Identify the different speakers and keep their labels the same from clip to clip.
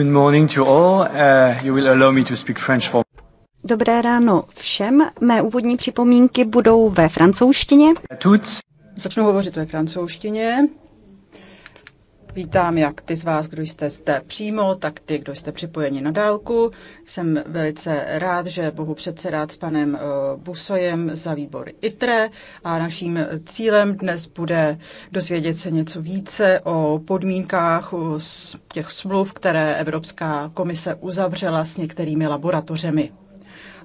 Speaker 1: Good morning to all. Uh, you will allow me to speak French for
Speaker 2: Dobré ráno všem. Mé úvodní připomínky budou ve francouzštině. Začnu hovořit ve
Speaker 3: francouzštině. Vítám jak ty z vás, kdo jste zde přímo, tak ty, kdo jste připojeni na dálku. Jsem velice rád, že mohu předsedat s panem eh, Busojem za výbor ITRE a naším cílem dnes bude dozvědět se něco více o podmínkách těch smluv, které Evropská komise uzavřela s některými laboratořemi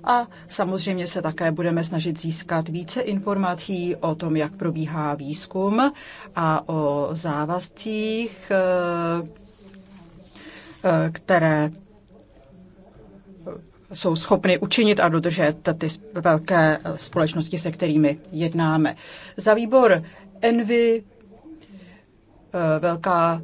Speaker 3: a samozřejmě se také budeme snažit získat více informací o tom, jak probíhá výzkum a o závazcích, eh, které jsou schopny učinit a dodržet ty velké společnosti, se kterými jednáme. Za výbor Envy eh, velká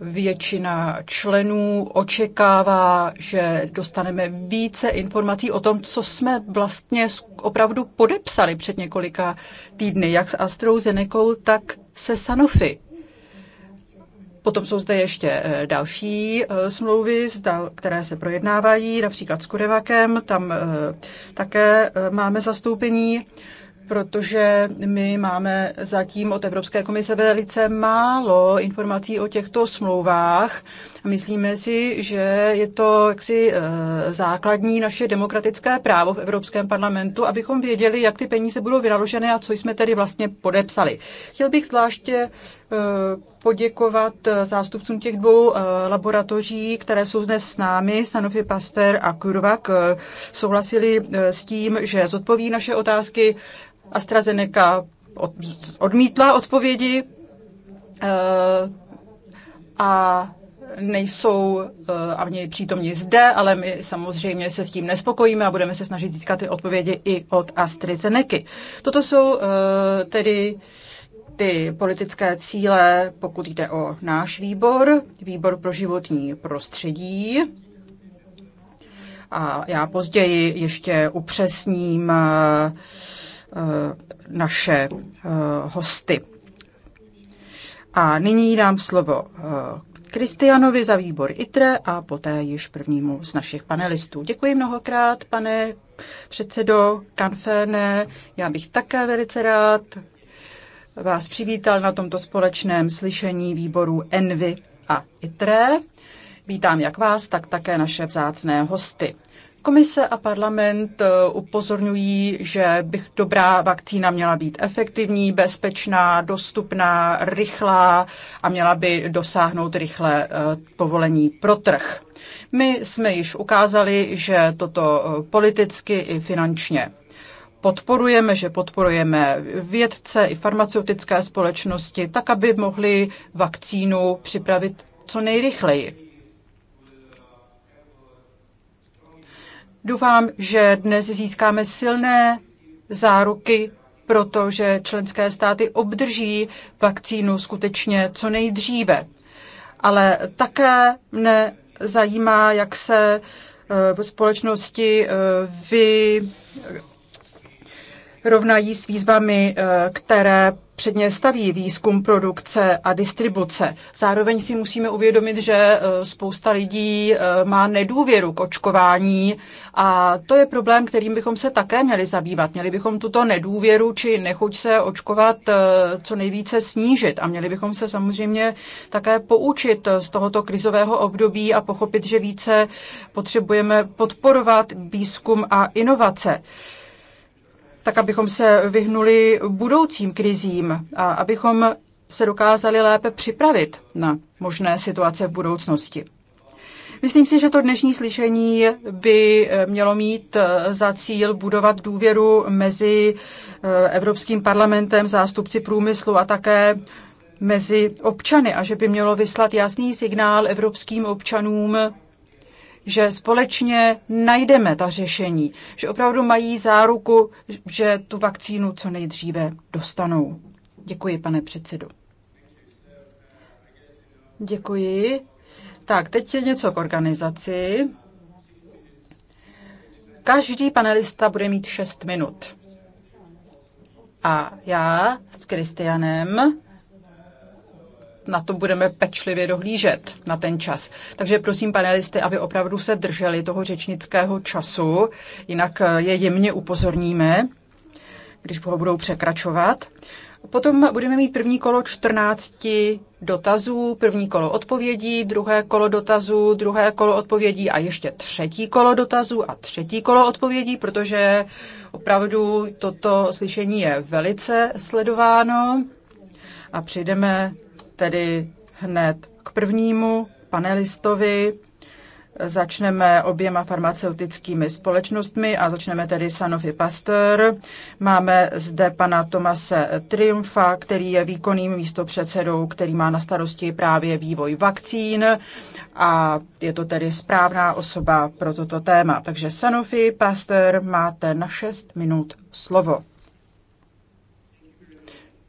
Speaker 3: většina členů očekává, že dostaneme více informací o tom, co jsme vlastně opravdu podepsali před několika týdny, jak s AstraZeneca, tak se Sanofi. Potom jsou zde ještě eh, další eh, smlouvy, které se projednávají, například s Kurevakem, tam eh, také máme zastoupení protože my máme zatím od Evropské komise velice málo informací o těchto smlouvách. Myslíme si, že je to jaksi eh, základní naše demokratické právo v Evropském parlamentu, abychom věděli, jak ty peníze budou vynaloženy a co jsme tedy vlastně podepsali. Chtěl bych zvláště eh, poděkovat eh, zástupcům těch dvou laboratoří, které jsou dnes s námi, Sanofi Pasteur a Kurvak, souhlasili s tím, že zodpoví naše otázky AstraZeneca odmítla odpovědi eh, a nejsou eh, ani přítomní zde, ale my samozřejmě se s tím nespokojíme a budeme se snažit získat ty odpovědi i od AstraZeneca. Toto jsou eh, tedy ty politické cíle, pokud jde o náš výbor, výbor pro životní prostředí. A já později ještě upřesním uh, Eh, naše eh, hosty. A nyní dám slovo eh, Kristianovi za výbor ITRE a poté již prvnímu z našich panelistů. Děkuji mnohokrát, pane předsedo Kanféne. Já bych také velice rád vás přivítal na tomto společném slyšení výboru Envy a ITRE. Vítám jak vás, tak také naše vzácné hosty. Komise a parlament e, upozorňují, že bych dobrá vakcína měla být efektivní, bezpečná, dostupná, rychlá a měla by dosáhnout rychle povolení pro trh. My jsme již ukázali, že toto e, politicky i finančně podporujeme, že podporujeme vědce i farmaceutické společnosti, tak aby mohli vakcínu připravit co nejrychleji. Doufám, že dnes získáme silné záruky protože členské státy obdrží vakcínu skutečně co nejdříve. Ale také mne zajímá, jak se eh, společnosti eh, vy rovnají s výzvami, eh, které předně staví výzkum produkce a distribuce. Zároveň si musíme uvědomit, že e, spousta lidí e, má nedůvěru k očkování a to je problém, kterým bychom se také měli zabývat. Měli bychom tuto nedůvěru či nechuť se očkovat e, co nejvíce snížit a měli bychom se samozřejmě také poučit z tohoto krizového období a pochopit, že více potřebujeme podporovat výzkum a inovace tak abychom se vyhnuli budoucím krizím a abychom se dokázali lépe připravit na možné situace v budoucnosti. Myslím si, že to dnešní slyšení by eh, mělo mít eh, za cíl budovat důvěru mezi eh, Evropským parlamentem, zástupci průmyslu a také mezi občany a že by mělo vyslat jasný signál evropským občanům že společně najdeme ta řešení, že opravdu mají záruku, že tu vakcínu co nejdříve dostanou. Děkuji, pane předsedo. Děkuji. Tak, teď je něco k organizaci. Každý panelista bude mít 6 minut. A já s Kristianem na to budeme pečlivě dohlížet na ten čas. Takže prosím panelisty, aby opravdu se drželi toho řečnického času, jinak eh, je jemně upozorníme, když ho budou překračovat. Potom budeme mít první kolo 14 dotazů, první kolo odpovědí, druhé kolo dotazů, druhé kolo odpovědí a ještě třetí kolo dotazů a třetí kolo odpovědí, protože opravdu toto slyšení je velice sledováno a přijdeme tedy hned k prvnímu panelistovi. Začneme oběma farmaceutickými společnostmi a začneme tedy Sanofi Pasteur. Máme zde pana Tomase Triumfa, který je výkonným místopředsedou, který má na starosti právě vývoj vakcín a je to tedy správná osoba pro toto téma. Takže Sanofi Pasteur, máte na 6 minut slovo.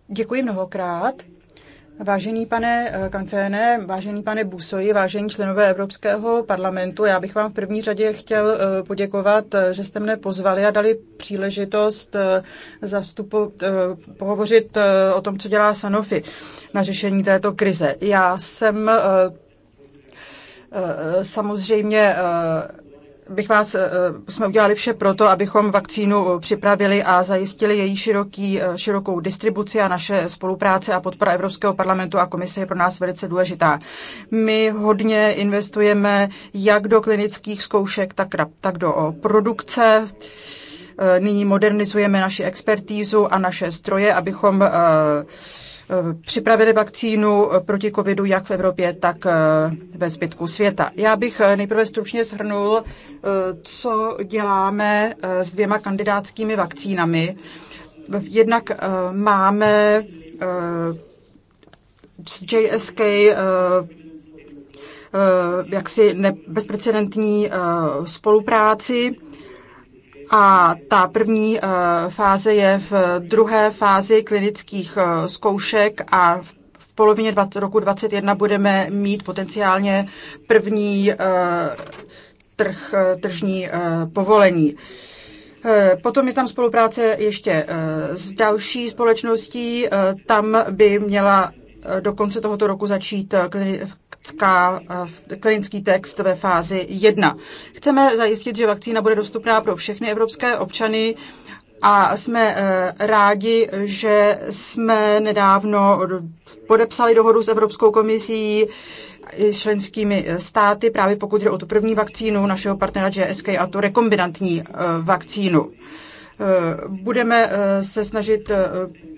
Speaker 3: Děkuji mnohokrát. Vážený pane eh, Kanféne, vážený pane Busoji, vážení členové Evropského parlamentu, já bych vám v první řadě chtěl eh, poděkovat, eh, že jste mne pozvali a dali příležitost zastupu, pohovořit o tom, co dělá Sanofi na řešení této krize. Já jsem samozřejmě bych vás, eh, jsme udělali vše proto, abychom vakcínu eh, připravili a zajistili její široký, eh, širokou distribuci a naše spolupráce a podpora Evropského parlamentu a komise je pro nás velice důležitá. My hodně investujeme jak do klinických zkoušek, tak, tak do produkce. Nyní modernizujeme naši expertízu a naše stroje, abychom uh, Eh, připravili vakcínu eh, proti covidu jak v Evropě, tak eh, ve zbytku světa. Já bych nejprve stručně shrnul, co děláme s dvěma kandidátskými vakcínami. Jednak máme z JSK jaksi bezprecedentní spolupráci a ta první eh, fáze je v druhé fázi klinických eh, zkoušek a v polovině roku 2021 budeme mít potenciálně první eh, trh, tržní povolení. Potom je tam spolupráce ještě s další společností. Tam by měla do konce tohoto roku začít klinická, eh, klinický text ve fázi 1. Chceme zajistit, že vakcína bude dostupná pro všechny evropské občany a jsme eh, rádi, že jsme nedávno podepsali dohodu s Evropskou komisí i s členskými eh, státy, právě pokud jde o tu první vakcínu našeho partnera GSK a tu rekombinantní vakcínu. Eh, budeme eh, se snažit eh,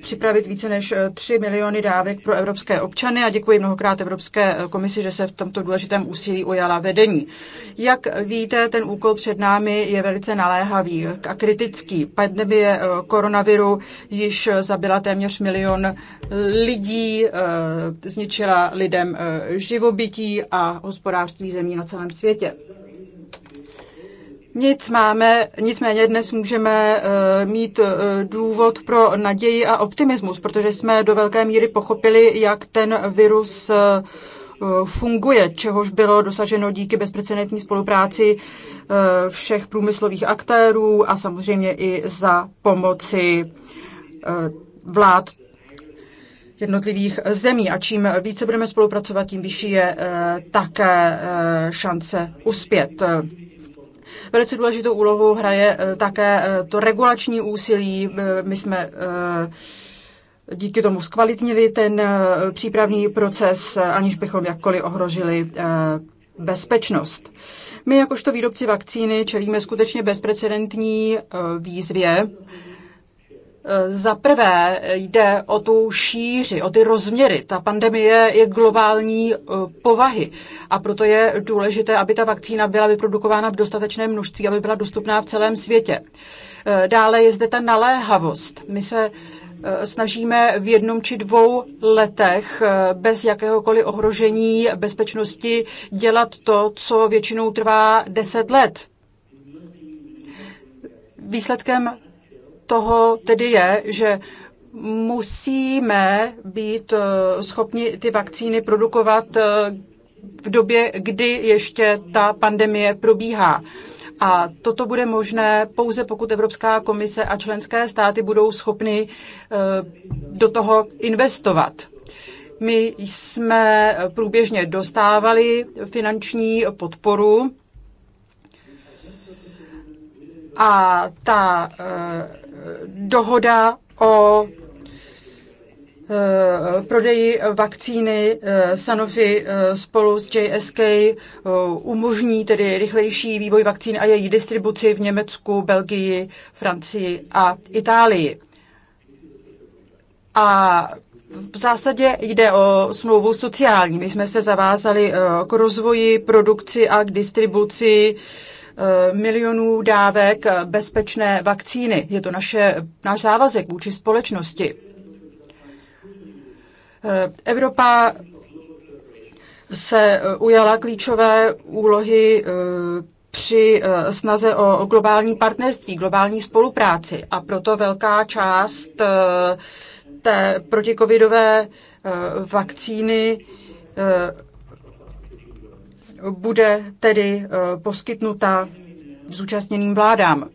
Speaker 3: připravit více než 3 miliony dávek pro evropské občany a děkuji mnohokrát Evropské komisi, že se v tomto důležitém úsilí ujala vedení. Jak víte, ten úkol před námi je velice naléhavý a kritický. Pandemie koronaviru již zabila téměř milion lidí, zničila lidem živobytí a hospodářství zemí na celém světě. Nic máme, nicméně dnes můžeme eh, mít eh, důvod pro naději a optimismus, protože jsme do velké míry pochopili, jak ten virus eh, funguje, čehož bylo dosaženo díky bezprecedentní spolupráci všech průmyslových aktérů a samozřejmě i za pomoci vlád jednotlivých zemí. A čím více budeme spolupracovat, tím vyšší je také šance uspět. Velice důležitou úlohu hraje eh, také eh, to regulační úsilí. Eh, my jsme díky tomu zkvalitnili ten přípravný proces, aniž bychom jakkoliv ohrožili bezpečnost. My jakožto výrobci vakcíny čelíme skutečně bezprecedentní výzvě. Eh, za prvé jde o tu šíři, o ty rozměry. Ta pandemie je globální eh, povahy a proto je důležité, aby ta vakcína byla vyprodukována v dostatečném množství, aby byla dostupná v celém světě. Eh, dále je zde ta naléhavost. My se snažíme v jednom či dvou letech bez jakéhokoliv ohrožení bezpečnosti dělat to, co většinou trvá deset let. Výsledkem toho tedy je, že musíme být eh, schopni ty vakcíny produkovat eh, v době, kdy ještě ta pandemie probíhá. A toto bude možné pouze pokud Evropská komise a členské státy budou schopny eh, do toho investovat. My jsme průběžně dostávali finanční podporu a ta dohoda o eh, prodeji vakcíny eh, Sanofi eh, spolu s JSK umožní tedy rychlejší vývoj vakcín a její distribuci v Německu, Belgii, Francii a Itálii. A v zásadě jde o smlouvu sociální. My jsme se zavázali k rozvoji, produkci a k distribuci Eh, milionů dávek bezpečné vakcíny. Je to naše, náš závazek vůči společnosti. Eh, Evropa se ujala klíčové úlohy eh, při snaze o globální partnerství, globální spolupráci a proto velká část té protikovidové vakcíny bude tedy eh, poskytnuta zúčastněným vládám.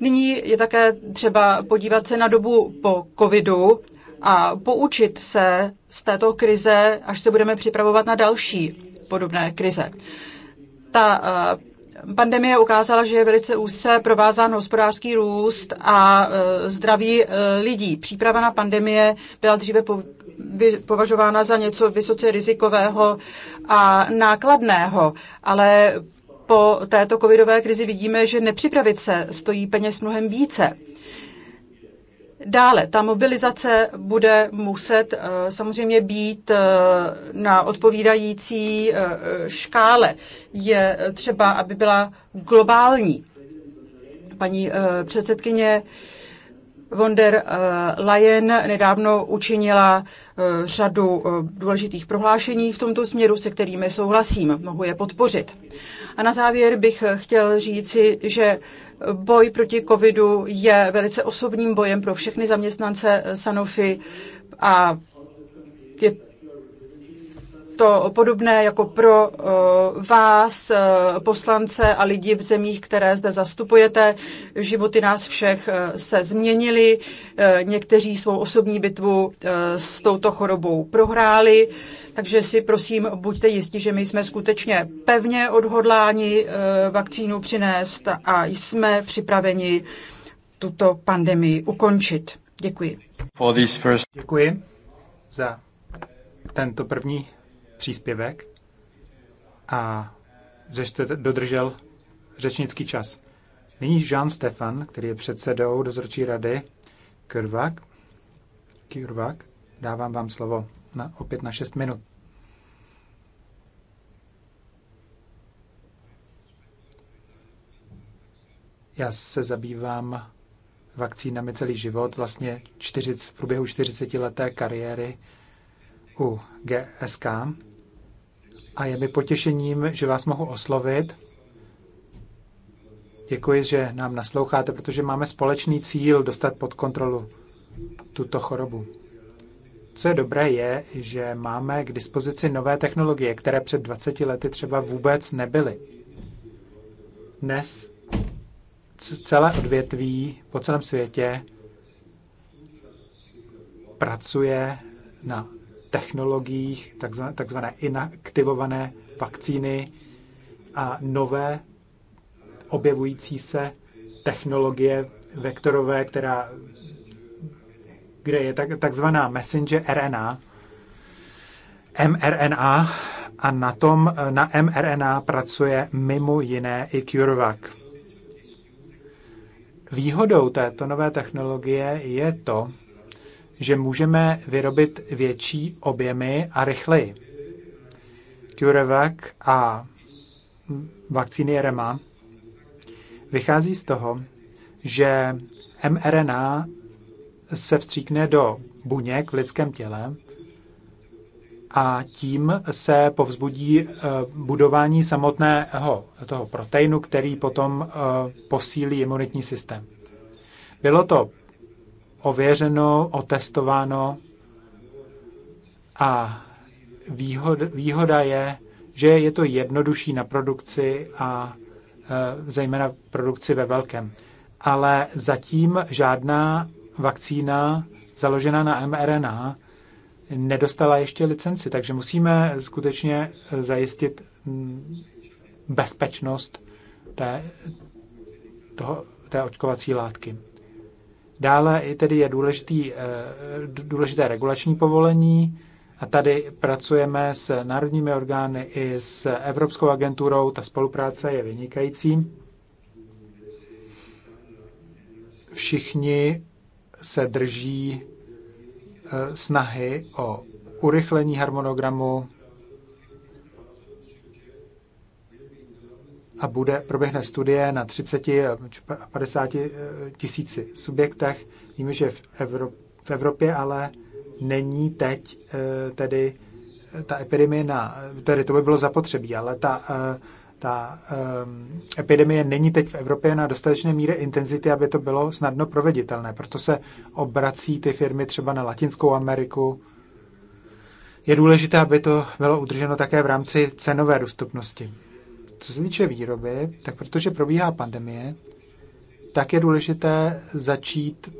Speaker 3: Nyní je také třeba podívat se na dobu po covidu a poučit se z této krize, až se budeme připravovat na další podobné krize. Ta eh, pandemie ukázala, že je velice úzce provázán hospodářský růst a eh, zdraví lidí. Příprava na pandemie byla dříve považována za něco vysoce rizikového a nákladného, ale po této covidové krizi vidíme, že nepřipravit se stojí peněz mnohem více. Dále, ta mobilizace bude muset eh, samozřejmě být eh, na odpovídající eh, škále. Je třeba, aby byla globální. Paní předsedkyně von der eh, Leyen nedávno učinila eh, řadu eh, důležitých prohlášení v tomto směru, se kterými souhlasím. Mohu je podpořit. A na závěr bych chtěl říci, že boj proti covidu je velice osobním bojem pro všechny zaměstnance Sanofi a je to podobné jako pro eh, vás, eh, poslance a lidi v zemích, které zde zastupujete. Životy nás všech eh, se změnily. Někteří svou osobní bitvu s touto chorobou prohráli. Takže si prosím, buďte jistí, že my jsme skutečně pevně odhodláni vakcínu přinést a jsme připraveni tuto pandemii ukončit. Děkuji. Děkuji za tento první příspěvek
Speaker 4: a že jste dodržel řečnický čas. Nyní Jean Stefan, který je předsedou dozorčí rady Kurvak. Kurvak, dávám vám slovo na, opět na 6 minut. Já se zabývám vakcínami celý život, vlastně 40, v průběhu 40 leté kariéry u GSK a je mi potěšením, že vás mohu oslovit. Děkuji, že nám nasloucháte, protože máme společný cíl dostat pod kontrolu tuto chorobu. Co je dobré, je, že máme k dispozici nové technologie, které před 20 lety třeba vůbec nebyly. Dnes celé odvětví po celém světě pracuje na technologiích, takzvané inaktivované vakcíny a nové objevující se technologie vektorové, která, kde je tak, takzvaná messenger RNA, mRNA a na tom, na mRNA pracuje mimo jiné i CureVac. Výhodou této nové technologie je to, že můžeme vyrobit větší objemy a rychleji. CureVac a vakcíny RMA vychází z toho, že mRNA se vstříkne do buněk v lidském těle a tím se povzbudí eh, budování samotného toho proteinu, který potom eh, posílí imunitní systém. Bylo to ověřeno, otestováno a výhoda, výhoda je, že je to jednodušší na produkci a e, zejména produkci ve velkém. Ale zatím žádná vakcína založená na mRNA nedostala ještě licenci, takže musíme skutečně zajistit bezpečnost té, toho, té očkovací látky. Dále i tedy je důležitý, eh, důležité regulační povolení a tady pracujeme s národními orgány i s Evropskou agenturou. Ta spolupráce je vynikající. Všichni se drží eh, snahy o urychlení harmonogramu a bude, proběhne studie na 30 a 50 tisíci subjektech. Víme, že v, Evrop, v Evropě ale není teď eh, tedy eh, ta epidemie na, tedy to by bylo zapotřebí, ale ta, eh, ta epidemie není teď v Evropě na dostatečné míře intenzity, aby to bylo snadno proveditelné. Proto se obrací ty firmy třeba na Latinskou Ameriku. Je důležité, aby to bylo udrženo také v rámci cenové dostupnosti. Co se týče výroby, tak protože probíhá pandemie, tak je důležité začít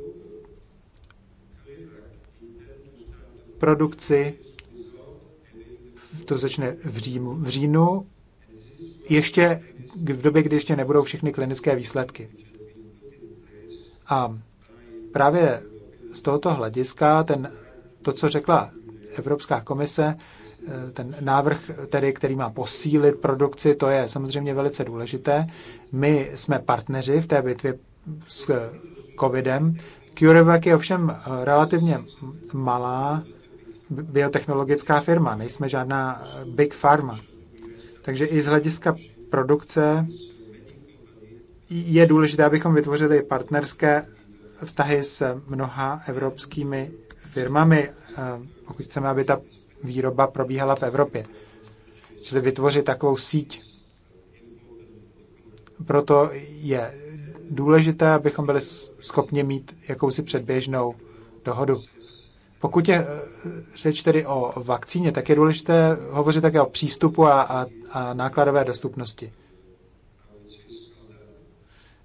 Speaker 4: produkci, to začne v, říjmu, v říjnu, ještě v době, kdy ještě nebudou všechny klinické výsledky. A právě z tohoto hlediska ten, to, co řekla Evropská komise, Eh, ten návrh, tedy, který má posílit produkci, to je samozřejmě velice důležité. My jsme partneři v té bitvě s covidem. CureVac je ovšem eh, relativně malá biotechnologická firma, nejsme žádná eh, big pharma. Takže i z hlediska produkce je důležité, abychom vytvořili partnerské vztahy s mnoha evropskými firmami, pokud chceme, aby ta výroba probíhala v Evropě. Čili vytvořit takovou síť. Proto je důležité, abychom byli schopni mít jakousi předběžnou dohodu. Pokud je eh, řeč tedy o vakcíně, tak je důležité hovořit také o přístupu a, a, a nákladové dostupnosti.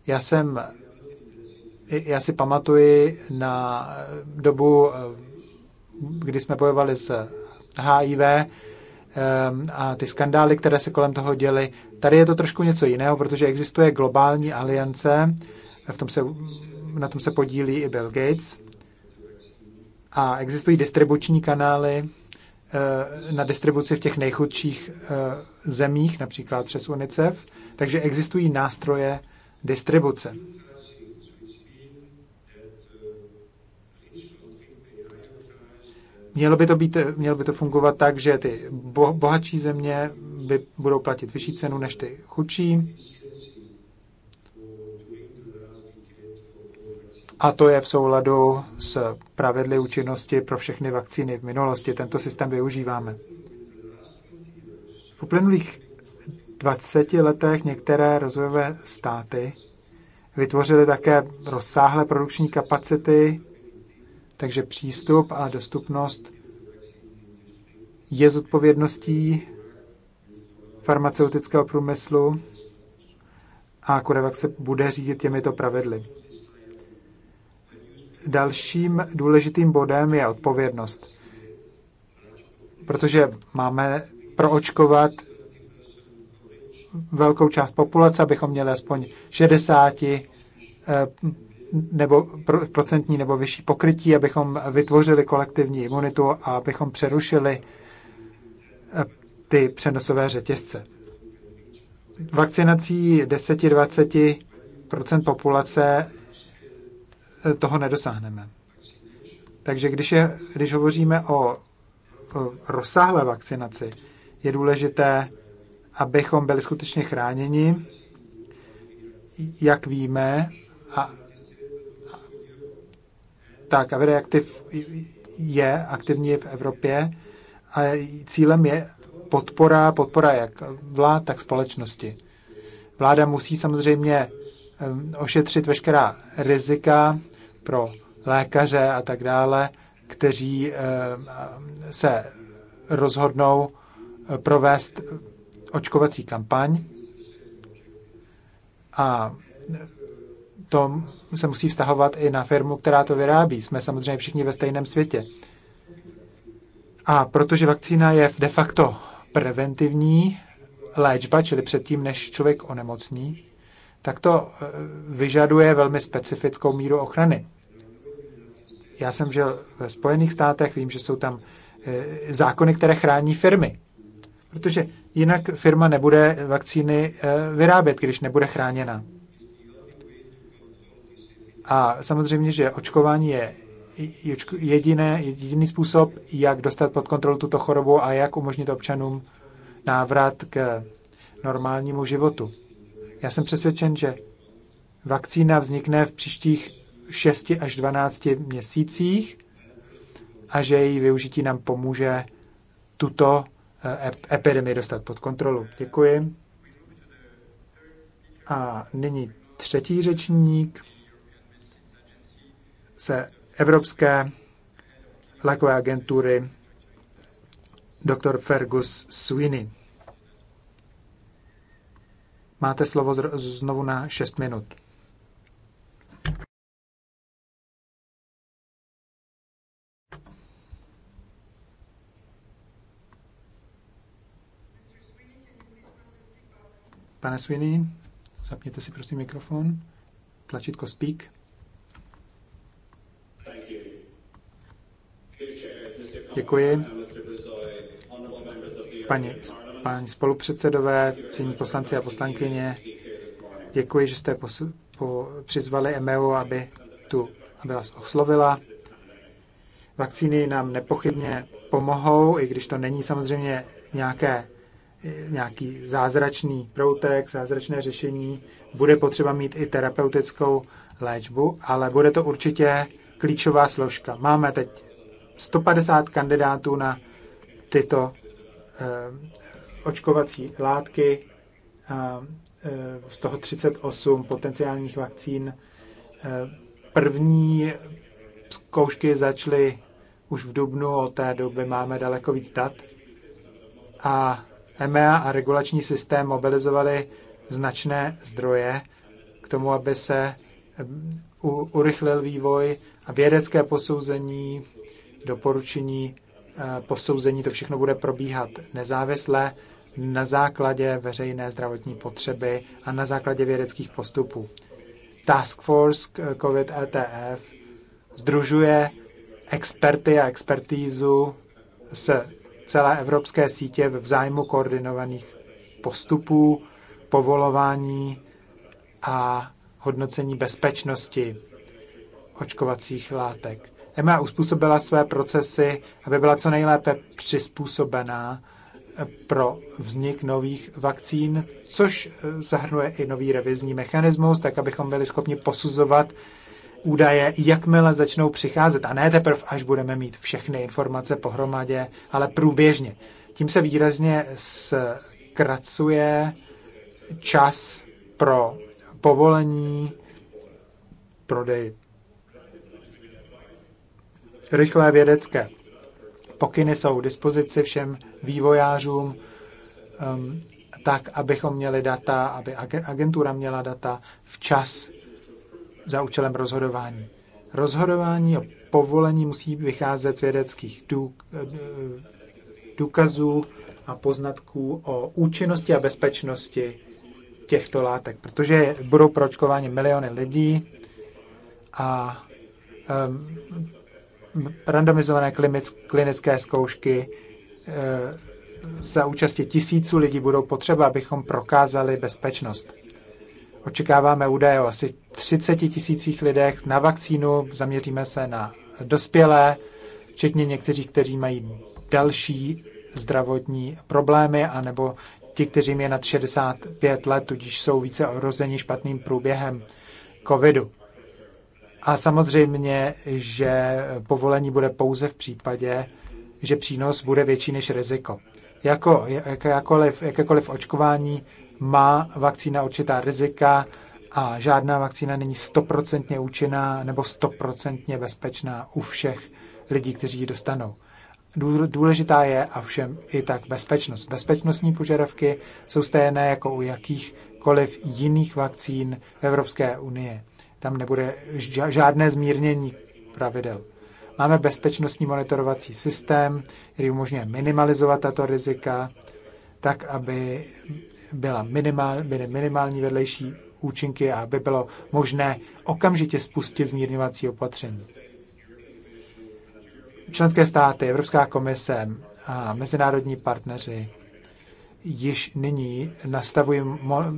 Speaker 4: Já jsem, eh, já si pamatuji na dobu, eh, kdy jsme bojovali s HIV a ty skandály, které se kolem toho děly. Tady je to trošku něco jiného, protože existuje globální aliance, v tom se, na tom se podílí i Bill Gates a existují distribuční kanály eh, na distribuci v těch nejchudších eh, zemích, například přes UNICEF, takže existují nástroje distribuce. Mělo by to, být, mělo by to fungovat tak, že ty bohatší země by budou platit vyšší cenu než ty chudší. A to je v souladu s pravidly účinnosti pro všechny vakcíny v minulosti. Tento systém využíváme. V uplynulých 20 letech některé rozvojové státy vytvořily také rozsáhlé produkční kapacity takže přístup a dostupnost je zodpovědností farmaceutického průmyslu a Kurevac se bude řídit těmito pravidly. Dalším důležitým bodem je odpovědnost, protože máme proočkovat velkou část populace, abychom měli aspoň 60 nebo procentní nebo vyšší pokrytí, abychom vytvořili kolektivní imunitu a abychom přerušili eh, ty přenosové řetězce. Vakcinací 10-20 populace eh, toho nedosáhneme. Takže když, je, když hovoříme o rozsáhlé vakcinaci, je důležité, abychom byli skutečně chráněni, jak víme, a tak a Active je aktivní v Evropě a cílem je podpora, podpora jak vlád, tak společnosti. Vláda musí samozřejmě ošetřit veškerá rizika pro lékaře a tak dále, kteří se rozhodnou eh, provést eh, očkovací kampaň a to se musí vztahovat i na firmu, která to vyrábí. Jsme samozřejmě všichni ve stejném světě. A protože vakcína je de facto preventivní léčba, čili předtím, než člověk onemocní, tak to eh, vyžaduje velmi specifickou míru ochrany. Já jsem žil ve Spojených státech, vím, že jsou tam eh, zákony, které chrání firmy. Protože jinak firma nebude vakcíny eh, vyrábět, když nebude chráněna. A samozřejmě, že očkování je jediné, jediný způsob, jak dostat pod kontrolu tuto chorobu a jak umožnit občanům návrat k normálnímu životu. Já jsem přesvědčen, že vakcína vznikne v příštích 6 až 12 měsících a že její využití nám pomůže tuto eh, epidemii dostat pod kontrolu. Děkuji. A nyní třetí řečník se Evropské lékové agentury dr. Fergus Sweeney.
Speaker 5: Máte slovo znovu na 6 minut.
Speaker 4: Pane Sweeney, zapněte si prosím mikrofon, tlačítko Speak. Děkuji. Pani, pani spolupředsedové, cení poslanci a poslankyně, děkuji, že jste pos, po, přizvali EMEU, aby, tu, aby vás oslovila. Vakcíny nám nepochybně pomohou, i když to není samozřejmě nějaké, nějaký zázračný proutek, zázračné řešení. Bude potřeba mít i terapeutickou léčbu, ale bude to určitě klíčová složka. Máme teď 150 kandidátů na tyto eh, očkovací látky, eh, z toho 38 potenciálních vakcín. Eh, první zkoušky začaly už v Dubnu, od té doby máme daleko víc dat. A EMEA a regulační systém mobilizovali značné zdroje k tomu, aby se urychlil vývoj a vědecké posouzení doporučení, eh, posouzení, to všechno bude probíhat nezávisle na základě veřejné zdravotní potřeby a na základě vědeckých postupů. Task Force eh, COVID ETF združuje experty a expertízu z celé evropské sítě v zájmu koordinovaných postupů, povolování a hodnocení bezpečnosti očkovacích látek. EMA uspůsobila své procesy, aby byla co nejlépe přizpůsobená eh, pro vznik nových vakcín, což eh, zahrnuje i nový revizní mechanismus, tak abychom byli schopni posuzovat údaje, jakmile začnou přicházet. A ne teprve, až budeme mít všechny informace pohromadě, ale průběžně. Tím se výrazně zkracuje čas pro povolení, prodej rychlé vědecké pokyny jsou k dispozici všem vývojářům, um, tak, abychom měli data, aby agentura měla data včas za účelem rozhodování. Rozhodování o povolení musí vycházet z vědeckých eh, důkazů a poznatků o účinnosti a bezpečnosti těchto látek, protože budou pročkováni miliony lidí a um, randomizované klinické zkoušky eh, za účastí tisíců lidí budou potřeba, abychom prokázali bezpečnost. Očekáváme údaje o asi 30 tisících lidech na vakcínu, zaměříme se na dospělé, včetně někteří, kteří mají další zdravotní problémy, anebo ti, kteří je nad 65 let, tudíž jsou více ohrozeni špatným průběhem covidu. A samozřejmě, že povolení bude pouze v případě, že přínos bude větší než riziko. Jako, jakékoliv, jakékoliv očkování má vakcína určitá rizika a žádná vakcína není stoprocentně účinná nebo stoprocentně bezpečná u všech lidí, kteří ji dostanou. Důležitá je a všem i tak bezpečnost. Bezpečnostní požadavky jsou stejné jako u jakýchkoliv jiných vakcín v Evropské unie tam nebude žádné zmírnění pravidel. Máme bezpečnostní monitorovací systém, který umožňuje minimalizovat tato rizika, tak, aby byla minimál, byly minimální vedlejší účinky a aby bylo možné okamžitě spustit zmírňovací opatření. Členské státy, Evropská komise a mezinárodní partneři již nyní nastavují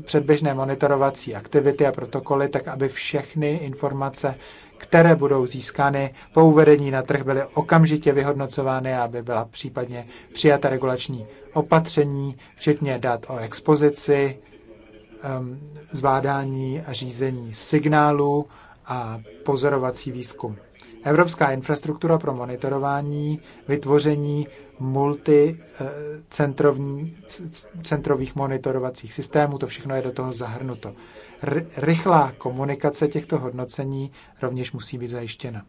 Speaker 4: předběžné monitorovací aktivity a protokoly, tak aby všechny informace, které budou získány po uvedení na trh, byly okamžitě vyhodnocovány a aby byla případně přijata regulační opatření, včetně dat o expozici, ehm, zvládání a řízení signálů a pozorovací výzkum. Evropská infrastruktura pro monitorování, vytvoření multicentrových monitorovacích systémů, to všechno je do toho zahrnuto. Rychlá komunikace těchto hodnocení rovněž musí být zajištěna.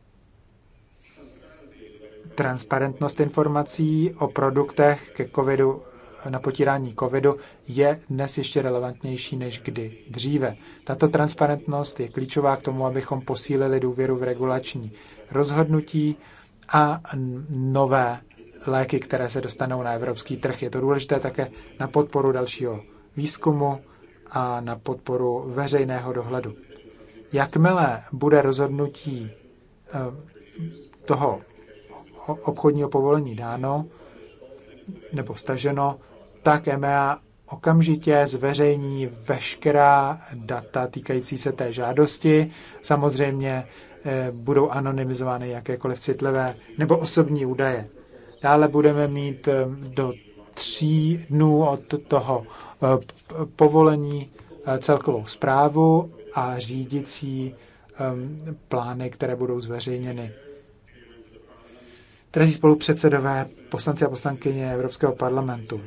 Speaker 4: Transparentnost informací o produktech ke covidu na potírání covidu je dnes ještě relevantnější než kdy dříve. Tato transparentnost je klíčová k tomu, abychom posílili důvěru v regulační rozhodnutí a nové léky, které se dostanou na evropský trh. Je to důležité také na podporu dalšího výzkumu a na podporu veřejného dohledu. Jakmile bude rozhodnutí eh, toho obchodního povolení dáno nebo staženo, tak EMEA okamžitě zveřejní veškerá data týkající se té žádosti. Samozřejmě eh, budou anonymizovány jakékoliv citlivé nebo osobní údaje. Dále budeme mít eh, do tří dnů od toho eh, povolení eh, celkovou zprávu a řídicí ehm, plány, které budou zveřejněny. Drazí spolupředsedové, poslanci a poslankyně Evropského parlamentu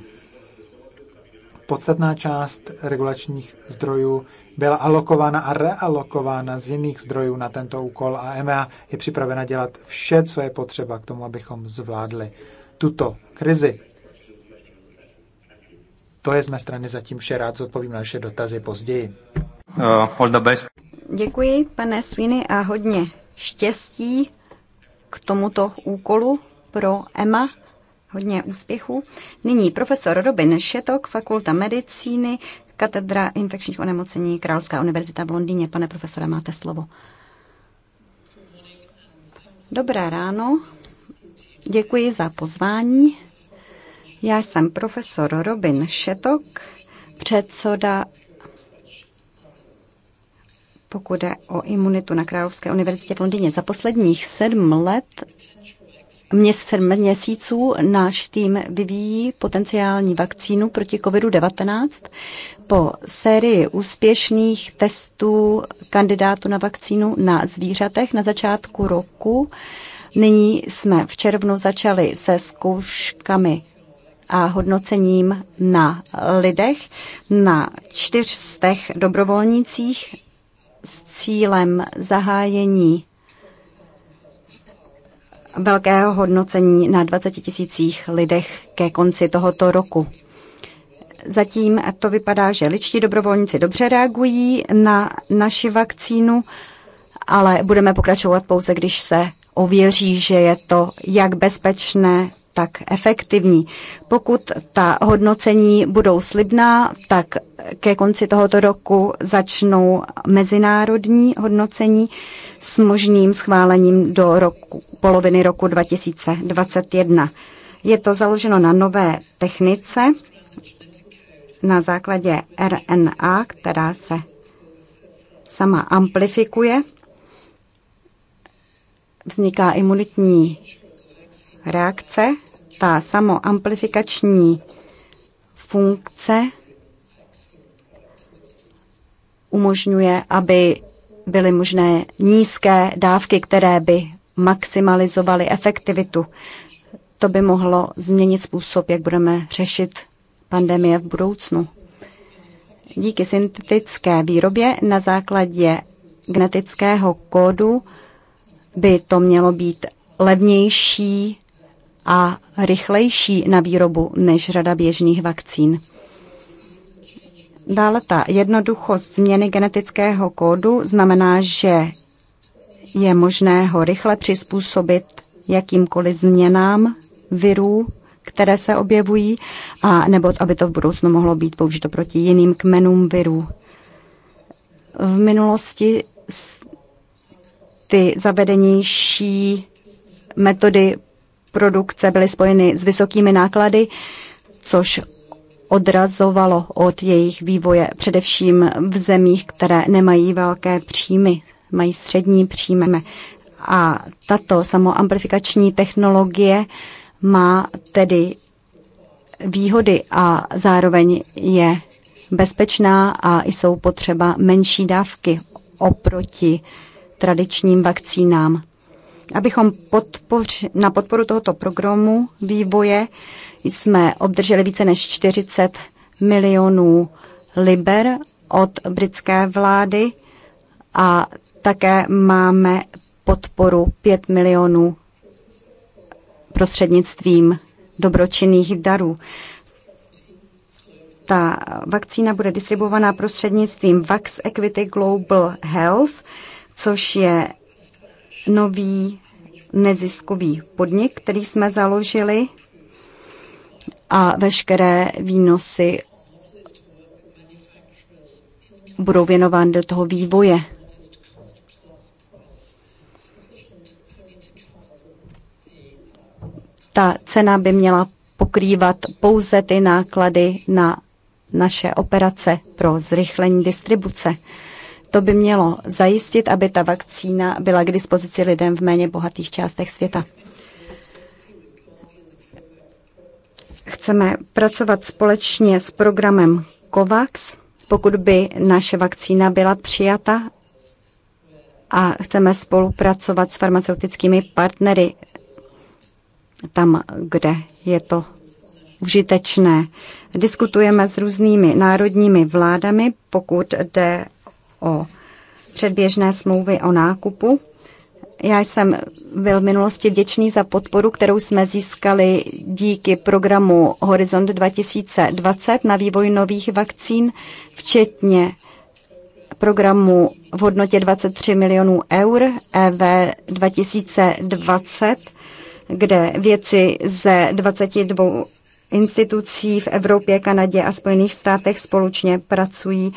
Speaker 4: podstatná část regulačních zdrojů byla alokována a realokována z jiných zdrojů na tento úkol a EMEA je připravena dělat vše, co je potřeba k tomu, abychom zvládli tuto krizi. To je z mé strany zatím vše. Rád zodpovím naše dotazy později.
Speaker 6: Uh, all the best.
Speaker 2: Děkuji, pane Sviny, a hodně štěstí k tomuto úkolu pro EMA hodně úspěchů. Nyní profesor Robin Šetok, Fakulta medicíny, katedra infekčních onemocnění Královská univerzita v Londýně. Pane profesore, máte slovo. Dobré ráno, děkuji za pozvání. Já jsem profesor Robin Šetok, předseda pokud je o imunitu na Královské univerzitě v Londýně. Za posledních sedm let Měsíc, měsíců náš tým vyvíjí potenciální vakcínu proti COVID-19. Po sérii úspěšných testů kandidátu na vakcínu na zvířatech na začátku roku nyní jsme v červnu začali se zkouškami a hodnocením na lidech na čtyřstech dobrovolnících s cílem zahájení velkého hodnocení na 20 tisících lidech ke konci tohoto roku. Zatím to vypadá, že ličtí dobrovolníci dobře reagují na naši vakcínu, ale budeme pokračovat pouze, když se ověří, že je to jak bezpečné, tak efektivní. Pokud ta hodnocení budou slibná, tak ke konci tohoto roku začnou mezinárodní hodnocení, s možným schválením do roku, poloviny roku 2021. Je to založeno na nové technice na základě RNA, která se sama amplifikuje. Vzniká imunitní reakce. Ta samoamplifikační funkce umožňuje, aby byly možné nízké dávky, které by maximalizovaly efektivitu. To by mohlo změnit způsob, jak budeme řešit pandemie v budoucnu. Díky syntetické výrobě na základě genetického kódu by to mělo být levnější a rychlejší na výrobu než řada běžných vakcín. Dále ta jednoduchost změny genetického kódu znamená, že je možné ho rychle přizpůsobit jakýmkoliv změnám virů, které se objevují, a nebo aby to v budoucnu mohlo být použito proti jiným kmenům virů. V minulosti ty zavedenější metody produkce byly spojeny s vysokými náklady, což odrazovalo od jejich vývoje, především v zemích, které nemají velké příjmy, mají střední příjmy. A tato samoamplifikační technologie má tedy výhody a zároveň je bezpečná a jsou potřeba menší dávky oproti tradičním vakcínám. Abychom podpoř, na podporu tohoto programu vývoje jsme obdrželi více než 40 milionů liber od britské vlády a také máme podporu 5 milionů prostřednictvím dobročinných darů. Ta vakcína bude distribuovaná prostřednictvím Vax Equity Global Health, což je nový neziskový podnik, který jsme založili a veškeré výnosy budou věnovány do toho vývoje. Ta cena by měla pokrývat pouze ty náklady na naše operace pro zrychlení distribuce. To by mělo zajistit, aby ta vakcína byla k dispozici lidem v méně bohatých částech světa. Chceme pracovat společně s programem COVAX, pokud by naše vakcína byla přijata a chceme spolupracovat s farmaceutickými partnery tam, kde je to užitečné. Diskutujeme s různými národními vládami, pokud jde o předběžné smlouvy o nákupu. Já jsem byl v minulosti vděčný za podporu, kterou jsme získali díky programu Horizont 2020 na vývoj nových vakcín, včetně programu v hodnotě 23 milionů eur EV 2020, kde věci ze 22 institucí v Evropě, Kanadě a Spojených státech společně pracují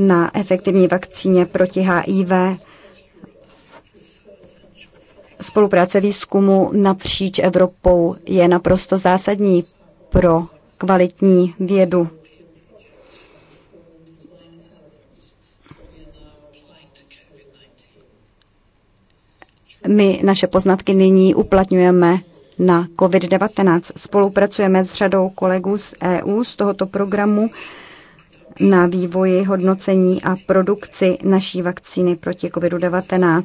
Speaker 2: na efektivní vakcíně proti HIV. Spolupráce výzkumu napříč Evropou je naprosto zásadní pro kvalitní vědu. My naše poznatky nyní uplatňujeme na COVID-19. Spolupracujeme s řadou kolegů z EU z tohoto programu na vývoji, hodnocení a produkci naší vakcíny proti COVID-19.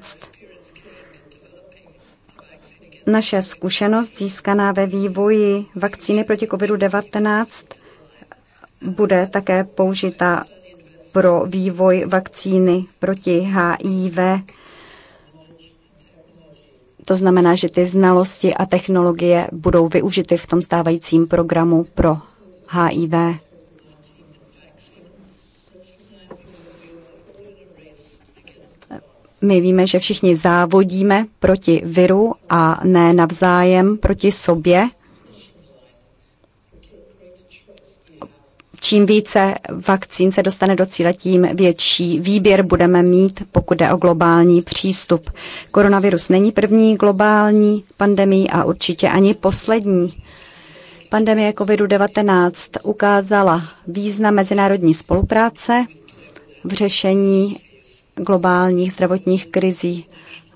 Speaker 2: Naše zkušenost získaná ve vývoji vakcíny proti COVID-19 bude také použita pro vývoj vakcíny proti HIV. To znamená, že ty znalosti a technologie budou využity v tom stávajícím programu pro HIV. my víme, že všichni závodíme proti viru a ne navzájem proti sobě. Čím více vakcín se dostane do cíle, tím větší výběr budeme mít, pokud jde o globální přístup. Koronavirus není první globální pandemii a určitě ani poslední. Pandemie COVID-19 ukázala význam mezinárodní spolupráce v řešení globálních zdravotních krizí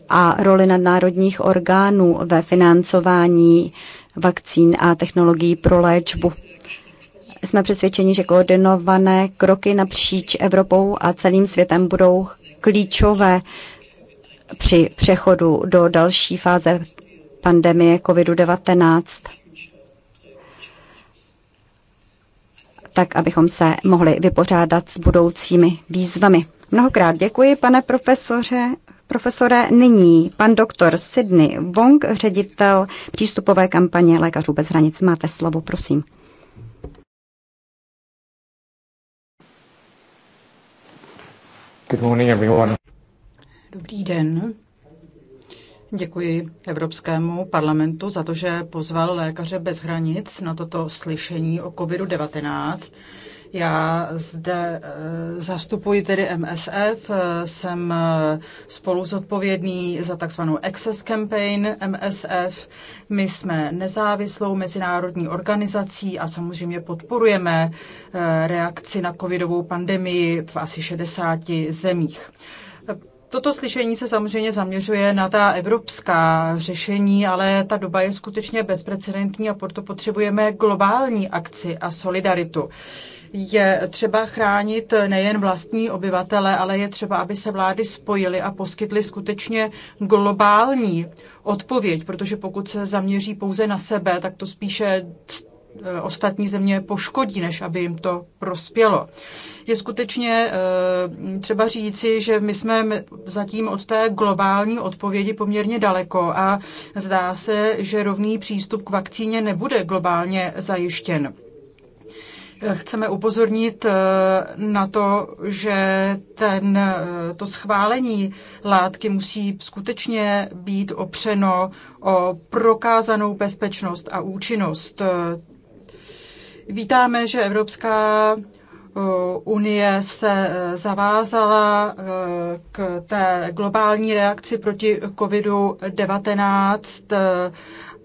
Speaker 2: a roli nadnárodních orgánů ve financování vakcín a technologií pro léčbu. Jsme přesvědčeni, že koordinované kroky napříč Evropou a celým světem budou klíčové při přechodu do další fáze pandemie COVID-19. tak abychom se mohli vypořádat s budoucími výzvami. Mnohokrát děkuji, pane profesoře. Profesore, nyní pan doktor Sidney Wong, ředitel přístupové kampaně Lékařů bez hranic. Máte slovo, prosím.
Speaker 5: Good morning, everyone.
Speaker 2: Dobrý den.
Speaker 3: Děkuji Evropskému parlamentu za to, že pozval lékaře bez hranic na toto slyšení o COVID-19. Já zde eh, zastupuji tedy MSF, eh, jsem eh, spolu zodpovědný za takzvanou Access Campaign MSF. My jsme nezávislou mezinárodní organizací a samozřejmě podporujeme reakci na covidovou pandemii v asi 60 zemích. Toto slyšení se samozřejmě zaměřuje na ta evropská řešení, ale ta doba je skutečně bezprecedentní a proto potřebujeme globální akci a solidaritu je třeba chránit nejen vlastní obyvatele, ale je třeba, aby se vlády spojily a poskytly skutečně globální odpověď, protože pokud se zaměří pouze na sebe, tak to spíše eh, ostatní země poškodí, než aby jim to prospělo. Je skutečně eh, třeba říci, že my jsme zatím od té globální odpovědi poměrně daleko a zdá se, že rovný přístup k vakcíně nebude globálně zajištěn chceme upozornit eh, na to, že ten, eh, to schválení látky musí skutečně být opřeno o prokázanou bezpečnost a účinnost. Eh, vítáme, že Evropská Unie se zavázala k té globální reakci proti COVID-19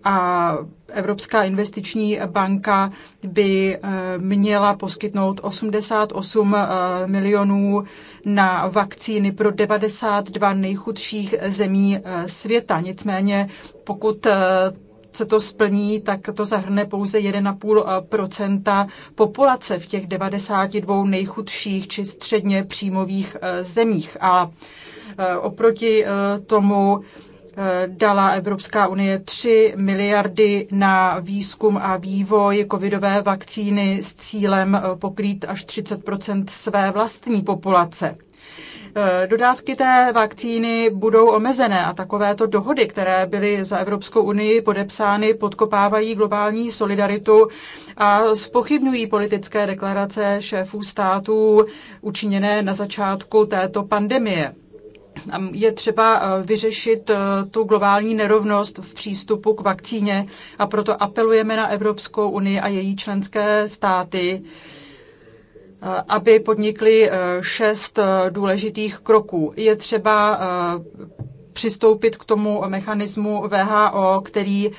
Speaker 3: a Evropská investiční banka by eh, měla poskytnout 88 eh, milionů na vakcíny pro 92 nejchudších zemí eh, světa. Nicméně, pokud se to splní, tak to zahrne pouze 1,5 populace v těch 92 nejchudších či středně příjmových zemích. A oproti tomu Eh, dala Evropská unie 3 miliardy na výzkum a vývoj covidové vakcíny s cílem eh, pokrýt až 30 své vlastní populace. Eh, dodávky té vakcíny budou omezené a takovéto dohody, které byly za Evropskou unii podepsány, podkopávají globální solidaritu a spochybnují politické deklarace šéfů států učiněné na začátku této pandemie je třeba eh, vyřešit eh, tu globální nerovnost v přístupu k vakcíně a proto apelujeme na Evropskou unii a její členské státy, eh, aby podnikly šest důležitých kroků. Je třeba přistoupit k tomu mechanismu VHO, který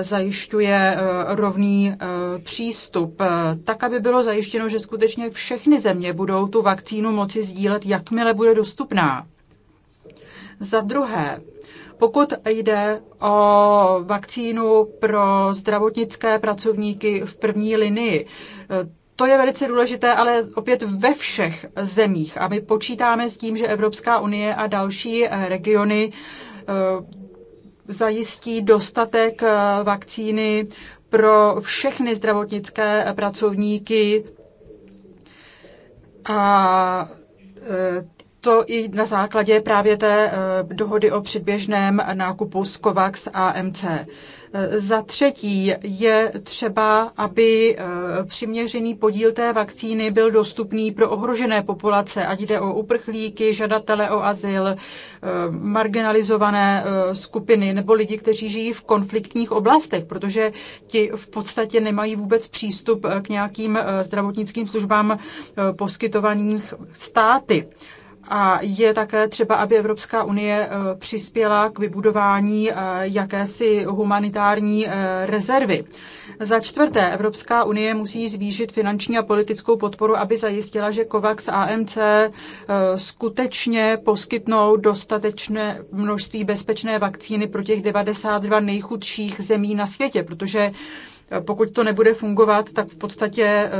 Speaker 3: zajišťuje rovný přístup, tak, aby bylo zajištěno, že skutečně všechny země budou tu vakcínu moci sdílet, jakmile bude dostupná. Za druhé, pokud jde o vakcínu pro zdravotnické pracovníky v první linii, to je velice důležité, ale opět ve všech zemích. A my počítáme s tím, že Evropská unie a další regiony eh, zajistí dostatek eh, vakcíny pro všechny zdravotnické pracovníky a eh, to i na základě právě té eh, dohody o předběžném nákupu z COVAX a MC. Eh, za třetí je třeba, aby eh, přiměřený podíl té vakcíny byl dostupný pro ohrožené populace, ať jde o uprchlíky, žadatele o azyl, marginalizované skupiny nebo lidi, kteří žijí v konfliktních oblastech, protože ti v podstatě nemají vůbec přístup k nějakým zdravotnickým službám poskytovaných státy. A je také třeba, aby Evropská unie eh, přispěla k vybudování eh, jakési humanitární eh, rezervy. Za čtvrté, Evropská unie musí zvýšit finanční a politickou podporu, aby zajistila, že COVAX a AMC skutečně poskytnou dostatečné množství bezpečné vakcíny pro těch 92 nejchudších zemí na světě, protože pokud to nebude fungovat, tak v podstatě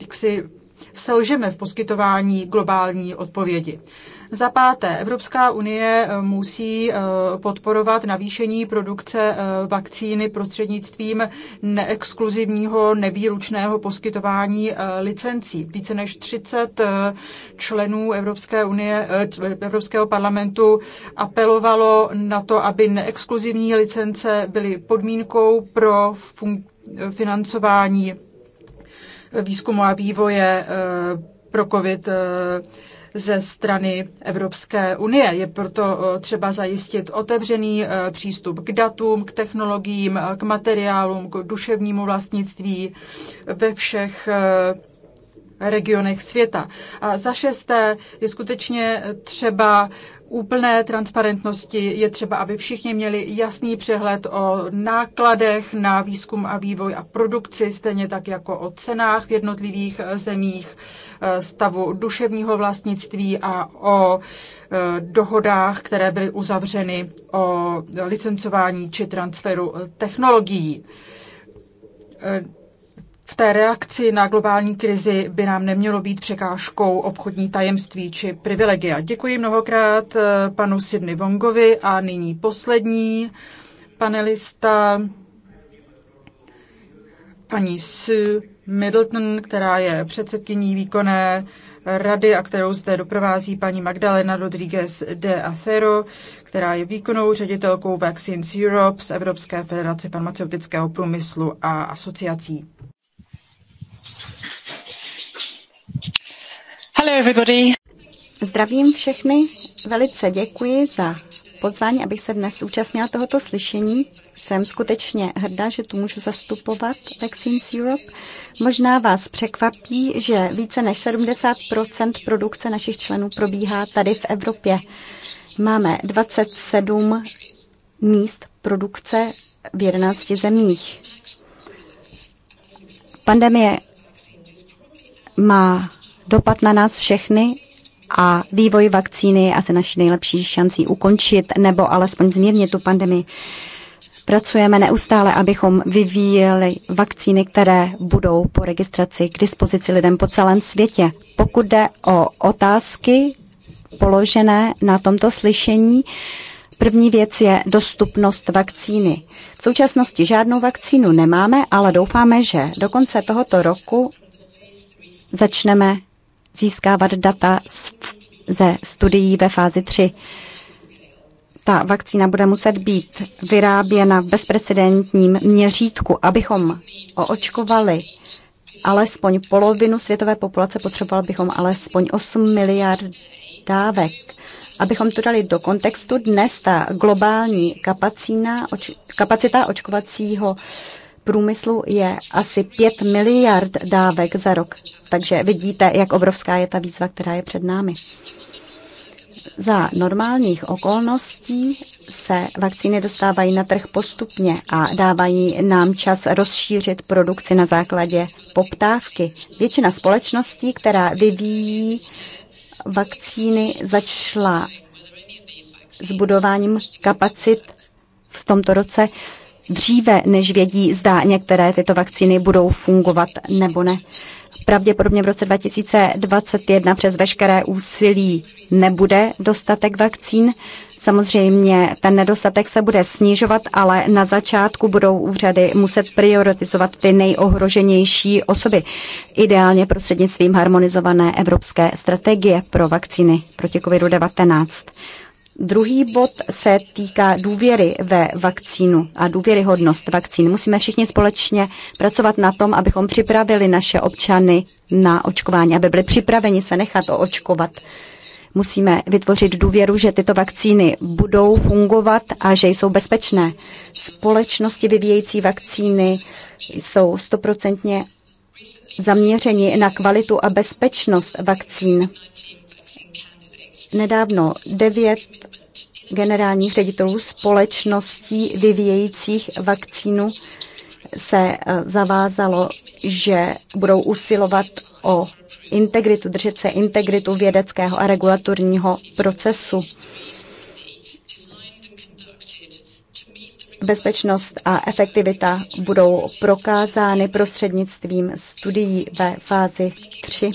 Speaker 3: jaksi selžeme v poskytování globální odpovědi. Za páté, Evropská unie eh, musí eh, podporovat navýšení produkce eh, vakcíny prostřednictvím neexkluzivního nevýručného poskytování licencí. Více než 30 členů Evropské unie, Evropského parlamentu apelovalo na to, aby neexkluzivní licence byly podmínkou pro financování výzkumu a vývoje eh, pro COVID eh, ze strany Evropské unie. Je proto eh, třeba zajistit otevřený přístup k datům, k technologiím, k materiálům, k duševnímu vlastnictví ve všech regionech světa. A za šesté je skutečně třeba úplné transparentnosti je třeba, aby všichni měli jasný přehled o nákladech na výzkum a vývoj a produkci, stejně tak jako o cenách v jednotlivých eh, zemích, eh, stavu duševního vlastnictví a o eh, dohodách, které byly uzavřeny o licencování či transferu technologií v té reakci na globální krizi by nám nemělo být překážkou obchodní tajemství či privilegia. Děkuji mnohokrát eh, panu Sidney Vongovi a nyní poslední panelista, paní Sue Middleton, která je předsedkyní výkonné rady a kterou zde doprovází paní Magdalena Rodriguez de Acero, která je výkonnou ředitelkou Vaccines Europe z Evropské federace farmaceutického průmyslu a
Speaker 2: asociací. Hello everybody. Zdravím všechny, velice děkuji za pozvání, abych se dnes účastnila tohoto slyšení. Jsem skutečně hrdá, že tu můžu zastupovat Vaccines Europe. Možná vás překvapí, že více než 70 produkce našich členů probíhá tady v Evropě. Máme 27 míst produkce v 11 zemích. Pandemie má Dopad na nás všechny a vývoj vakcíny je asi naší nejlepší šancí ukončit nebo alespoň zmírnit tu pandemii. Pracujeme neustále, abychom vyvíjeli vakcíny, které budou po registraci k dispozici lidem po celém světě. Pokud jde o otázky položené na tomto slyšení, První věc je dostupnost vakcíny. V současnosti žádnou vakcínu nemáme, ale doufáme, že do konce tohoto roku začneme získávat data ze studií ve fázi 3. Ta vakcína bude muset být vyráběna v bezprecedentním měřítku, abychom oočkovali alespoň polovinu světové populace, potřebovali bychom alespoň 8 miliard dávek. Abychom to dali do kontextu, dnes ta globální kapacína, oč, kapacita očkovacího průmyslu je asi 5 miliard dávek za rok. Takže vidíte, jak obrovská je ta výzva, která je před námi. Za normálních okolností se vakcíny dostávají na trh postupně a dávají nám čas rozšířit produkci na základě poptávky. Většina společností, která vyvíjí vakcíny, začala s budováním kapacit v tomto roce dříve, než vědí, zda některé tyto vakcíny budou fungovat nebo ne. Pravděpodobně v roce 2021 přes veškeré úsilí nebude dostatek vakcín. Samozřejmě ten nedostatek se bude snižovat, ale na začátku budou úřady muset prioritizovat ty nejohroženější osoby, ideálně prostřednictvím harmonizované evropské strategie pro vakcíny proti COVID-19. Druhý bod se týká důvěry ve vakcínu a důvěryhodnost vakcín. Musíme všichni společně pracovat na tom, abychom připravili naše občany na očkování, aby byli připraveni se nechat očkovat. Musíme vytvořit důvěru, že tyto vakcíny budou fungovat a že jsou bezpečné. Společnosti vyvíjející vakcíny jsou stoprocentně zaměřeni na kvalitu a bezpečnost vakcín nedávno devět generálních ředitelů společností vyvíjejících vakcínu se e, zavázalo, že budou usilovat o integritu, držet se integritu vědeckého a regulatorního procesu. Bezpečnost a efektivita budou prokázány prostřednictvím studií ve fázi 3.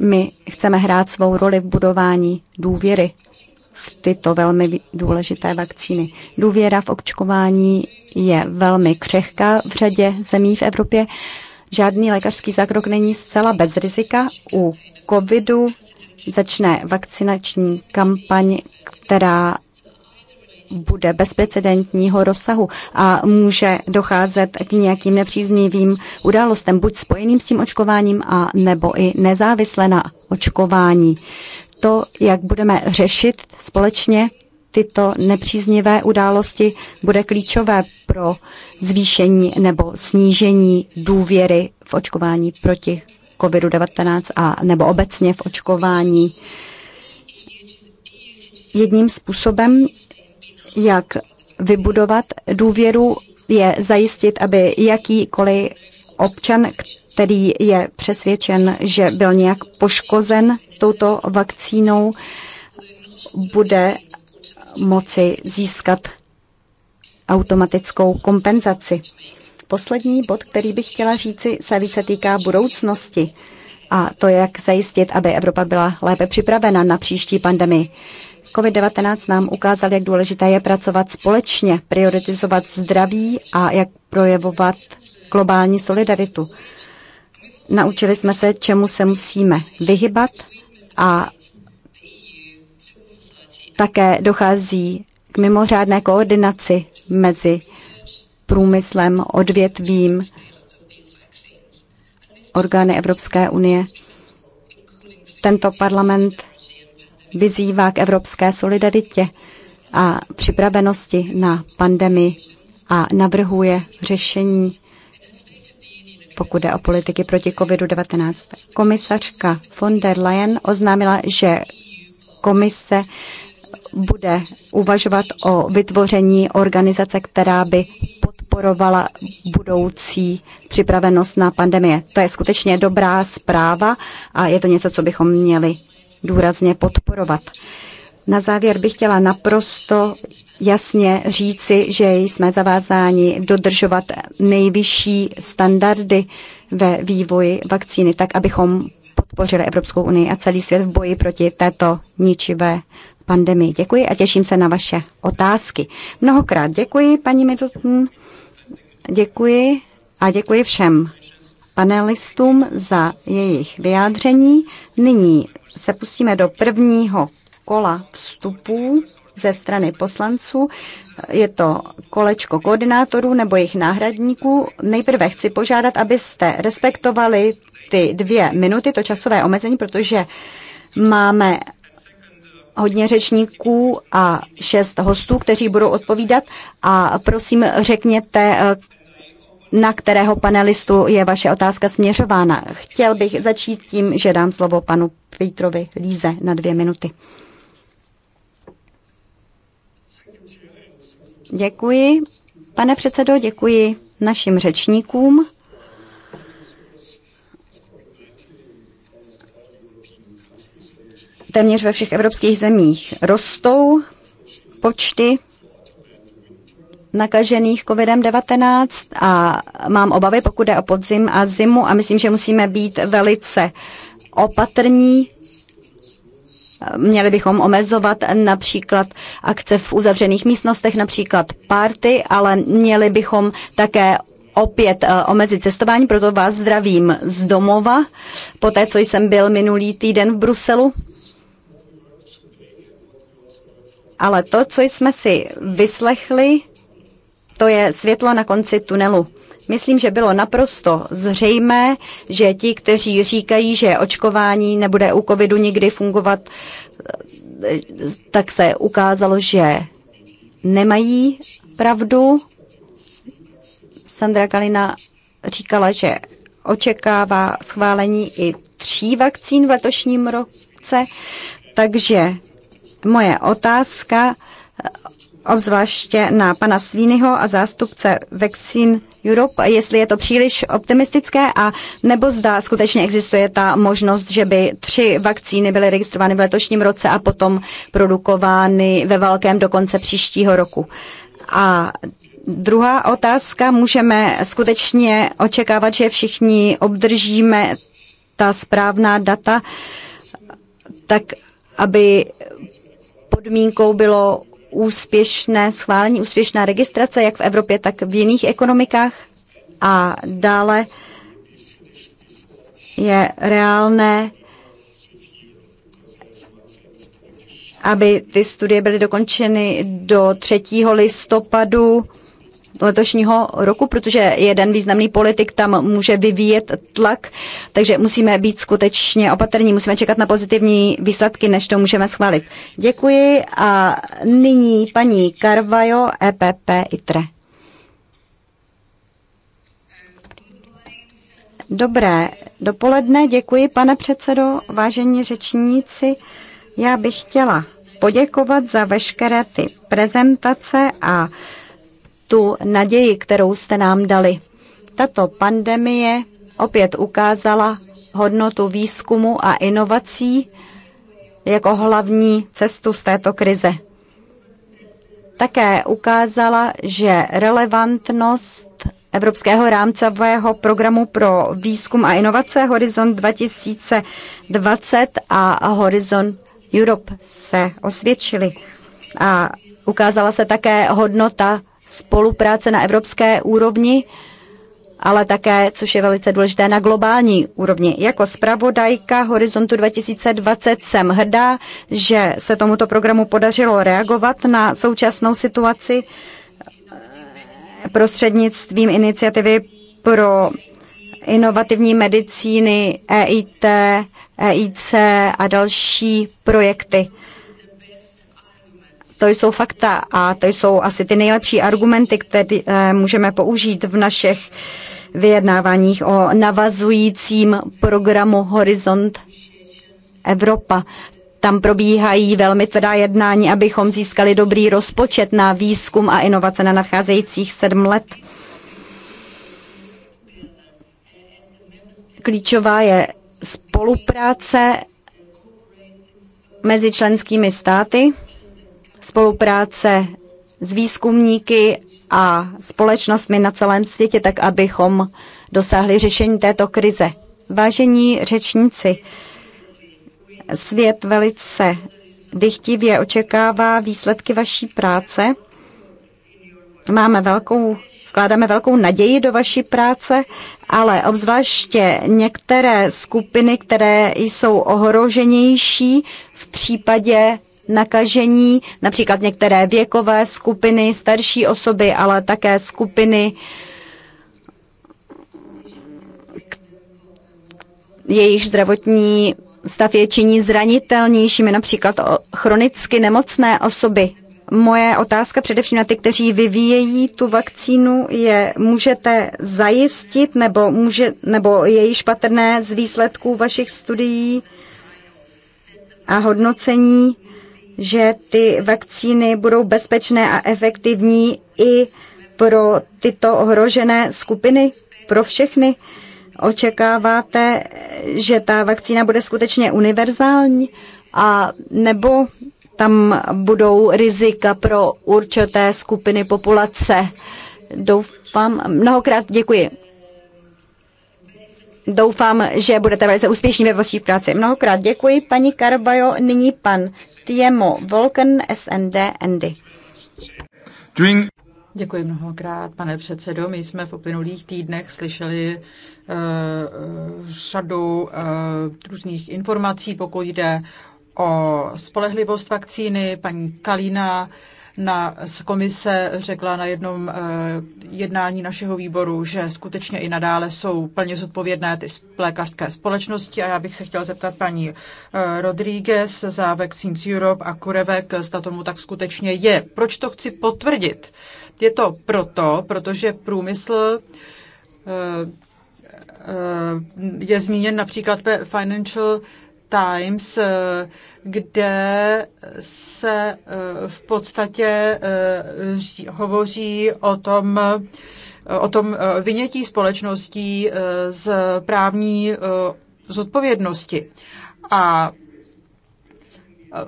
Speaker 2: My chceme hrát svou roli v budování důvěry v tyto velmi důležité vakcíny. Důvěra v očkování je velmi křehká v řadě zemí v Evropě. Žádný lékařský zákrok není zcela bez rizika. U covidu začne vakcinační kampaň, která bude bezprecedentního rozsahu a může docházet k nějakým nepříznivým událostem, buď spojeným s tím očkováním, a nebo i nezávisle na očkování. To, jak budeme řešit společně tyto nepříznivé události, bude klíčové pro zvýšení nebo snížení důvěry v očkování proti COVID-19 a nebo obecně v očkování jedním způsobem, jak vybudovat důvěru, je zajistit, aby jakýkoliv občan, který je přesvědčen, že byl nějak poškozen touto vakcínou, bude moci získat automatickou kompenzaci. Poslední bod, který bych chtěla říci, se více týká budoucnosti a to, jak zajistit, aby Evropa byla lépe připravena na příští pandemii. COVID-19 nám ukázal, jak důležité je pracovat společně, prioritizovat zdraví a jak projevovat globální solidaritu. Naučili jsme se, čemu se musíme vyhybat a také dochází k mimořádné koordinaci mezi průmyslem, odvětvím, orgány Evropské unie. Tento parlament vyzývá k evropské solidaritě a připravenosti na pandemii a navrhuje řešení, pokud jde o politiky proti COVID-19. Komisařka von der Leyen oznámila, že komise bude uvažovat o vytvoření organizace, která by podporovala budoucí připravenost na pandemie. To je skutečně dobrá zpráva a je to něco, co bychom měli důrazně podporovat. Na závěr bych chtěla naprosto jasně říci, že jsme zavázáni dodržovat nejvyšší standardy ve vývoji vakcíny, tak abychom podpořili Evropskou unii a celý svět v boji proti této ničivé pandemii. Děkuji a těším se na vaše otázky. Mnohokrát děkuji, paní Middleton, děkuji a děkuji všem panelistům za jejich vyjádření. Nyní se pustíme do prvního kola vstupů ze strany poslanců. Je to kolečko koordinátorů nebo jejich náhradníků. Nejprve chci požádat, abyste respektovali ty dvě minuty, to časové omezení, protože máme hodně řečníků a šest hostů, kteří budou odpovídat. A prosím, řekněte, na kterého panelistu je vaše otázka směřována. Chtěl bych začít tím, že dám slovo panu Pítrovi Líze na dvě minuty. Děkuji. Pane předsedo, děkuji našim řečníkům. Téměř ve všech evropských zemích rostou počty nakažených COVID-19 a mám obavy, pokud je o podzim a zimu a myslím, že musíme být velice opatrní. Měli bychom omezovat například akce v uzavřených místnostech, například party, ale měli bychom také opět eh, omezit cestování, proto vás zdravím z domova, po té, co jsem byl minulý týden v Bruselu. Ale to, co jsme si vyslechli, to je světlo na konci tunelu. Myslím, že bylo naprosto zřejmé, že ti, kteří říkají, že očkování nebude u covidu nikdy fungovat, tak se ukázalo, že nemají pravdu. Sandra Kalina říkala, že očekává schválení i tří vakcín v letošním roce. Takže moje otázka obzvláště na pana Svínyho a zástupce Vaccine Europe, jestli je to příliš optimistické a nebo zda skutečně existuje ta možnost, že by tři vakcíny byly registrovány v letošním roce a potom produkovány ve velkém do konce příštího roku. A druhá otázka, můžeme skutečně očekávat, že všichni obdržíme ta správná data, tak aby podmínkou bylo úspěšné schválení, úspěšná registrace, jak v Evropě, tak v jiných ekonomikách. A dále je reálné, aby ty studie byly dokončeny do 3. listopadu letošního roku, protože jeden významný politik tam může vyvíjet tlak, takže musíme být skutečně opatrní, musíme čekat na pozitivní výsledky, než to můžeme schválit. Děkuji a nyní paní Carvajo, EPP ITRE. Dobré dopoledne, děkuji pane předsedo, vážení řečníci. Já bych chtěla poděkovat za veškeré ty prezentace a uh, tu naději, kterou jste nám dali. Tato pandemie opět ukázala hodnotu výzkumu a inovací jako hlavní cestu z této krize. Také ukázala, že relevantnost Evropského rámcového programu pro výzkum a inovace Horizon 2020 a Horizon Europe se osvědčily. A ukázala se také hodnota spolupráce na evropské úrovni, ale také, což je velice důležité, na globální úrovni. Jako zpravodajka Horizontu 2020 jsem hrdá, že se tomuto programu podařilo reagovat na současnou situaci eh, prostřednictvím iniciativy pro inovativní medicíny, EIT, EIC a další projekty. To jsou fakta a to jsou asi ty nejlepší argumenty, které eh, můžeme použít v našich vyjednáváních o navazujícím programu Horizont Evropa. Tam probíhají velmi tvrdá jednání, abychom získali dobrý rozpočet na výzkum a inovace na nadcházejících sedm let. Klíčová je spolupráce mezi členskými státy spolupráce s výzkumníky a společnostmi na celém světě, tak abychom dosáhli řešení této krize. Vážení řečníci, svět velice dychtivě očekává výsledky vaší práce. Máme velkou, vkládáme velkou naději do vaší práce, ale obzvláště některé skupiny, které jsou ohroženější v případě nakažení, například některé věkové skupiny, starší osoby, ale také skupiny, jejich zdravotní stav je činí zranitelnějšími, například chronicky nemocné osoby. Moje otázka především na ty, kteří vyvíjejí tu vakcínu, je, můžete zajistit nebo, může, nebo je již patrné z výsledků vašich studií a hodnocení, že ty vakcíny budou bezpečné a efektivní i pro tyto ohrožené skupiny, pro všechny? Očekáváte, že ta vakcína bude skutečně univerzální a nebo tam budou rizika pro určité skupiny populace? Doufám, mnohokrát děkuji doufám, že budete velice úspěšní ve vaší práci. Mnohokrát děkuji, paní Karbajo. Nyní pan Tiemo Volken, SND, Andy. Děkuji mnohokrát,
Speaker 3: pane předsedo. My jsme v uplynulých týdnech slyšeli uh, řadu uh, různých informací, pokud jde o spolehlivost vakcíny. Paní Kalina uh, na, komise řekla na jednom eh, jednání našeho výboru, že skutečně i nadále jsou plně zodpovědné ty lékařské společnosti a já bych se chtěla zeptat paní eh, Rodríguez za Vaccines Europe a Kurevek, zda tomu tak skutečně je. Proč to chci potvrdit? Je to proto, protože průmysl eh, je zmíněn například ve Financial Times, eh, kde se eh, v podstatě eh, hovoří o tom, o tom vynětí společností z právní zodpovědnosti. A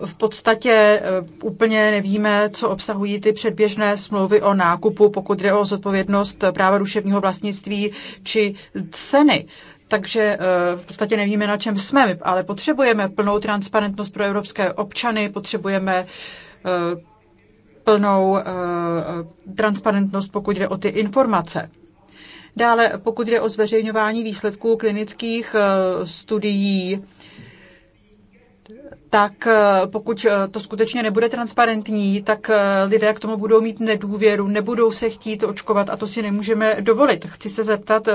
Speaker 3: v podstatě úplně nevíme, co obsahují ty předběžné smlouvy o nákupu, pokud jde o zodpovědnost práva duševního vlastnictví či ceny takže eh, v podstatě nevíme, na čem jsme, ale potřebujeme plnou transparentnost pro evropské občany, potřebujeme eh, plnou eh, transparentnost, pokud jde o ty informace. Dále, pokud jde o zveřejňování výsledků klinických studií, tak pokud to skutečně nebude transparentní, tak lidé k tomu budou mít nedůvěru, nebudou se chtít očkovat a to si nemůžeme dovolit. Chci se zeptat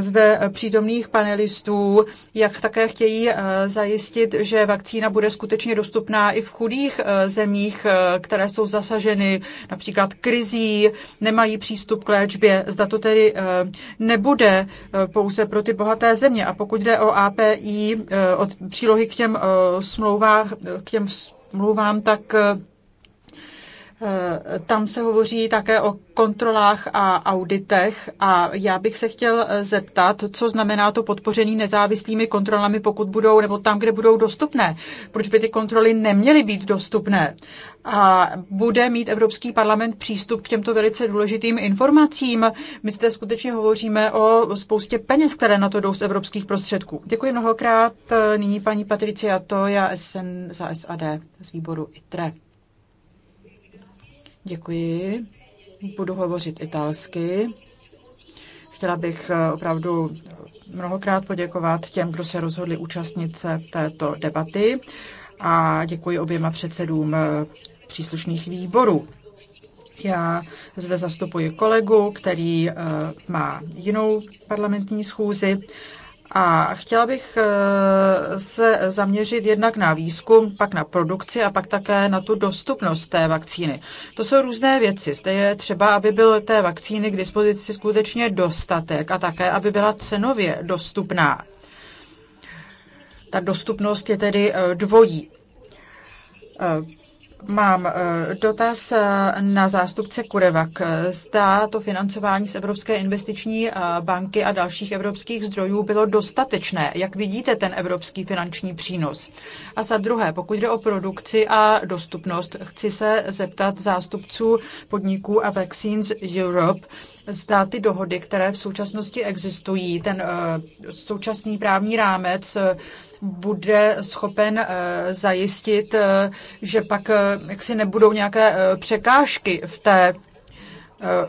Speaker 3: zde přítomných panelistů, jak také chtějí eh, zajistit, že vakcína bude skutečně dostupná i v chudých eh, zemích, eh, které jsou zasaženy například krizí, nemají přístup k léčbě. Zda to tedy nebude pouze pro ty bohaté země. A pokud jde o API, od přílohy k těm smlouvách, k těm smlouvám, tak Eh, tam se hovoří také o kontrolách a auditech a já bych se chtěl eh, zeptat, co znamená to podpořený nezávislými kontrolami, pokud budou, nebo tam, kde budou dostupné. Proč by ty kontroly neměly být dostupné? A bude mít Evropský parlament přístup k těmto velice důležitým informacím? My zde skutečně hovoříme o spoustě peněz, které na to jdou z evropských prostředků. Děkuji mnohokrát. Eh, nyní paní Patricia Toja SN za SAD z výboru ITRE. Děkuji. Budu hovořit italsky. Chtěla bych eh, opravdu mnohokrát poděkovat těm, kdo se rozhodli účastnit se této debaty a děkuji oběma předsedům eh, příslušných výborů. Já zde zastupuji kolegu, který eh, má jinou parlamentní schůzi a chtěla bych eh, se zaměřit jednak na výzkum, pak na produkci a pak také na tu dostupnost té vakcíny. To jsou různé věci. Zde je třeba, aby byl té vakcíny k dispozici skutečně dostatek a také, aby byla cenově dostupná. Ta dostupnost je tedy eh, dvojí. Eh, Mám eh, dotaz eh, na zástupce Kurevak. Zda to financování z Evropské investiční eh, banky a dalších evropských zdrojů bylo dostatečné? Jak vidíte ten evropský finanční přínos? A za druhé, pokud jde o produkci a dostupnost, chci se zeptat zástupců podniků a Vaccines Europe, zda ty dohody, které v současnosti existují, ten současný právní rámec, bude schopen eh, zajistit, eh, že pak eh, jaksi nebudou nějaké překážky v té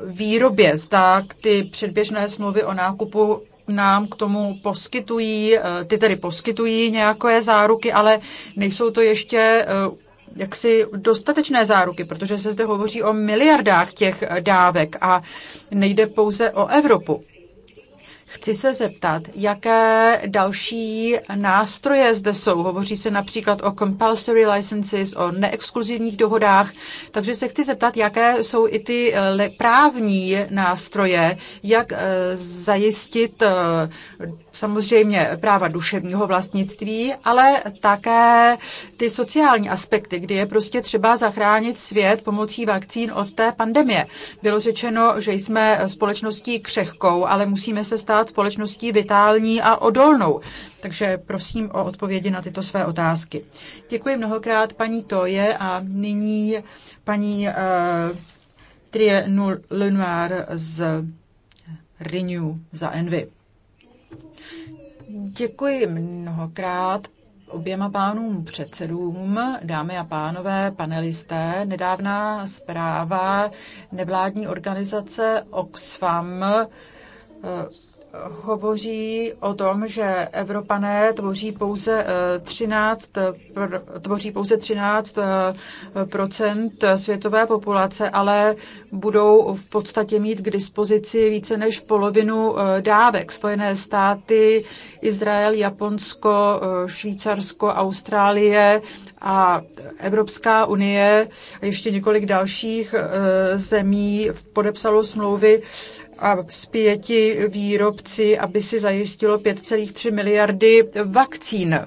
Speaker 3: výrobě. Zda ty předběžné smlouvy o nákupu nám k tomu poskytují, ty tedy poskytují nějaké záruky, ale nejsou to ještě jaksi dostatečné záruky, protože se zde hovoří o miliardách těch dávek a nejde pouze o Evropu. Chci se zeptat, jaké další nástroje zde jsou. Hovoří se například o compulsory licenses, o neexkluzivních dohodách, takže se chci zeptat, jaké jsou i ty eh, právní nástroje, jak eh, zajistit eh, samozřejmě práva duševního vlastnictví, ale také ty sociální aspekty, kdy je prostě třeba zachránit svět pomocí vakcín od té pandemie. Bylo řečeno, že jsme společností křehkou, ale musíme se stát stát společností vitální a odolnou. Takže prosím o odpovědi na tyto své otázky. Děkuji mnohokrát paní Toje a nyní paní uh, Trie Lenoir z Renew za Envy. Děkuji mnohokrát oběma pánům předsedům, dámy a pánové, panelisté. Nedávná zpráva nevládní organizace Oxfam uh, hovoří o tom, že Evropané tvoří pouze 13, eh, tvoří pouze 13 eh, světové populace, ale budou v podstatě mít k dispozici více než polovinu eh, dávek. Spojené státy, Izrael, Japonsko, Švýcarsko, Austrálie a Evropská unie a ještě několik dalších zemí podepsalo smlouvy a z pěti výrobci, aby si zajistilo 5,3 miliardy vakcín.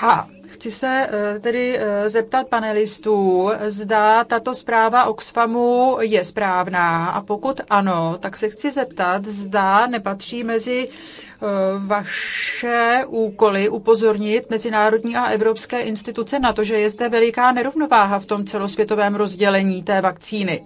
Speaker 3: A chci se eh, tedy eh, zeptat panelistů, zda tato zpráva Oxfamu je správná a pokud ano, tak se chci zeptat, zda nepatří mezi eh, vaše úkoly upozornit mezinárodní a evropské instituce na to, že je zde veliká nerovnováha v tom celosvětovém rozdělení té vakcíny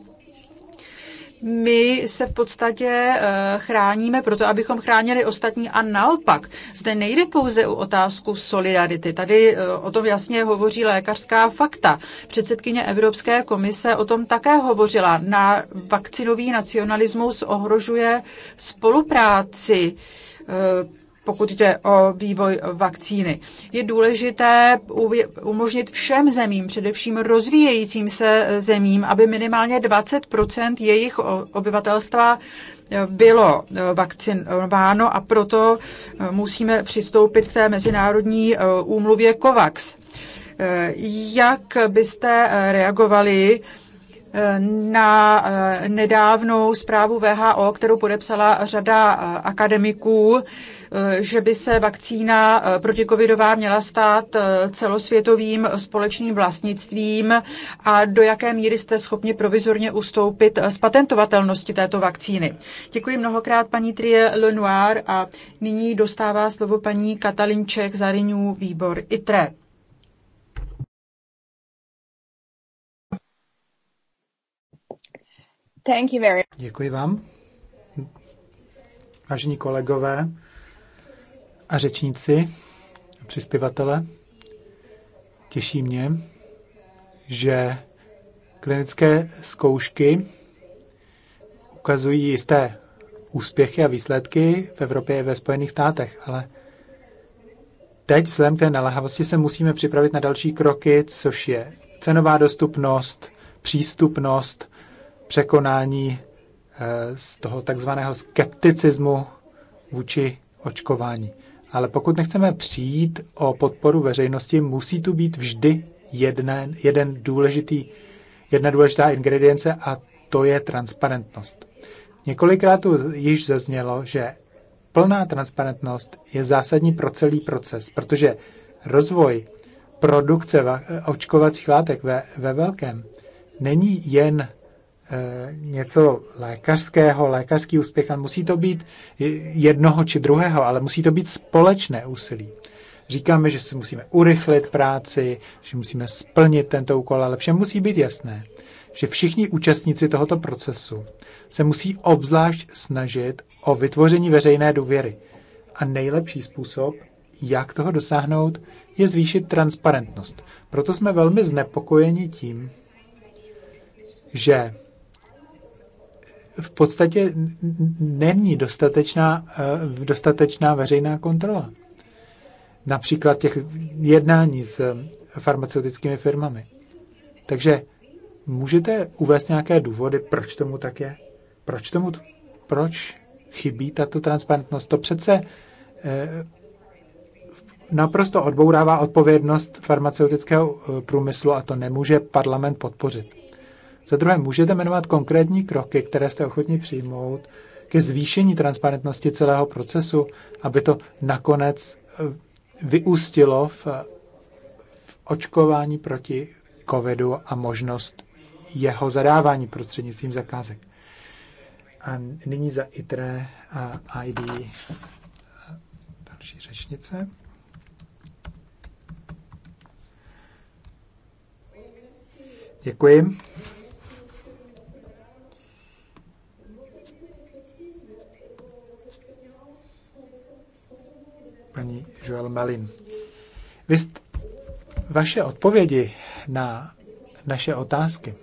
Speaker 3: my se v podstatě eh, chráníme proto, abychom chránili ostatní a naopak. Zde nejde pouze o otázku solidarity. Tady eh, o tom jasně hovoří lékařská fakta. Předsedkyně Evropské komise o tom také hovořila. Na vakcinový nacionalismus ohrožuje spolupráci eh, pokud jde o vývoj vakcíny. Je důležité umožnit všem zemím, především rozvíjejícím se zemím, aby minimálně 20 jejich obyvatelstva eh, bylo eh, vakcinováno a proto eh, musíme přistoupit k té mezinárodní úmluvě COVAX. Jak byste reagovali na eh, nedávnou zprávu VHO, kterou podepsala řada eh, akademiků, eh, že by se vakcína protikovidová měla stát celosvětovým společným vlastnictvím a do jaké míry jste schopni provizorně ustoupit z patentovatelnosti této vakcíny. Děkuji mnohokrát paní Trie Lenoir a nyní dostává slovo paní Katalinček Zariňů výbor ITRE.
Speaker 7: Thank you very
Speaker 4: Děkuji vám. Vážení kolegové a řečníci, přispěvatele, těší mě, že klinické zkoušky ukazují jisté úspěchy a výsledky v Evropě i ve Spojených státech, ale teď vzhledem k té naléhavosti se musíme připravit na další kroky, což je cenová dostupnost, přístupnost překonání eh, z toho takzvaného skepticismu vůči očkování. Ale pokud nechceme přijít o podporu veřejnosti, musí tu být vždy jedné, jeden důležitý, jedna důležitá ingredience a to je transparentnost. Několikrát tu již zaznělo, že plná transparentnost je zásadní pro celý proces, protože rozvoj produkce očkovacích látek ve, ve velkém není jen Eh, něco lékařského, lékařský úspěch, ale musí to být jednoho či druhého, ale musí to být společné úsilí. Říkáme, že si musíme urychlit práci, že musíme splnit tento úkol, ale všem musí být jasné, že všichni účastníci tohoto procesu se musí obzvlášť snažit o vytvoření veřejné důvěry. A nejlepší způsob, jak toho dosáhnout, je zvýšit transparentnost. Proto jsme velmi znepokojeni tím, že v podstatě není dostatečná, eh, dostatečná veřejná kontrola. Například těch jednání s eh, farmaceutickými firmami. Takže můžete uvést nějaké důvody, proč tomu tak je? Proč tomu, proč chybí tato transparentnost? To přece eh, naprosto odbourává odpovědnost farmaceutického průmyslu a to nemůže parlament podpořit. Za druhé, můžete jmenovat konkrétní kroky, které jste ochotni přijmout ke zvýšení transparentnosti celého procesu, aby to nakonec eh, vyústilo v, v očkování proti covidu a možnost jeho zadávání prostřednictvím zakázek. A nyní za ITRE a ID eh, další řečnice. Děkuji. paní Joel Malin. Vy jste, vaše odpovědi na naše otázky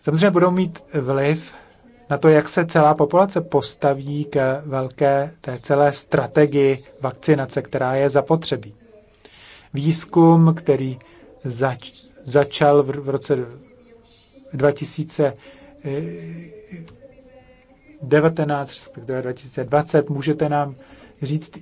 Speaker 4: samozřejmě budou mít vliv na to, jak se celá populace postaví k velké té celé strategii vakcinace, která je zapotřebí. Výzkum, který zač, začal v, v roce 2019, eh, respektive 2020, můžete nám říct,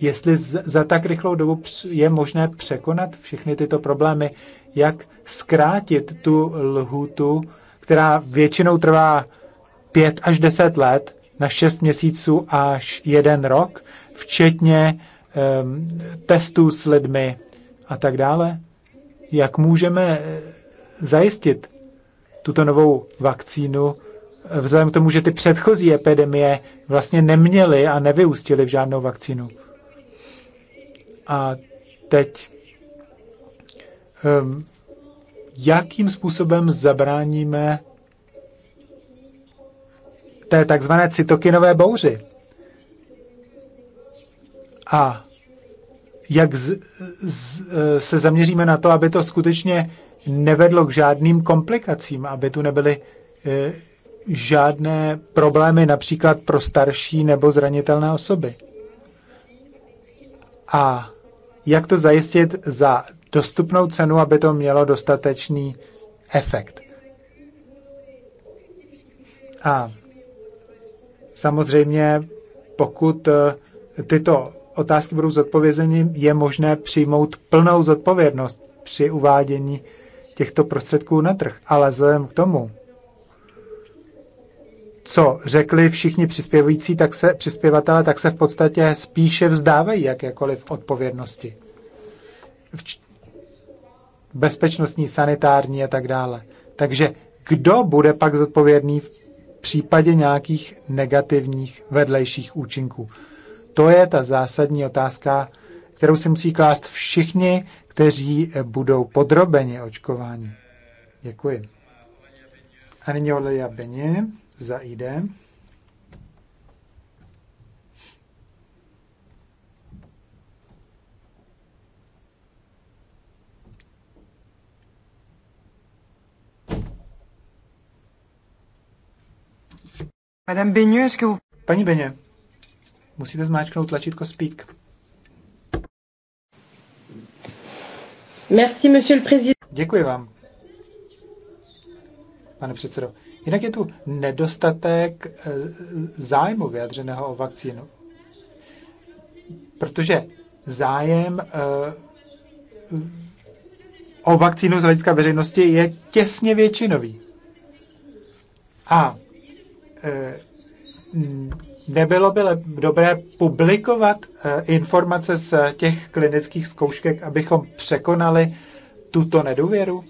Speaker 4: jestli za tak rychlou dobu je možné překonat všechny tyto problémy, jak zkrátit tu lhutu, která většinou trvá pět až deset let, na šest měsíců až jeden rok, včetně um, testů s lidmi a tak dále. Jak můžeme eh, zajistit tuto novou vakcínu, vzhledem k tomu, že ty předchozí epidemie vlastně neměly a nevyústily v žádnou vakcínu. A teď, ehm, jakým způsobem zabráníme té takzvané cytokinové bouři? A jak z, z, se zaměříme na to, aby to skutečně nevedlo k žádným komplikacím, aby tu nebyly eh, žádné problémy například pro starší nebo zranitelné osoby. A jak to zajistit za dostupnou cenu, aby to mělo dostatečný efekt. A samozřejmě, pokud eh, tyto otázky budou zodpovězeny, je možné přijmout plnou zodpovědnost při uvádění těchto prostředků na trh. Ale vzhledem k tomu, co řekli všichni přispěvující, tak se, přispěvatele, tak se v podstatě spíše vzdávají jakékoliv odpovědnosti. Bezpečnostní, sanitární a tak dále. Takže kdo bude pak zodpovědný v případě nějakých negativních vedlejších účinků? To je ta zásadní otázka, kterou si musí klást všichni, kteří budou podrobeni očkování. Děkuji. A nyní Oleja Beně za ID. Madame Beigneux, est-ce que vous... Paní Beně, musíte zmáčknout tlačítko Speak.
Speaker 8: Merci, monsieur le président.
Speaker 4: Děkuji vám pane předsedo. Jinak je tu nedostatek e, zájmu vyjadřeného o vakcínu. Protože zájem e, o vakcínu z hlediska veřejnosti je těsně většinový. A e, nebylo by dobré publikovat informace z těch klinických zkoušek, abychom překonali tuto nedůvěru?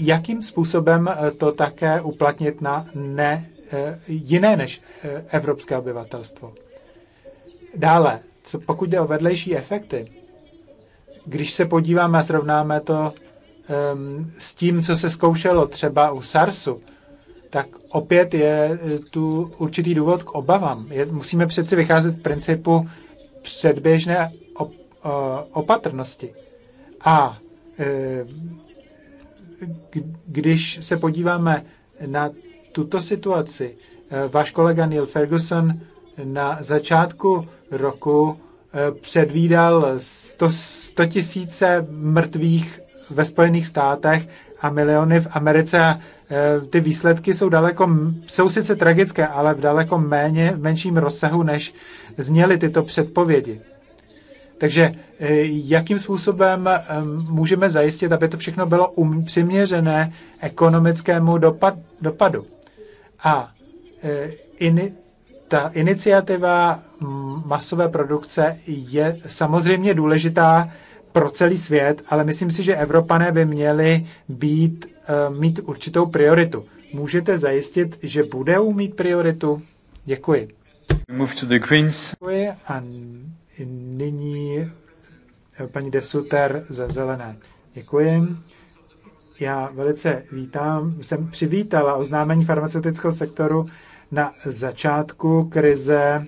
Speaker 4: jakým způsobem eh, to také uplatnit na ne, eh, jiné než eh, evropské obyvatelstvo. Dále, co pokud jde o vedlejší efekty, když se podíváme a srovnáme to um, s tím, co se zkoušelo třeba u SARSu, tak opět je tu určitý důvod k obavám. Je, musíme přeci vycházet z principu předběžné op, opatrnosti. A když se podíváme na tuto situaci, eh, váš kolega Neil Ferguson na začátku roku eh, předvídal 100 tisíce mrtvých ve Spojených státech a miliony v Americe eh, ty výsledky jsou daleko, jsou sice tragické, ale v daleko méně, menším rozsahu, než zněly tyto předpovědi. Takže eh, jakým způsobem eh, můžeme zajistit, aby to všechno bylo um, přiměřené ekonomickému dopad, dopadu? A eh, in, ta iniciativa hm, masové produkce je samozřejmě důležitá pro celý svět, ale myslím si, že Evropané by měli být, mít určitou prioritu. Můžete zajistit, že bude mít prioritu? Děkuji.
Speaker 1: Move to the Greens.
Speaker 4: Děkuji Nyní eh, paní Desuter za zelené. Děkuji. Já velice vítám, jsem přivítala oznámení farmaceutického sektoru na začátku krize,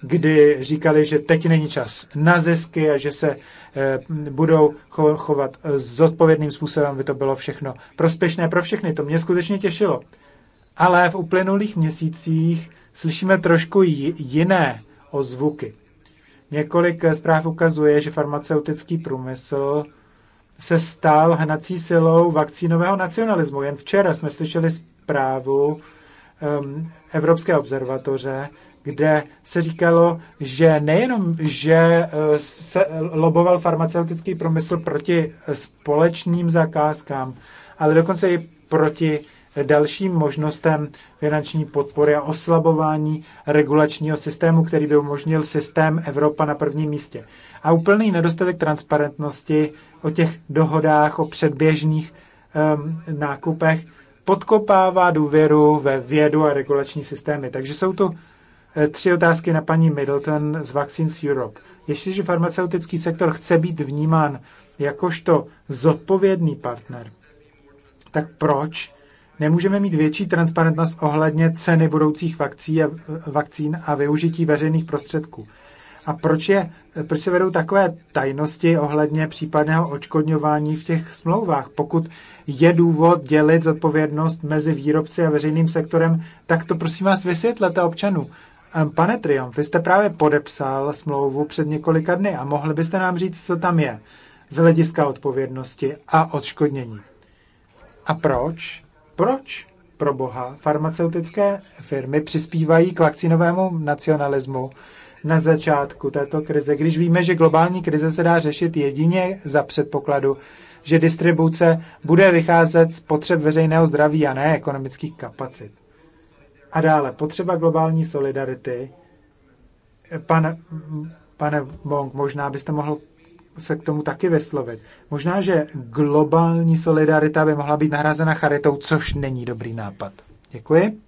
Speaker 4: kdy říkali, že teď není čas na zisky a že se eh, budou chovat zodpovědným způsobem, by to bylo všechno prospěšné pro všechny. To mě skutečně těšilo. Ale v uplynulých měsících slyšíme trošku jiné ozvuky. Několik zpráv ukazuje, že farmaceutický průmysl se stal hnací silou vakcínového nacionalismu. Jen včera jsme slyšeli zprávu um, Evropské observatoře, kde se říkalo, že nejenom, že uh, se loboval farmaceutický průmysl proti uh, společným zakázkám, ale dokonce i proti dalším možnostem finanční podpory a oslabování regulačního systému, který by umožnil systém Evropa na prvním místě. A úplný nedostatek transparentnosti o těch dohodách, o předběžných um, nákupech podkopává důvěru ve vědu a regulační systémy. Takže jsou tu eh, tři otázky na paní Middleton z Vaccines Europe. Jestliže farmaceutický sektor chce být vnímán jakožto zodpovědný partner, tak proč Nemůžeme mít větší transparentnost ohledně ceny budoucích vakcí a, vakcín a využití veřejných prostředků. A proč, je, proč se vedou takové tajnosti ohledně případného očkodňování v těch smlouvách? Pokud je důvod dělit zodpovědnost mezi výrobci a veřejným sektorem, tak to prosím vás vysvětlete občanů. Pane Triom. vy jste právě podepsal smlouvu před několika dny a mohli byste nám říct, co tam je z hlediska odpovědnosti a odškodnění. A proč proč pro boha farmaceutické firmy přispívají k vakcinovému nacionalismu na začátku této krize, když víme, že globální krize se dá řešit jedině za předpokladu, že distribuce bude vycházet z potřeb veřejného zdraví a ne ekonomických kapacit. A dále, potřeba globální solidarity. Pan, pane Bong, možná byste mohl se k tomu taky vyslovit. Možná, že globální solidarita by mohla být nahrazena charitou, což není dobrý nápad. Děkuji.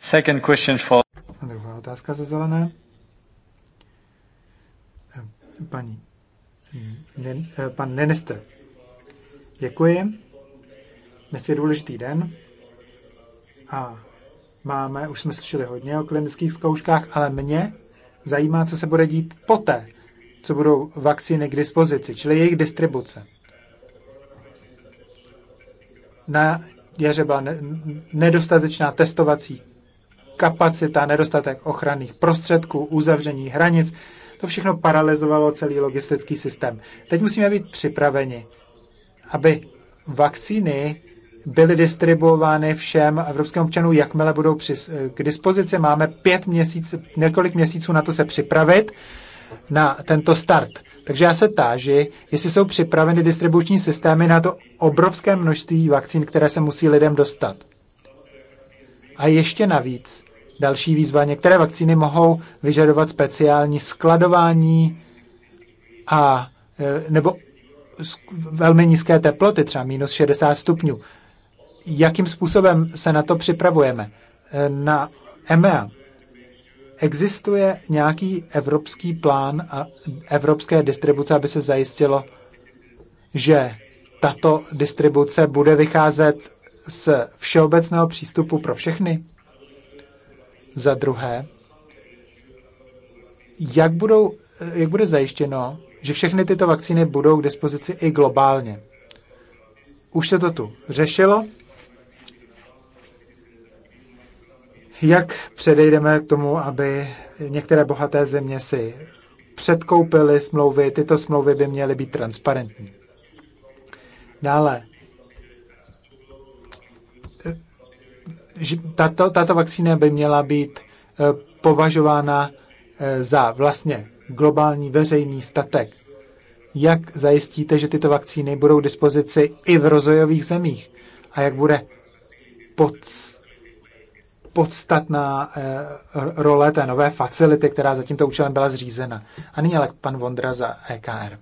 Speaker 1: Second question for...
Speaker 4: A druhá otázka za zelené. Paní. pan minister. Děkuji. Dnes je důležitý den a máme, už jsme slyšeli hodně o klinických zkouškách, ale mě zajímá, co se bude dít poté, co budou vakcíny k dispozici, čili jejich distribuce. Na jaře byla nedostatečná testovací kapacita, nedostatek ochranných prostředků, uzavření hranic. To všechno paralizovalo celý logistický systém. Teď musíme být připraveni, aby vakcíny byly distribuovány všem evropským občanům, jakmile budou při, k dispozici. Máme pět měsíc, několik měsíců na to se připravit na tento start. Takže já se táži, jestli jsou připraveny distribuční systémy na to obrovské množství vakcín, které se musí lidem dostat. A ještě navíc další výzva. Některé vakcíny mohou vyžadovat speciální skladování a e, nebo velmi nízké teploty, třeba minus 60 stupňů jakým způsobem se na to připravujeme. Eh, na EMEA existuje nějaký evropský plán a evropské distribuce, aby se zajistilo, že tato distribuce bude vycházet z všeobecného přístupu pro všechny? Za druhé, jak, budou, eh, jak bude zajištěno, že všechny tyto vakcíny budou k dispozici i globálně? Už se to tu řešilo, Jak předejdeme k tomu, aby některé bohaté země si předkoupily smlouvy, tyto smlouvy by měly být transparentní. Dále, tato, tato vakcína by měla být eh, považována eh, za vlastně globální veřejný statek. Jak zajistíte, že tyto vakcíny budou k dispozici i v rozvojových zemích? A jak bude pod podstatná eh, role té nové facility, která za tímto účelem byla
Speaker 5: zřízena. A nyní ale pan Vondra za EKR.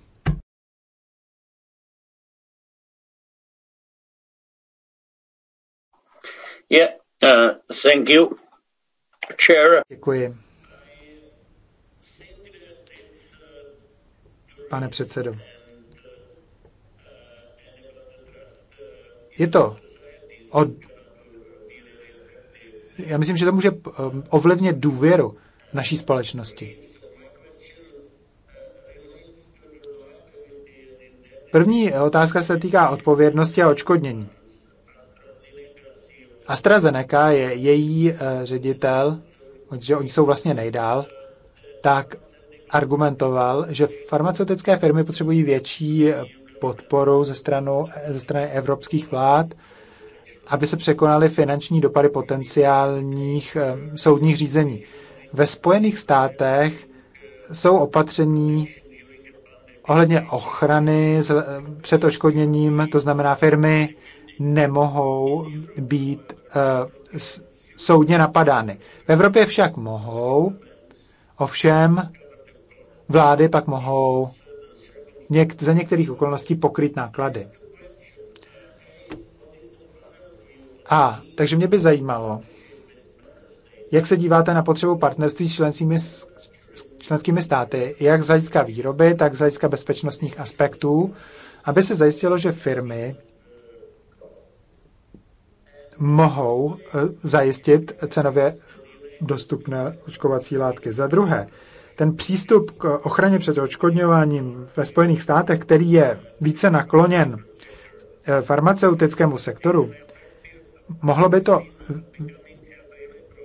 Speaker 5: Yeah, uh, thank you, chair. Děkuji.
Speaker 4: Pane předsedo. Je to od já myslím, že to může eh, ovlivnit důvěru naší společnosti. První eh, otázka se týká odpovědnosti a očkodnění. AstraZeneca je její eh, ředitel, že oni jsou vlastně nejdál, tak argumentoval, že farmaceutické firmy potřebují větší podporu ze, stranu, ze strany evropských vlád, aby se překonaly finanční dopady potenciálních eh, soudních řízení. Ve Spojených státech jsou opatření ohledně ochrany eh, před oškodněním, to znamená firmy nemohou být eh, soudně napadány. V Evropě však mohou, ovšem vlády pak mohou něk- za některých okolností pokryt náklady. A takže mě by zajímalo, jak se díváte na potřebu partnerství s členskými, s členskými státy, jak z hlediska výroby, tak z hlediska bezpečnostních aspektů, aby se zajistilo, že firmy mohou eh, zajistit cenově dostupné očkovací látky. Za druhé, ten přístup k ochraně před očkodňováním ve Spojených státech, který je více nakloněn eh, farmaceutickému sektoru, mohlo by to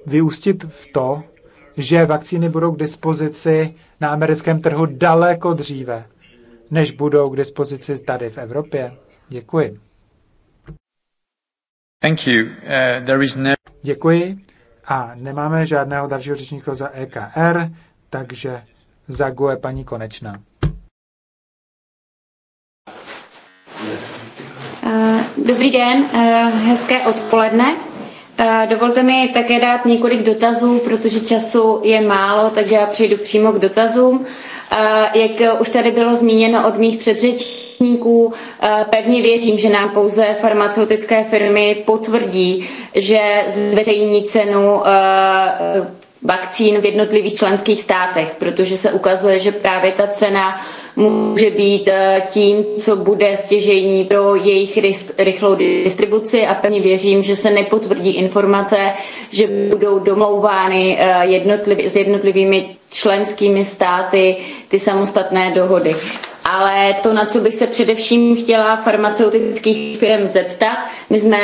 Speaker 4: vyústit v to, že vakcíny budou k dispozici na americkém trhu daleko dříve, než budou k dispozici tady v Evropě. Děkuji.
Speaker 1: Thank you. Uh, there is no...
Speaker 4: Děkuji. A nemáme žádného dalšího řečníka za EKR, takže zaguje paní Konečná.
Speaker 9: Eh, dobrý den, eh, hezké odpoledne. Eh, dovolte mi také dát několik dotazů, protože času je málo, takže já přejdu přímo k dotazům. Jak už tady bylo zmíněno od mých předřečníků, pevně věřím, že nám pouze farmaceutické firmy potvrdí, že zveřejní cenu vakcín v jednotlivých členských státech, protože se ukazuje, že právě ta cena může být eh, tím, co bude stěžení pro jejich rychlou distribuci a pevně věřím, že se nepotvrdí informace, že budou domlouvány eh, jednotliv, s jednotlivými členskými státy ty samostatné dohody. Ale to, na co bych se především chtěla farmaceutických firm zeptat, my jsme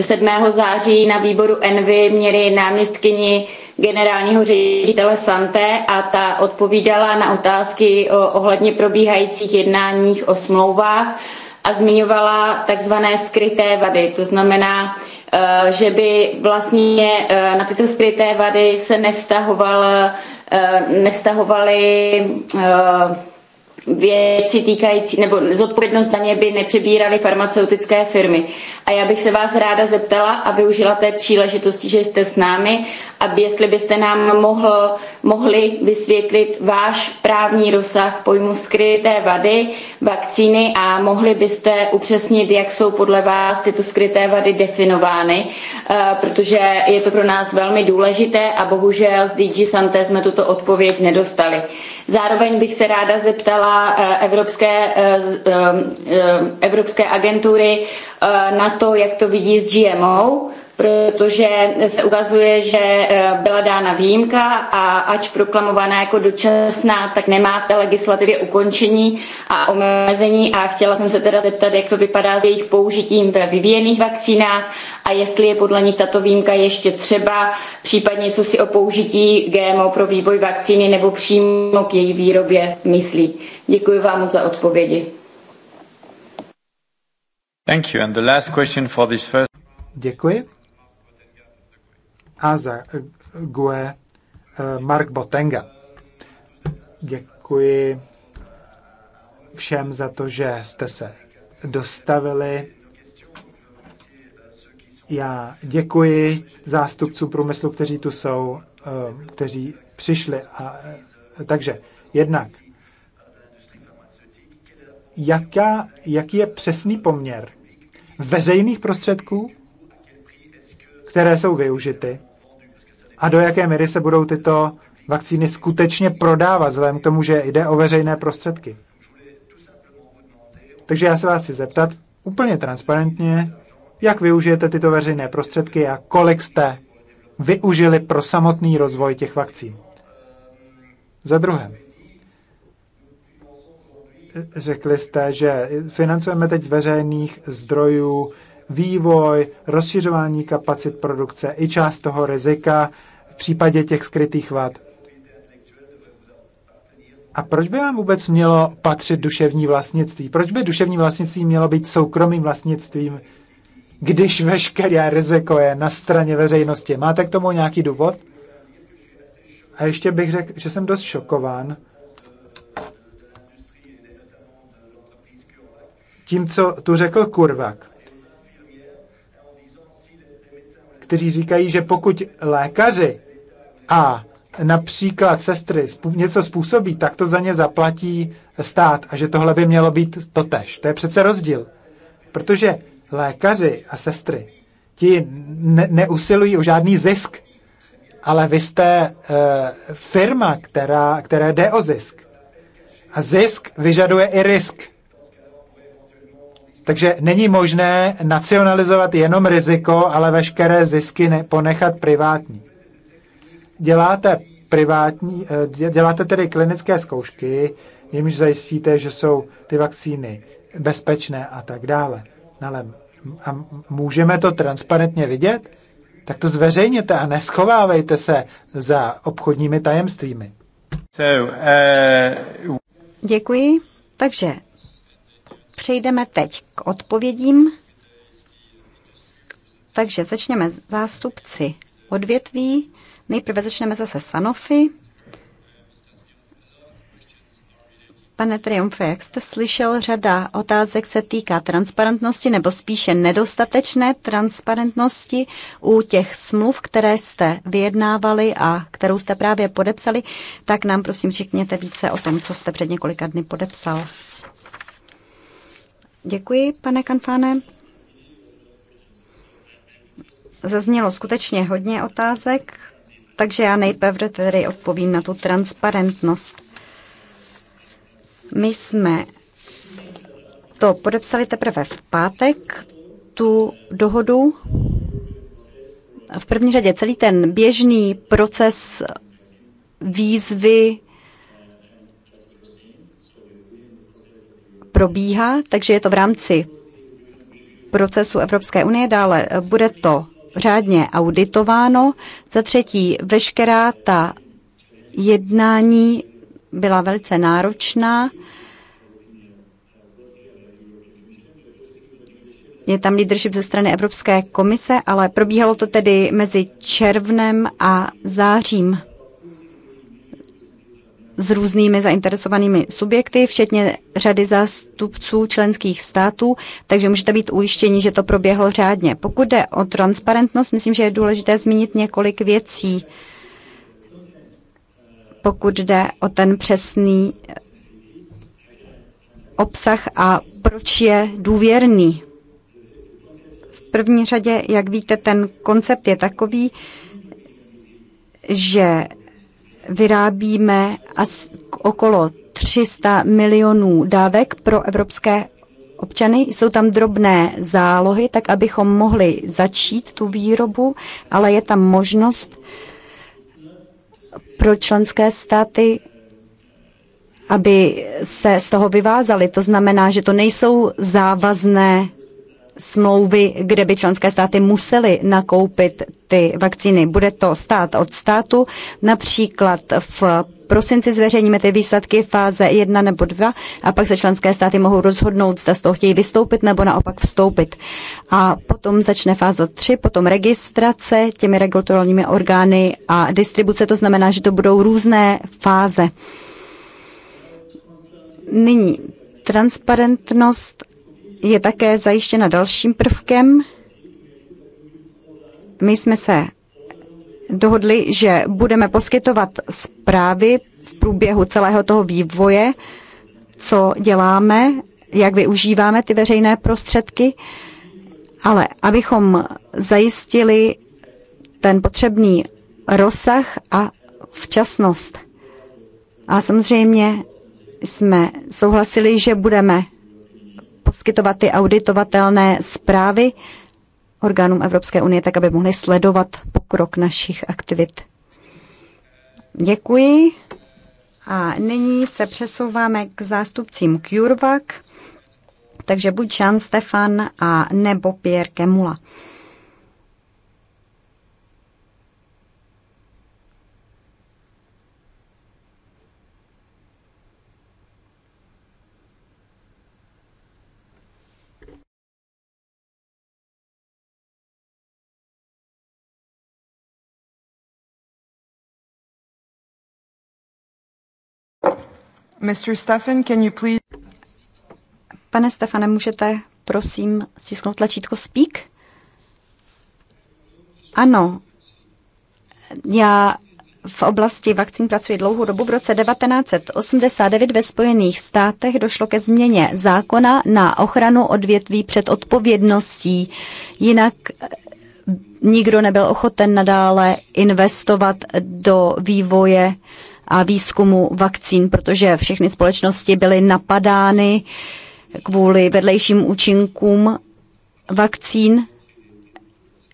Speaker 9: 7. září na výboru Envy měli náměstkyni generálního ředitele Santé a ta odpovídala na otázky ohledně probíhajících jednáních o smlouvách a zmiňovala takzvané skryté vady. To znamená, eh, že by vlastně eh, na tyto skryté vady se nevztahoval, eh, nevztahovaly věci týkající, nebo zodpovědnost za ně by nepřebíraly farmaceutické firmy. A já bych se vás ráda zeptala a využila té příležitosti, že jste s námi a jestli byste nám mohl, mohli vysvětlit váš právní rozsah pojmu skryté vady vakcíny a mohli byste upřesnit, jak jsou podle vás tyto skryté vady definovány, eh, protože je to pro nás velmi důležité a bohužel z DG Santé jsme tuto odpověď nedostali. Zároveň bych se ráda zeptala eh, Evropské, eh, Evropské agentury na to, jak to vidí s GMO, protože se ukazuje, že eh, byla dána výjimka a ač proklamovaná jako dočasná, tak nemá v té legislativě ukončení a omezení a chtěla jsem se teda zeptat, jak to vypadá s jejich použitím ve vyvíjených vakcínách a jestli je podle nich tato výjimka ještě třeba, případně co si o použití GMO pro vývoj vakcíny nebo přímo k její výrobě myslí. Děkuji vám moc za odpovědi.
Speaker 1: Thank you. And the last question for this first... Děkuji
Speaker 4: a za GUE eh, Mark Botenga. Děkuji všem za to, že jste se dostavili. Já děkuji zástupcům průmyslu, kteří tu jsou, eh, kteří přišli. A, eh, takže jednak, jaká, jaký je přesný poměr veřejných prostředků, které jsou využity, a do jaké míry se budou tyto vakcíny skutečně prodávat, vzhledem k tomu, že jde o veřejné prostředky. Takže já se vás chci zeptat úplně transparentně, jak využijete tyto veřejné prostředky a kolik jste využili pro samotný rozvoj těch vakcín. Za druhé, řekli jste, že financujeme teď z veřejných zdrojů vývoj, rozšiřování kapacit produkce i část toho rizika v případě těch skrytých vad. A proč by vám vůbec mělo patřit duševní vlastnictví? Proč by duševní vlastnictví mělo být soukromým vlastnictvím, když veškeré riziko je na straně veřejnosti? Máte k tomu nějaký důvod? A ještě bych řekl, že jsem dost šokován tím, co tu řekl Kurvak. kteří říkají, že pokud lékaři a například sestry něco způsobí, tak to za ně zaplatí stát a že tohle by mělo být totež. To je přece rozdíl, protože lékaři a sestry ti ne- neusilují o žádný zisk, ale vy jste e, firma, která, která jde o zisk. A zisk vyžaduje i risk. Takže není možné nacionalizovat jenom riziko, ale veškeré zisky ponechat privátní. Děláte, privátní, eh, děláte tedy klinické zkoušky, jimž zajistíte, že jsou ty vakcíny bezpečné a tak dále. Ale a můžeme to transparentně vidět? Tak to zveřejněte a neschovávejte se za obchodními tajemstvími.
Speaker 1: So,
Speaker 2: uh... Děkuji. Takže Přejdeme teď k odpovědím. Takže začněme zástupci odvětví. Nejprve začneme zase Sanofi. Pane Triumfe, jak jste slyšel, řada otázek se týká transparentnosti nebo spíše nedostatečné transparentnosti u těch smluv, které jste vyjednávali a kterou jste právě podepsali, tak nám prosím řekněte více o tom, co jste před několika dny podepsal. Děkuji, pane Kanfáne. Zaznělo skutečně hodně otázek, takže já nejprve tedy odpovím na tu transparentnost. My jsme to podepsali teprve v pátek, tu dohodu. V první řadě celý ten běžný proces výzvy probíhá, takže je to v rámci procesu Evropské unie. Dále eh, bude to řádně auditováno. Za třetí, veškerá ta jednání byla velice náročná. Je tam leadership ze strany Evropské komise, ale probíhalo to tedy mezi červnem a zářím s různými zainteresovanými subjekty, včetně řady zástupců členských států, takže můžete být ujištěni, že to proběhlo řádně. Pokud jde o transparentnost, myslím, že je důležité zmínit několik věcí, pokud jde o ten přesný eh, obsah a proč je důvěrný. V první řadě, jak víte, ten koncept je takový, že vyrábíme asi okolo 300 milionů dávek pro evropské občany. Jsou tam drobné zálohy, tak abychom mohli začít tu výrobu, ale je tam možnost pro členské státy, aby se z toho vyvázali. To znamená, že to nejsou závazné smlouvy, kde by členské státy musely nakoupit ty vakcíny. Bude to stát od státu, například v prosinci zveřejníme ty výsledky fáze 1 nebo 2 a pak se členské státy mohou rozhodnout, zda z toho chtějí vystoupit nebo naopak vstoupit. A potom začne fáze 3, potom registrace těmi regulatorními orgány a distribuce, to znamená, že to budou různé fáze. Nyní transparentnost je také zajištěna dalším prvkem. My jsme se dohodli, že budeme poskytovat zprávy v průběhu celého toho vývoje, co děláme, jak využíváme ty veřejné prostředky, ale abychom zajistili ten potřebný rozsah a včasnost. A samozřejmě jsme souhlasili, že budeme poskytovat ty auditovatelné zprávy orgánům Evropské unie, tak aby mohli sledovat pokrok našich aktivit. Děkuji. A nyní se přesouváme k zástupcím CureVac, takže buď Jean Stefan a nebo Pierre Kemula. Mr. Stefan, can you please... Pane Stefane, můžete prosím stisknout tlačítko Speak? Ano. Já v oblasti vakcín pracuji dlouhou dobu. V roce 1989 ve Spojených státech došlo ke změně zákona na ochranu odvětví před odpovědností. Jinak eh, nikdo nebyl ochoten nadále investovat do vývoje uh, a výzkumu vakcín, protože všechny společnosti byly napadány kvůli vedlejším účinkům vakcín,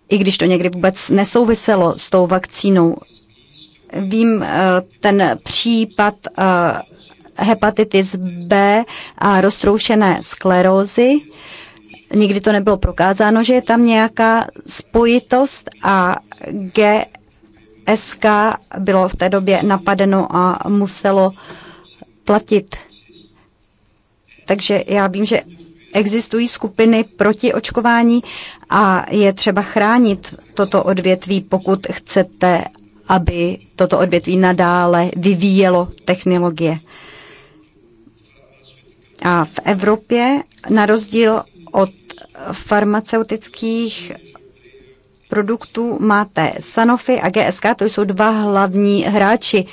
Speaker 2: i když to někdy vůbec nesouviselo s tou vakcínou. Vím eh, ten případ eh, hepatitis B a roztroušené sklerózy. Nikdy to nebylo prokázáno, že je tam nějaká spojitost a G. SK bylo v té době napadeno a muselo platit. Takže já vím, že existují skupiny proti očkování a je třeba chránit toto odvětví, pokud chcete, aby toto odvětví nadále vyvíjelo technologie. A v Evropě, na rozdíl od farmaceutických produktů máte Sanofi a GSK, to jsou dva hlavní hráči,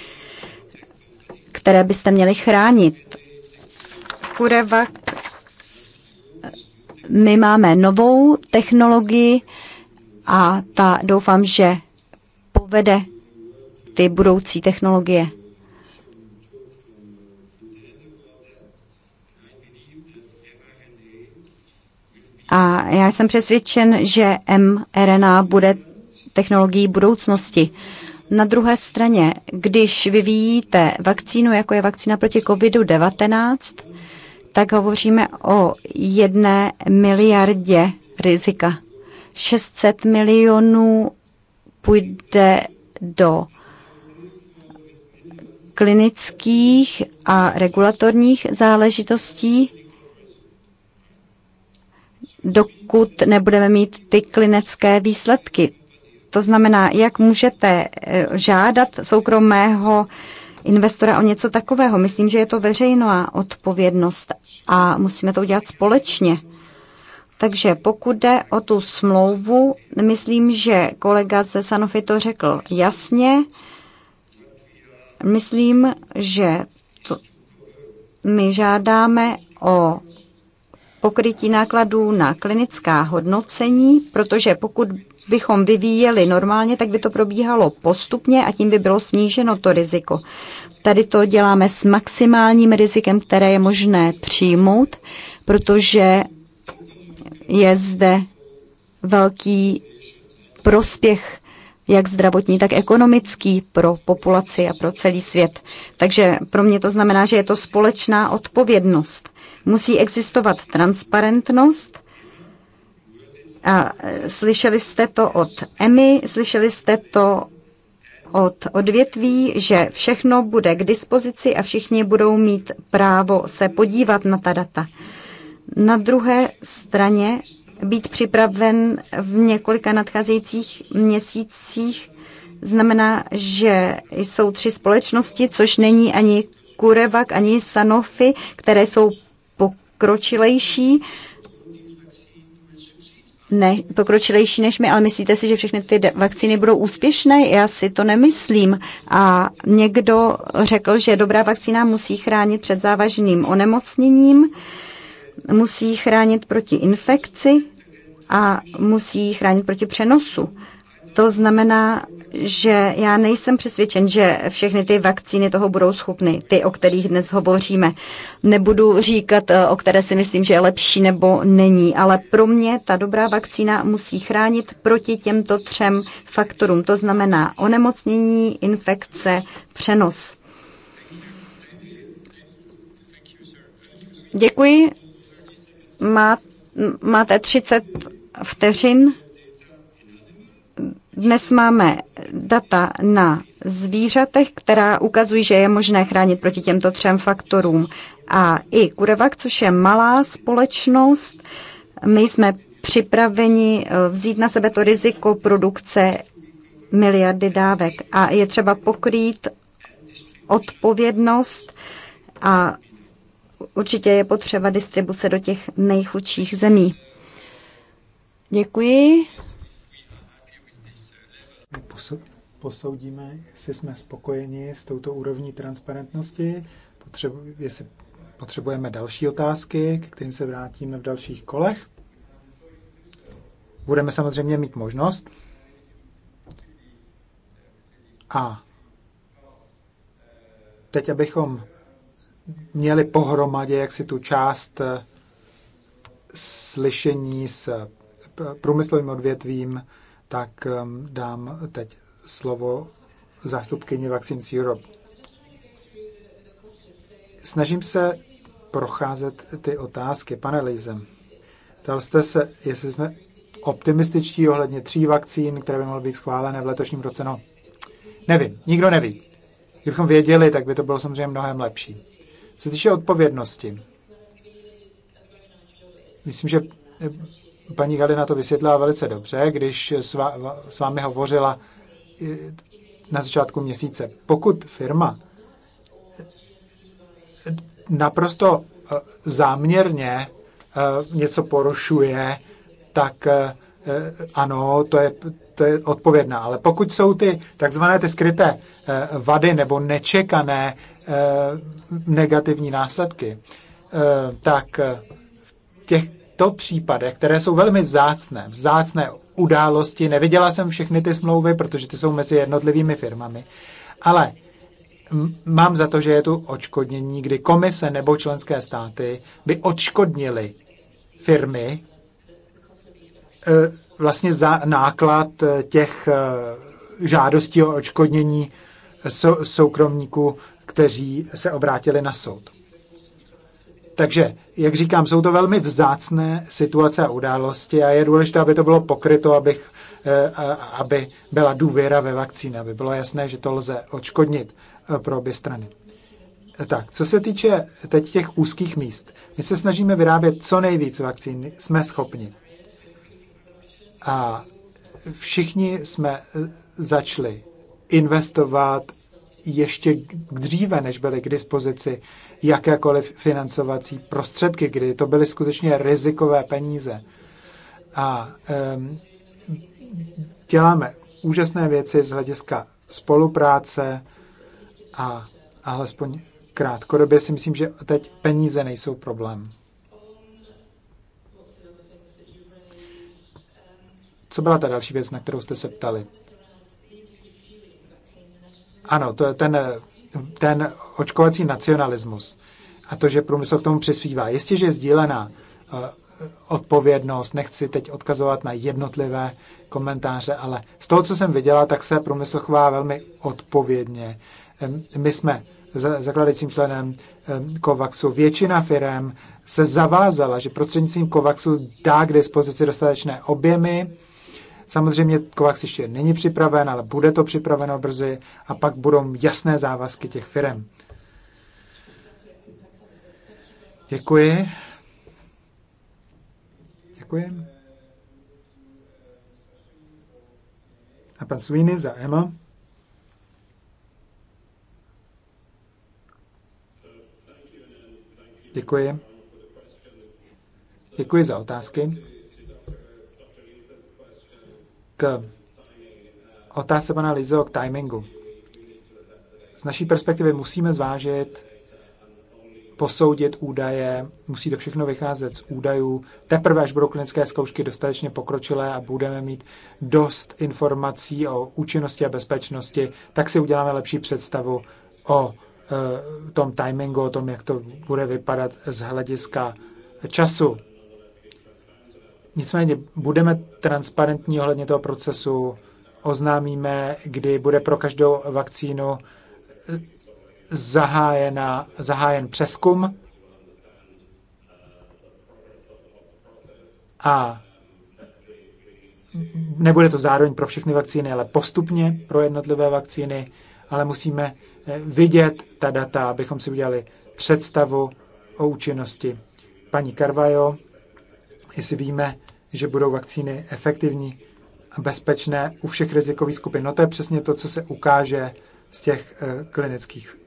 Speaker 2: které byste měli chránit. Kurevak, my máme novou technologii a ta doufám, že povede ty budoucí technologie. A já jsem přesvědčen, že mRNA bude technologií budoucnosti. Na druhé straně, když vyvíjíte vakcínu, jako je vakcína proti COVID-19, tak hovoříme o jedné miliardě rizika. 600 milionů půjde do klinických a regulatorních záležitostí dokud nebudeme mít ty klinické výsledky. To znamená, jak můžete eh, žádat soukromého investora o něco takového. Myslím, že je to veřejná odpovědnost a musíme to udělat společně. Takže pokud jde o tu smlouvu, myslím, že kolega ze Sanofi to řekl jasně. Myslím, že to, my žádáme o pokrytí nákladů na klinická hodnocení, protože pokud bychom vyvíjeli normálně, tak by to probíhalo postupně a tím by bylo sníženo to riziko. Tady to děláme s maximálním rizikem, které je možné přijmout, protože je zde velký prospěch jak zdravotní, tak ekonomický pro populaci a pro celý svět. Takže pro mě to znamená, že je to společná odpovědnost. Musí existovat transparentnost. A e, slyšeli jste to od EMI, slyšeli jste to od odvětví, že všechno bude k dispozici a všichni budou mít právo se podívat na ta data. Na druhé straně být připraven v několika nadcházejících měsících. Znamená, že jsou tři společnosti, což není ani Kurevak, ani Sanofi, které jsou pokročilejší ne, pokročilejší než my, ale myslíte si, že všechny ty vakcíny budou úspěšné? Já si to nemyslím. A někdo řekl, že dobrá vakcína musí chránit před závažným onemocněním, musí chránit proti infekci a musí chránit proti přenosu. To znamená, že já nejsem přesvědčen, že všechny ty vakcíny toho budou schopny, ty, o kterých dnes hovoříme. Nebudu říkat, eh, o které si myslím, že je lepší nebo není, ale pro mě ta dobrá vakcína musí chránit proti těmto třem faktorům. To znamená onemocnění, infekce, přenos. Děkuji. Máte Máte 30 vteřin. Dnes máme data na zvířatech, která ukazují, že je možné chránit proti těmto třem faktorům. A i Kurevak, což je malá společnost, my jsme připraveni eh, vzít na sebe to riziko produkce miliardy dávek. A je třeba pokrýt odpovědnost a určitě je potřeba distribuce do těch nejchudších zemí. Děkuji.
Speaker 4: Posoudíme, jestli jsme spokojeni s touto úrovní transparentnosti, potřebu, jestli potřebujeme další otázky, k kterým se vrátíme v dalších kolech. Budeme samozřejmě mít možnost. A teď, abychom měli pohromadě jaksi tu část eh, slyšení s eh, průmyslovým odvětvím, tak ehm, dám teď slovo zástupkyni Vaccines Europe. Snažím se procházet ty otázky. Pane Lejzem, ptal jste se, jestli jsme optimističtí ohledně tří vakcín, které by mohly být schválené v letošním roce. No, nevím, nikdo neví. Kdybychom věděli, tak by to bylo samozřejmě mnohem lepší. Co týče odpovědnosti, myslím, že eh, paní Galina to vysvětlila velice dobře, když s vámi hovořila eh, na začátku měsíce. Pokud firma eh, naprosto záměrně něco porušuje, tak ano, to je, to je odpovědná. Ale pokud jsou ty takzvané ty skryté vady nebo nečekané Eh, negativní následky, eh, tak v těchto případech, které jsou velmi vzácné, vzácné události, neviděla jsem všechny ty smlouvy, protože ty jsou mezi jednotlivými firmami, ale mám za to, že je tu odškodnění, kdy komise nebo členské státy by odškodnili firmy eh, vlastně za náklad těch žádostí o odškodnění soukromníků kteří se obrátili na soud. Takže, jak říkám, jsou to velmi vzácné situace a události a je důležité, aby to bylo pokryto, abych, eh, aby byla důvěra ve vakcíny, aby bylo jasné, že to lze odškodnit eh, pro obě strany. Tak, co se týče teď těch úzkých míst, my se snažíme vyrábět co nejvíc vakcín, jsme schopni. A všichni jsme eh, začali investovat ještě dříve, než byly k dispozici jakékoliv financovací prostředky, kdy to byly skutečně rizikové peníze. A um, děláme úžasné věci z hlediska spolupráce a alespoň krátkodobě si myslím, že teď peníze nejsou problém. Co byla ta další věc, na kterou jste se ptali? Ano, to je ten, ten očkovací nacionalismus a to, že průmysl k tomu přispívá. Jestliže je sdílená eh, odpovědnost, nechci teď odkazovat na jednotlivé komentáře, ale z toho, co jsem viděla, tak se průmysl chová velmi odpovědně. My jsme zakladajícím členem COVAXu. Většina firm se zavázala, že prostřednictvím COVAXu dá k dispozici dostatečné objemy, Samozřejmě COVAX ještě není připraven, ale bude to připraveno brzy a pak budou jasné závazky těch firm. Děkuji. Děkuji. A pan Sweeney za Emma. Děkuji. Děkuji za otázky otázce pana Lizo k timingu. Z naší perspektivy musíme zvážit, posoudit údaje, musí to všechno vycházet z údajů. Teprve až budou klinické zkoušky dostatečně pokročilé a budeme mít dost informací o účinnosti a bezpečnosti, tak si uděláme lepší představu o e, tom timingu, o tom, jak to bude vypadat z hlediska času. Nicméně budeme transparentní ohledně toho procesu, oznámíme, kdy bude pro každou vakcínu eh, zahájena, zahájen přeskum a nebude to zároveň pro všechny vakcíny, ale postupně pro jednotlivé vakcíny, ale musíme eh, vidět ta data, abychom si udělali představu o účinnosti. Paní Carvajo, jestli víme, že budou vakcíny efektivní a bezpečné u všech rizikových skupin. No to je přesně to, co se ukáže z těch eh, klinických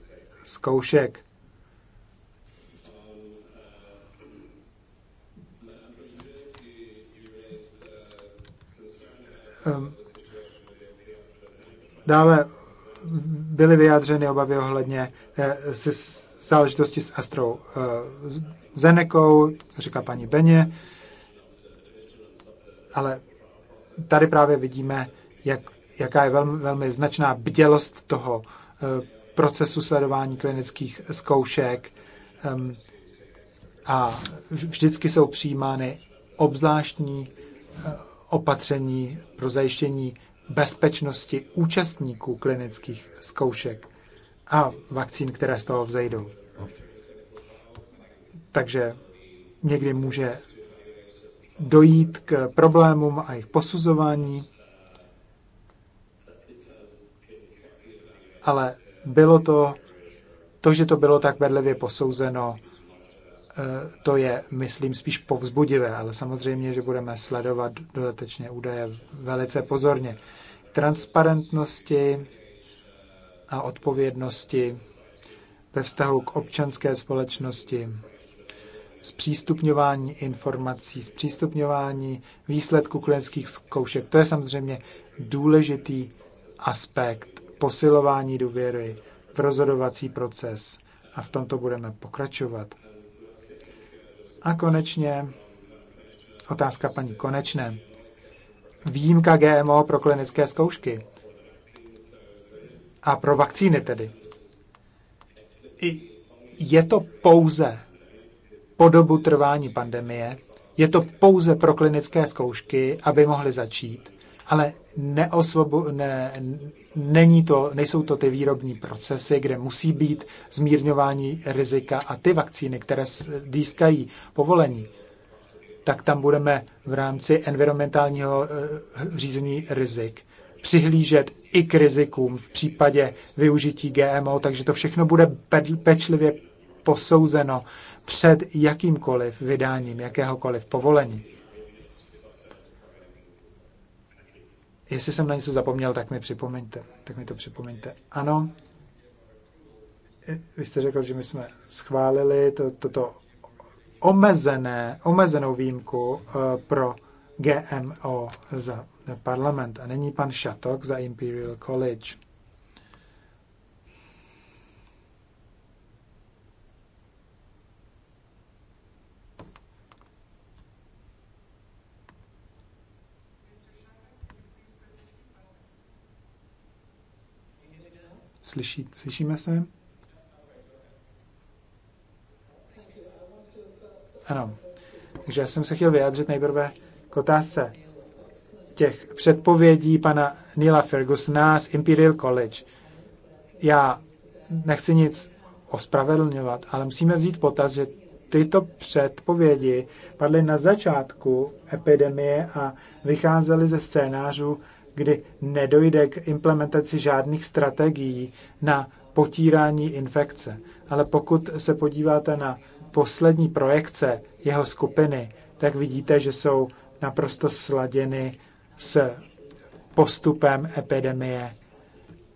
Speaker 4: zkoušek. Ehm, dále byly vyjádřeny obavy ohledně eh, záležitosti s Astrou eh, Zenekou, říká paní Beně, ale tady právě vidíme, jak, jaká je velmi, velmi značná bdělost toho eh, procesu sledování klinických zkoušek ehm, a vždycky jsou přijímány obzvláštní eh, opatření pro zajištění bezpečnosti účastníků klinických zkoušek a vakcín, které z toho vzejdou. Takže někdy může dojít k problémům a jejich posuzování. Ale bylo to, to, že to bylo tak bedlivě posouzeno, eh, to je, myslím, spíš povzbudivé, ale samozřejmě, že budeme sledovat dodatečně údaje velice pozorně. Transparentnosti a odpovědnosti ve vztahu k občanské společnosti zpřístupňování informací, zpřístupňování výsledků klinických zkoušek. To je samozřejmě důležitý aspekt posilování důvěry v rozhodovací proces a v tomto budeme pokračovat. A konečně otázka paní Konečné. Výjimka GMO pro klinické zkoušky a pro vakcíny tedy. I je to pouze po dobu trvání pandemie. Je to pouze pro klinické zkoušky, aby mohly začít, ale neosvobu, ne, není to, nejsou to ty výrobní procesy, kde musí být zmírňování rizika a ty vakcíny, které získají povolení, tak tam budeme v rámci environmentálního eh, řízení rizik přihlížet i k rizikům v případě využití GMO, takže to všechno bude pečlivě posouzeno před jakýmkoliv vydáním jakéhokoliv povolení. Jestli jsem na něco zapomněl, tak mi připomeňte. Tak mi to připomeňte. Ano, vy jste řekl, že my jsme schválili to, toto omezené, omezenou výjimku eh, pro GMO za parlament. A není pan Šatok za Imperial College. Slyší, slyšíme se? Ano. Takže já jsem se chtěl vyjádřit nejprve k otázce těch předpovědí pana Nila Fergusona z Imperial College. Já nechci nic ospravedlňovat, ale musíme vzít potaz, že tyto předpovědi padly na začátku epidemie a vycházely ze scénářů, kdy nedojde k implementaci žádných strategií na potírání infekce. Ale pokud se podíváte na poslední projekce jeho skupiny, tak vidíte, že jsou naprosto sladěny s postupem epidemie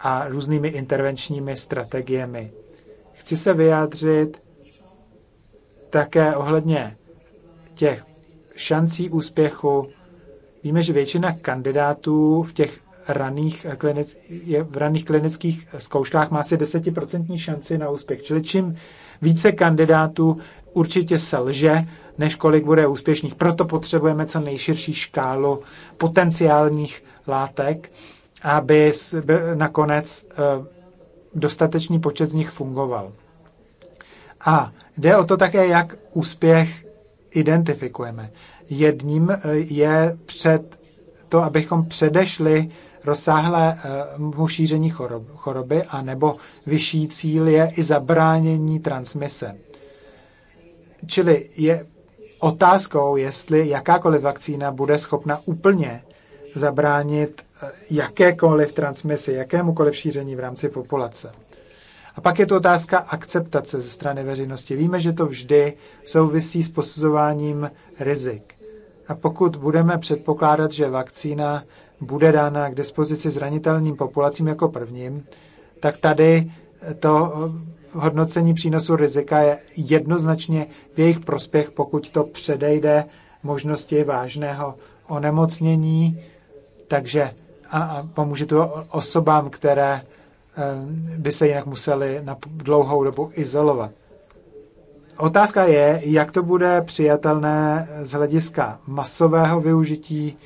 Speaker 4: a různými intervenčními strategiemi. Chci se vyjádřit také ohledně těch šancí úspěchu Víme, že většina kandidátů v těch raných, eh, klinic, je v raných klinických eh, zkouškách má asi desetiprocentní šanci na úspěch. Čili čím více kandidátů určitě selže, než kolik bude úspěšných. Proto potřebujeme co nejširší škálu potenciálních látek, aby nakonec eh, dostatečný počet z nich fungoval. A jde o to také, jak úspěch identifikujeme. Jedním eh, je před to, abychom předešli rozsáhlému eh, šíření choroby a nebo vyšší cíl je i zabránění transmise. Čili je otázkou, jestli jakákoliv vakcína bude schopna úplně zabránit eh, jakékoliv transmisi, jakémukoliv šíření v rámci populace. A pak je to otázka akceptace ze strany veřejnosti. Víme, že to vždy souvisí s posuzováním rizik. A pokud budeme předpokládat, že vakcína bude dána k dispozici zranitelným populacím jako prvním, tak tady to hodnocení přínosu rizika je jednoznačně v jejich prospěch, pokud to předejde možnosti vážného onemocnění, takže a, a pomůže to osobám, které Eh, by se jinak museli na dlouhou dobu izolovat. Otázka je, jak to bude přijatelné z hlediska masového využití,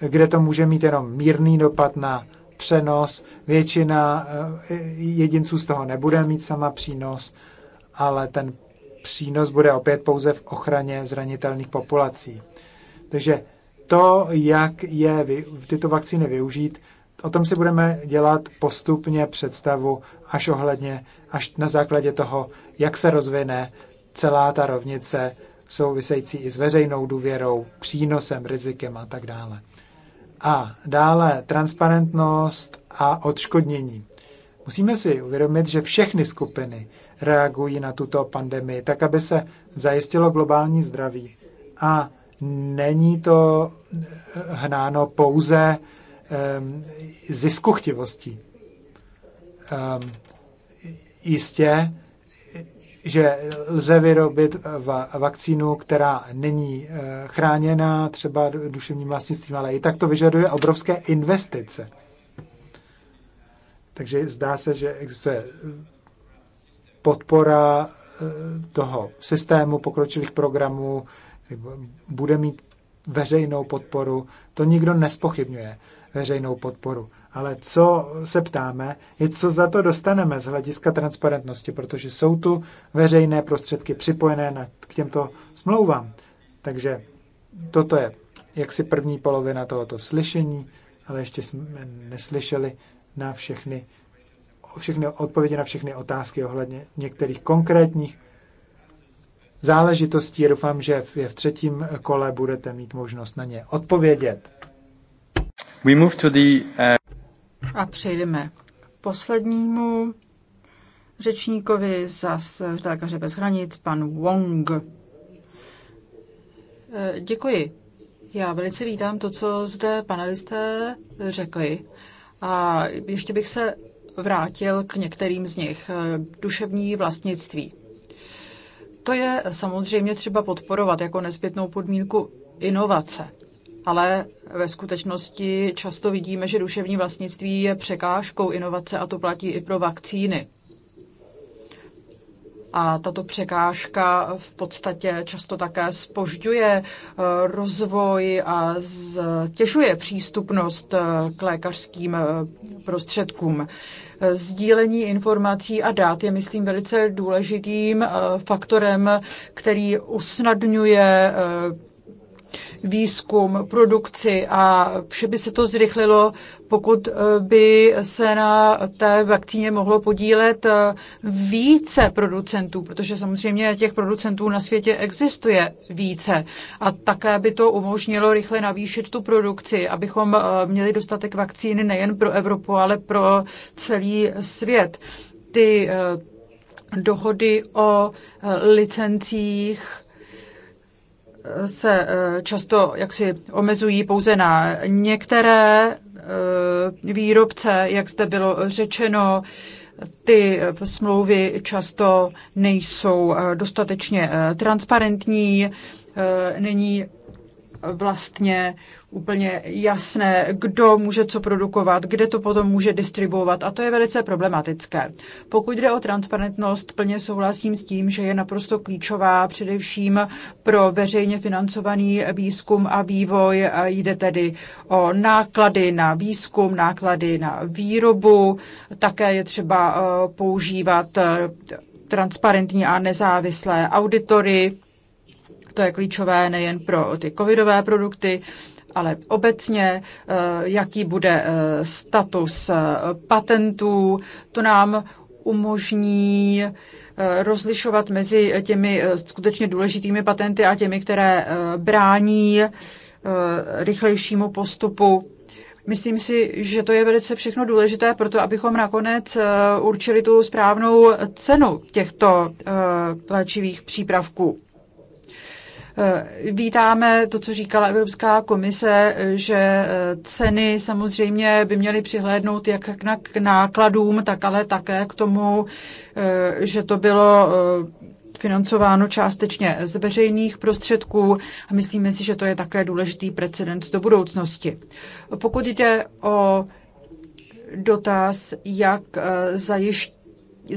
Speaker 4: kde to může mít jenom mírný dopad na přenos. Většina eh, jedinců z toho nebude mít sama přínos, ale ten přínos bude opět pouze v ochraně zranitelných populací. Takže to, jak je tyto vakcíny využít, o tom si budeme dělat postupně představu až ohledně, až na základě toho, jak se rozvine celá ta rovnice související i s veřejnou důvěrou, přínosem, rizikem a tak dále. A dále transparentnost a odškodnění. Musíme si uvědomit, že všechny skupiny reagují na tuto pandemii, tak aby se zajistilo globální zdraví. A není to hnáno pouze Ehm, ziskuchtivostí. Ehm, jistě, že lze vyrobit vakcínu, která není eh, chráněná třeba duševním vlastnictvím, ale i tak to vyžaduje obrovské investice. Takže zdá se, že existuje podpora eh, toho systému pokročilých programů, bude mít veřejnou podporu, to nikdo nespochybňuje veřejnou podporu. Ale co se ptáme, je, co za to dostaneme z hlediska transparentnosti, protože jsou tu veřejné prostředky připojené k těmto smlouvám. Takže toto je jaksi první polovina tohoto slyšení, ale ještě jsme neslyšeli na všechny, všechny odpovědi na všechny otázky ohledně některých konkrétních záležitostí. Doufám, že je v třetím kole budete mít možnost na ně
Speaker 1: odpovědět. We move to the, uh...
Speaker 3: A k poslednímu řečníkovi zas lékaře bez hranic, pan Wong. Eh, děkuji. Já velice vítám to, co zde panelisté řekli. A ještě bych se vrátil k některým z nich. Eh, duševní vlastnictví. To je samozřejmě třeba podporovat jako nezbytnou podmínku inovace ale ve skutečnosti často vidíme, že duševní vlastnictví je překážkou inovace a to platí i pro vakcíny. A tato překážka v podstatě často také spožďuje eh, rozvoj a ztěžuje přístupnost eh, k lékařským eh, prostředkům. Sdílení informací a dát je, myslím, velice důležitým faktorem, který usnadňuje výzkum, produkci a vše by se to zrychlilo, pokud eh, by se na té vakcíně mohlo podílet eh, více producentů, protože samozřejmě těch producentů na světě existuje více. A také by to umožnilo rychle navýšit tu produkci, abychom eh, měli dostatek vakcíny nejen pro Evropu, ale pro celý svět. Ty dohody o licencích se eh, často jaksi omezují pouze na některé eh, výrobce, jak zde bylo řečeno, ty eh, smlouvy často nejsou dostatečně transparentní, není vlastně úplně jasné, kdo může co produkovat, kde to potom může distribuovat a to je velice problematické. Pokud jde o transparentnost, plně souhlasím s tím, že je naprosto klíčová především pro veřejně financovaný výzkum a vývoj. A jde tedy o náklady na výzkum, náklady na výrobu, také je třeba eh, používat eh, transparentní a nezávislé auditory, to je klíčové nejen pro ty covidové produkty, ale obecně, eh, jaký bude eh, status eh, patentů, to nám umožní rozlišovat mezi těmi skutečně důležitými patenty a těmi, které brání rychlejšímu postupu. Myslím si, že to je velice všechno důležité pro to, abychom nakonec určili tu správnou cenu těchto léčivých přípravků. Eh, vítáme to, co říkala Evropská komise, eh, že eh, ceny samozřejmě by měly přihlédnout jak k nákladům, tak ale také k tomu, že to bylo financováno částečně z veřejných prostředků a myslíme si, že to je také důležitý precedens do budoucnosti. Pokud jde o dotaz, jak zajišť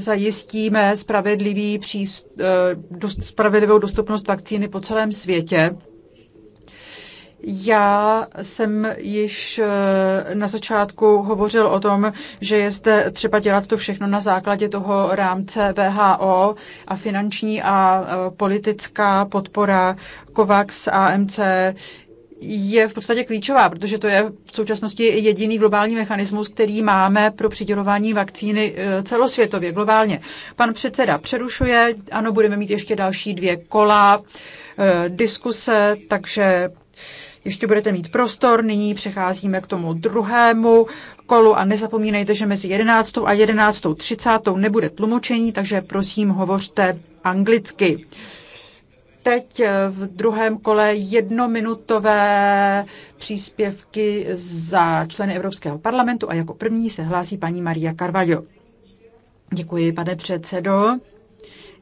Speaker 3: zajistíme spravedlivý příst, eh, dost, spravedlivou dostupnost vakcíny po celém světě. Já jsem již eh, na začátku hovořil o tom, že je zde třeba dělat to všechno na základě toho rámce VHO a finanční a eh, politická podpora COVAX, a MC je v podstatě klíčová, protože to je v současnosti jediný globální mechanismus, který máme pro přidělování vakcíny eh, celosvětově, globálně. Pan předseda přerušuje, ano, budeme mít ještě další dvě kola eh, diskuse, takže ještě budete mít prostor. Nyní přecházíme k tomu druhému kolu a nezapomínejte, že mezi 11. a 11.30 nebude tlumočení, takže prosím hovořte anglicky teď eh, v druhém kole jednominutové příspěvky za členy Evropského parlamentu a jako první se hlásí paní Maria Carvalho. Děkuji, pane předsedo.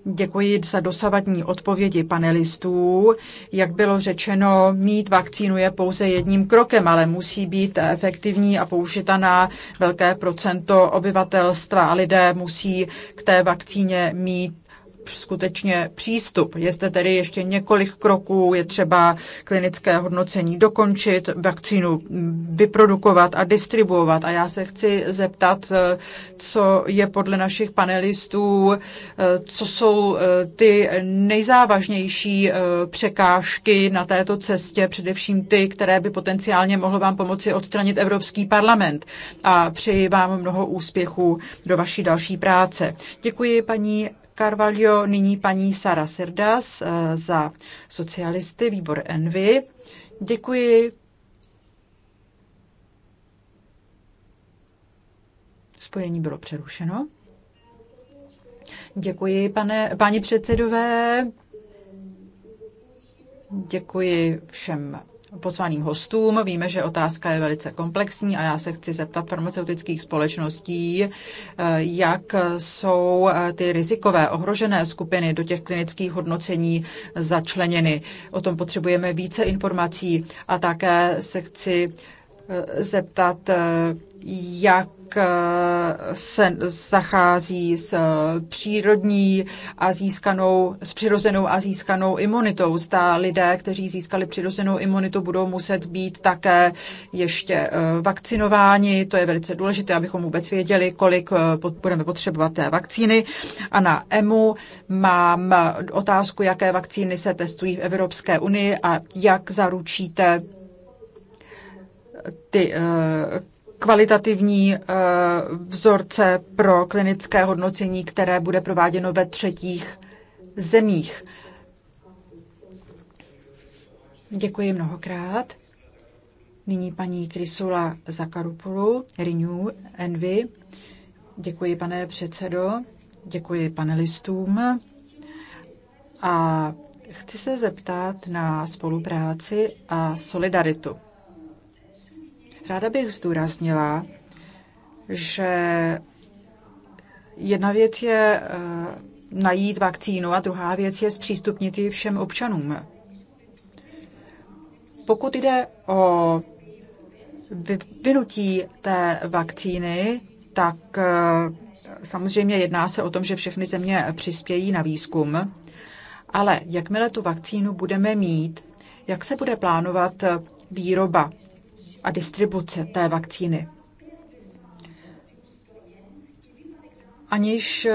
Speaker 3: Děkuji za dosavadní odpovědi panelistů. Jak bylo řečeno, mít vakcínu je pouze jedním krokem, ale musí být efektivní a použita na velké procento obyvatelstva. Lidé musí k té vakcíně mít skutečně přístup. Je zde tedy ještě několik kroků, je třeba klinické hodnocení dokončit, vakcínu vyprodukovat a distribuovat. A já se chci zeptat, eh, co je podle našich panelistů, eh, co jsou eh, ty nejzávažnější překážky na této cestě, především ty, které by potenciálně mohlo vám pomoci odstranit Evropský parlament. A přeji vám mnoho úspěchů do vaší další práce. Děkuji paní Carvalho, nyní paní Sara Serdas eh, za socialisty, výbor Envy. Děkuji. Spojení bylo přerušeno. Děkuji, pane, paní předsedové. Děkuji všem pozvaným hostům. Víme, že otázka je velice komplexní a já se chci zeptat farmaceutických společností, eh, jak jsou eh, ty rizikové ohrožené skupiny do těch klinických hodnocení začleněny. O tom potřebujeme více informací a také se chci zeptat, eh, jak eh, se zachází s eh, přírodní a získanou, s přirozenou a získanou imunitou. Zda lidé, kteří získali přirozenou imunitu, budou muset být také ještě vakcinováni. To je velice důležité, abychom vůbec věděli, kolik budeme potřebovat té vakcíny. A na EMU mám otázku, jaké vakcíny se testují v Evropské unii a jak zaručíte ty eh, kvalitativní eh, vzorce pro klinické hodnocení, které bude prováděno ve třetích zemích. Děkuji mnohokrát. Nyní paní Krysula Zakarupulu, Renew Envy. Děkuji, pane předsedo. Děkuji panelistům. A chci se zeptat na spolupráci a solidaritu. Ráda bych zdůraznila, že jedna věc je eh, najít vakcínu a druhá věc je zpřístupnit ji všem občanům. Pokud jde o vyvinutí té vakcíny, tak eh, samozřejmě jedná se o tom, že všechny země přispějí na výzkum, ale jakmile tu vakcínu budeme mít, jak se bude plánovat výroba a distribuce té vakcíny. Aniž eh,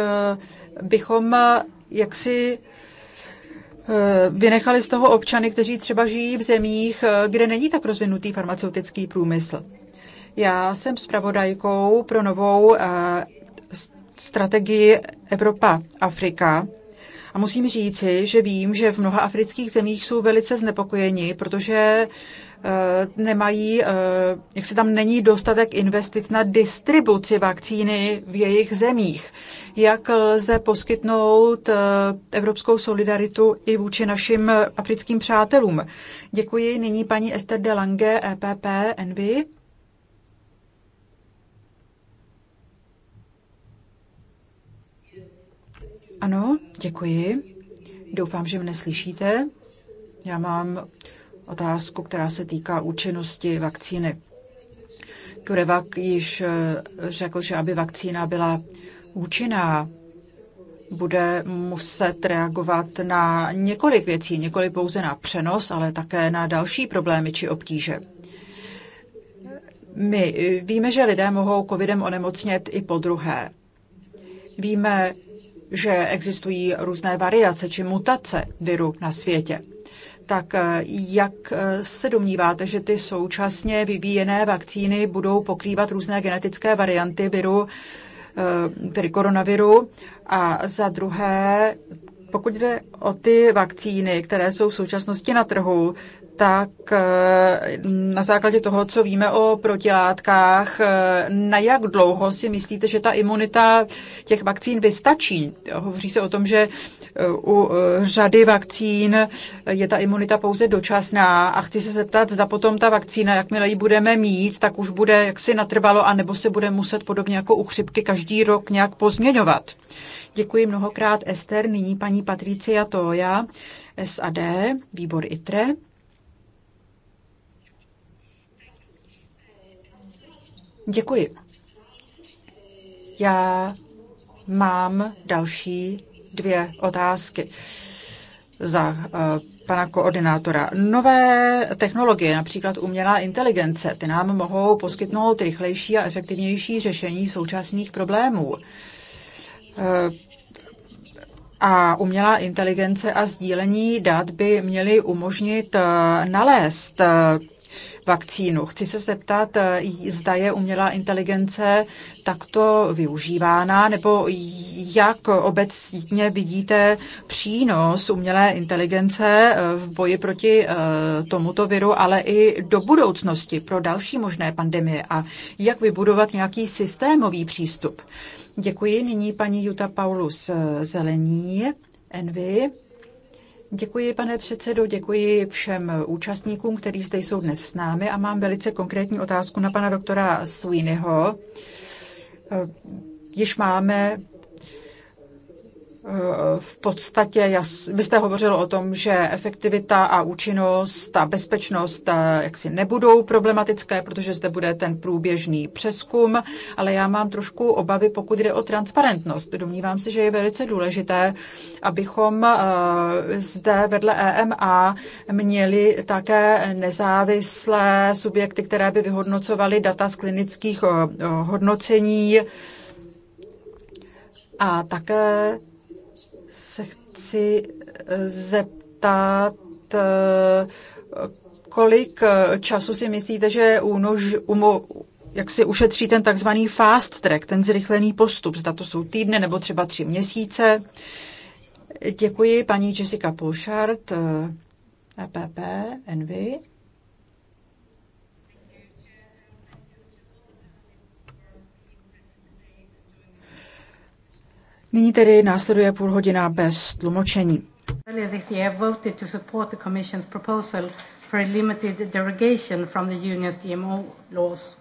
Speaker 3: bychom eh, jaksi eh, vynechali z toho občany, kteří třeba žijí v zemích, kde není tak rozvinutý farmaceutický průmysl. Já jsem zpravodajkou pro novou strategii Evropa-Afrika. A musím říci, že vím, že v mnoha afrických zemích jsou velice znepokojeni, protože Eh, nemají, eh, jak se tam není dostatek investic na distribuci vakcíny v jejich zemích. Jak lze poskytnout eh, evropskou solidaritu i vůči našim africkým přátelům? Děkuji nyní paní Esther de Lange, EPP, NV. Ano, děkuji. Doufám, že mne slyšíte. Já mám otázku, která se týká účinnosti vakcíny. Kurevak již eh, řekl, že aby vakcína byla účinná, bude muset reagovat na několik věcí, několik pouze na přenos, ale také na další problémy či obtíže. My eh, víme, že lidé mohou covidem onemocnět i po druhé. Víme, že existují různé variace či mutace viru na světě tak eh, jak eh, se domníváte, že ty současně vyvíjené vakcíny budou pokrývat různé genetické varianty viru, eh, tedy koronaviru? A za druhé, pokud jde o ty vakcíny, které jsou v současnosti na trhu, tak eh, na základě toho, co víme o protilátkách, eh, na jak dlouho si myslíte, že ta imunita těch vakcín vystačí? Hovoří se o tom, že eh, u řady vakcín je ta imunita pouze dočasná a chci se zeptat, zda potom ta vakcína, jakmile ji budeme mít, tak už bude jaksi natrvalo, a nebo se bude muset podobně jako u chřipky každý rok nějak pozměňovat. Děkuji mnohokrát Ester, nyní paní Patricia Toja, SAD, výbor ITRE. Děkuji. Já mám další dvě otázky za eh, pana koordinátora. Nové technologie, například umělá inteligence, ty nám mohou poskytnout rychlejší a efektivnější řešení současných problémů. Eh, a umělá inteligence a sdílení dat by měly umožnit eh, nalézt vakcínu. Chci se zeptat, eh, zda je umělá inteligence takto využívána, nebo jak obecně vidíte přínos umělé inteligence eh, v boji proti eh, tomuto viru, ale i do budoucnosti pro další možné pandemie a jak vybudovat nějaký systémový přístup. Děkuji. Nyní paní Juta Paulus Zelení, Envy. Děkuji, pane předsedo, děkuji všem účastníkům, kteří zde jsou dnes s námi a mám velice konkrétní otázku na pana doktora Sweeneyho. Již máme Eh, v podstatě, jas, vy jste hovořil o tom, že efektivita a účinnost a bezpečnost eh, jaksi nebudou problematické, protože zde bude ten průběžný přeskum, ale já mám trošku obavy, pokud jde o transparentnost. Domnívám se, že je velice důležité, abychom eh, zde vedle EMA měli také nezávislé subjekty, které by vyhodnocovaly data z klinických hodnocení a také se chci eh, zeptat, eh, kolik eh, času si myslíte, že únož, umo, jak si ušetří ten takzvaný fast track, ten zrychlený postup, zda to jsou týdny nebo třeba tři měsíce. Děkuji paní Jessica Pouchard, EPP, e Envy. Nyní tedy následuje půl hodina bez tlumočení.
Speaker 10: for a limited derogation from the Union's GMO laws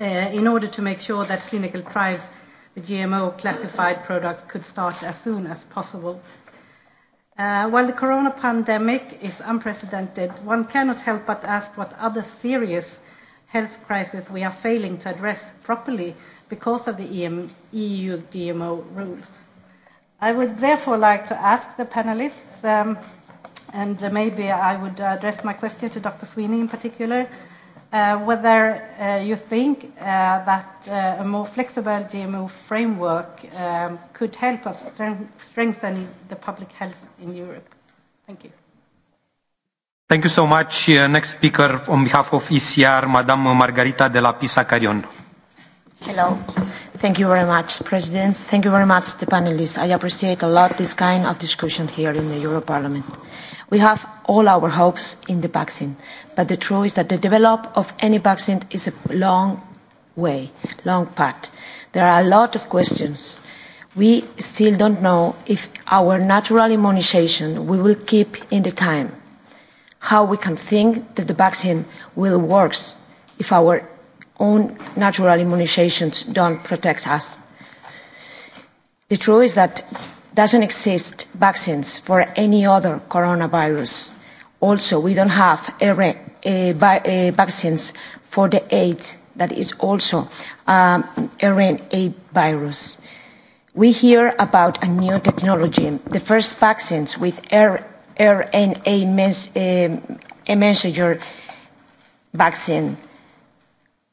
Speaker 10: uh, in order to make sure that clinical trials with GMO classified products could start as soon as possible. Uh, while the corona pandemic is unprecedented, one cannot help but ask what other serious health crises we are failing to address properly because of the EU e GMO rules. I would therefore like to ask the panelists, um, and uh, maybe I would address my question to Dr. Sweeney in particular, uh, whether uh, you think uh, that uh, a more flexible GMO framework um, could help us strengthen the public health in Europe.
Speaker 11: Thank you.
Speaker 6: Thank you so much. Uh, next speaker on behalf of ECR, Madame Margarita de la Pisa Carion.
Speaker 11: Hello. Thank you very much, President. Thank you very much, the panelists. I appreciate a lot this kind of discussion here in the Euro Parliament. We have all our hopes in the vaccine, but the truth is that the development of any vaccine is a long way, long path. There are a lot of questions. We still don't know if our natural immunization we will keep in the time, how we can think that the vaccine will work if our own natural immunizations don't protect us. The truth is that doesn't exist vaccines for any other coronavirus. Also, we don't have a, a, a vaccines for the AIDS that is also um, RNA virus. We hear about a new technology. The first vaccines with R RNA mes uh, um, messenger vaccine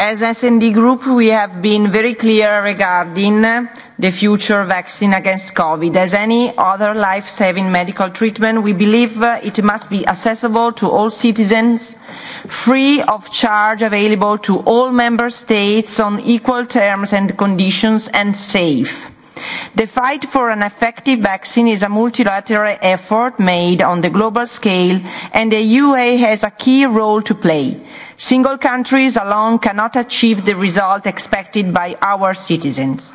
Speaker 12: As S&D Group, we have been very clear regarding the future vaccine against COVID. As any other life-saving medical treatment, we believe uh, it must be accessible to all citizens, free of charge, available to all member states on equal terms and conditions, and safe The fight for an effective vaccine is a multilateral effort made on the global scale and the UA has a key role to play. Single countries alone cannot achieve the result expected by our citizens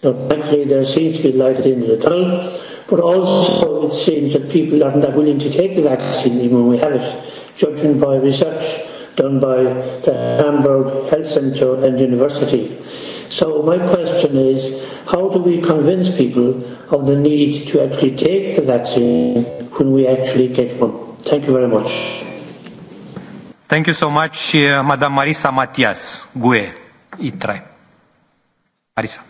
Speaker 13: Likely there seems to be light at the end of the tunnel, but also it seems that people aren't that willing to take the vaccine even when we have it, judging by research done by the Hamburg Health Centre and University. So my question is, how do we convince people of the need to actually take the vaccine when we actually get one? Thank you very much.
Speaker 6: Thank you so much, uh, Madame Marisa Matias, GUE, ITRE. Marisa.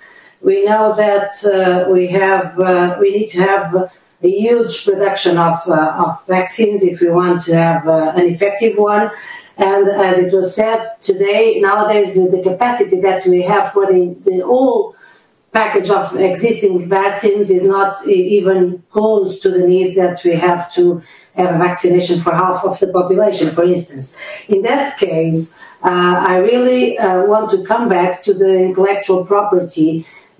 Speaker 10: we know that uh, we have uh, we need to have a huge production of uh, of vaccines if we want to have uh, an effective one. And as it was said today, nowadays the, the capacity that we have for the, the whole package of existing vaccines is not e, even close to the need that we have to have a vaccination for half of the population, for instance. In that case, uh, I really uh, want to come back to the intellectual property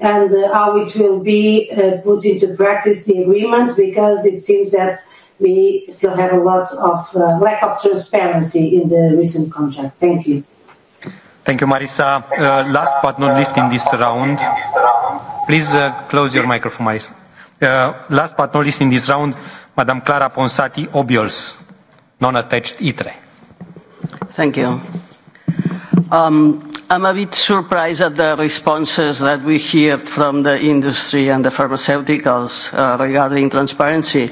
Speaker 10: and uh, how it will be uh, put into practice the agreement because it seems that we still have a lot of uh, lack of transparency in the recent contract. Thank you.
Speaker 6: Thank you, Marisa. Uh, last but not least in this round, please uh, close your microphone, Marisa. Uh, last but not least in this round, Madam Clara Ponsati Obiols, non-attached ITRE.
Speaker 14: Thank you. Um, I'm a bit surprised at the responses that we hear from the industry and the pharmaceuticals uh, regarding transparency.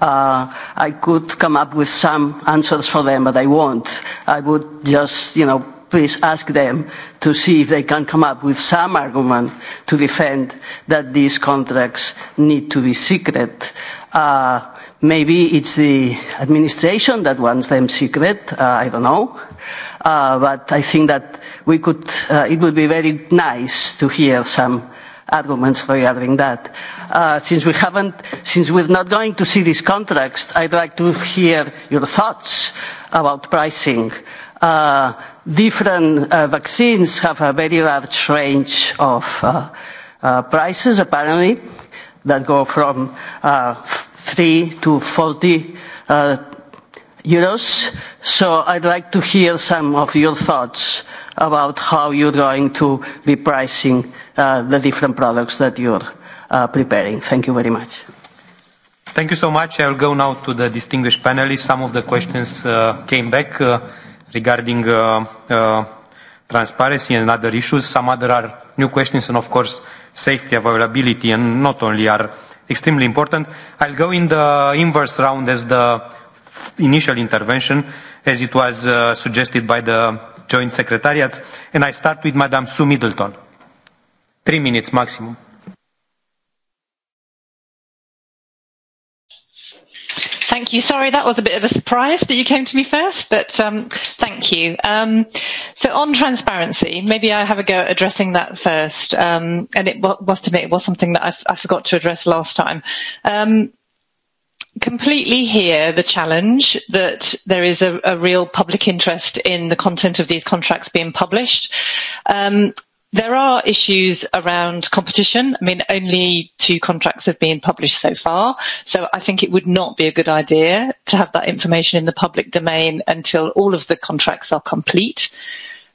Speaker 14: Uh, I could come up with some answers for them, but I won't. I would just, you know, please ask them to see if they can come up with some argument to defend that these contracts need to be secret. Uh, Maybe it's the administration that wants them secret. Uh, I don't know. Uh, but I think that we could, uh, it would be very nice to hear some arguments regarding that. Uh, since we haven't, since we're not going to see these contracts, I'd like to hear your thoughts about pricing. Uh, different uh, vaccines have a very large range of uh, uh, prices, apparently, that go from uh, three to 40 uh, euros. So I'd like to hear some of your thoughts about how you're going to be pricing uh, the different products that you're uh, preparing. Thank you very much.
Speaker 6: Thank you so much. I'll go now to the distinguished panelists. Some of the questions uh, came back uh, regarding uh, uh, transparency and other issues. Some other are new questions and, of course, safety, availability, and not only are extremely important. I'll go in the inverse round as the initial intervention, as it was uh, suggested by the joint secretariats, and I start with Madame Sue Middleton. Three minutes maximum.
Speaker 15: Thank you. Sorry, that was a bit of a surprise that you came to me first, but um, thank you. Um, so on transparency, maybe I have a go at addressing that first. Um, and it was to me, it was something that I, f- I forgot to address last time. Um, completely hear the challenge that there is a, a real public interest in the content of these contracts being published. Um, There are issues around competition. I mean, only two contracts have been published so far. So I think it would not be a good idea to have that information in the public domain until all of the contracts are complete.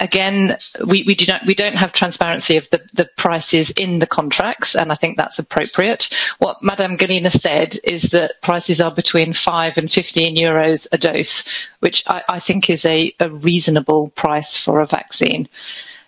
Speaker 15: again, we, we do not we don't have transparency of the, the prices in the contracts, and I think that's appropriate. What Madame Galina said is that prices are between five and fifteen euros a dose, which I, I think is a, a reasonable price for a vaccine. Uh,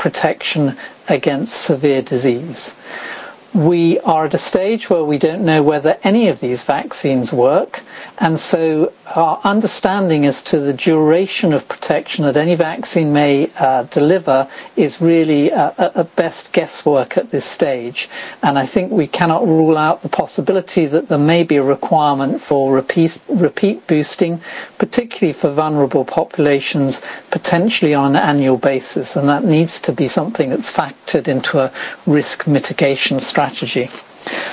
Speaker 13: protection against severe disease. We are at a stage where we don't know whether any of these vaccines work, and so our understanding as to the duration of protection that any vaccine may uh, deliver is really uh, at best guesswork at this stage. And I think we cannot rule out the possibility that there may be a requirement for repeat, repeat boosting, particularly for vulnerable populations, potentially on an annual basis. And that needs to be something that's factored into a risk mitigation strategy.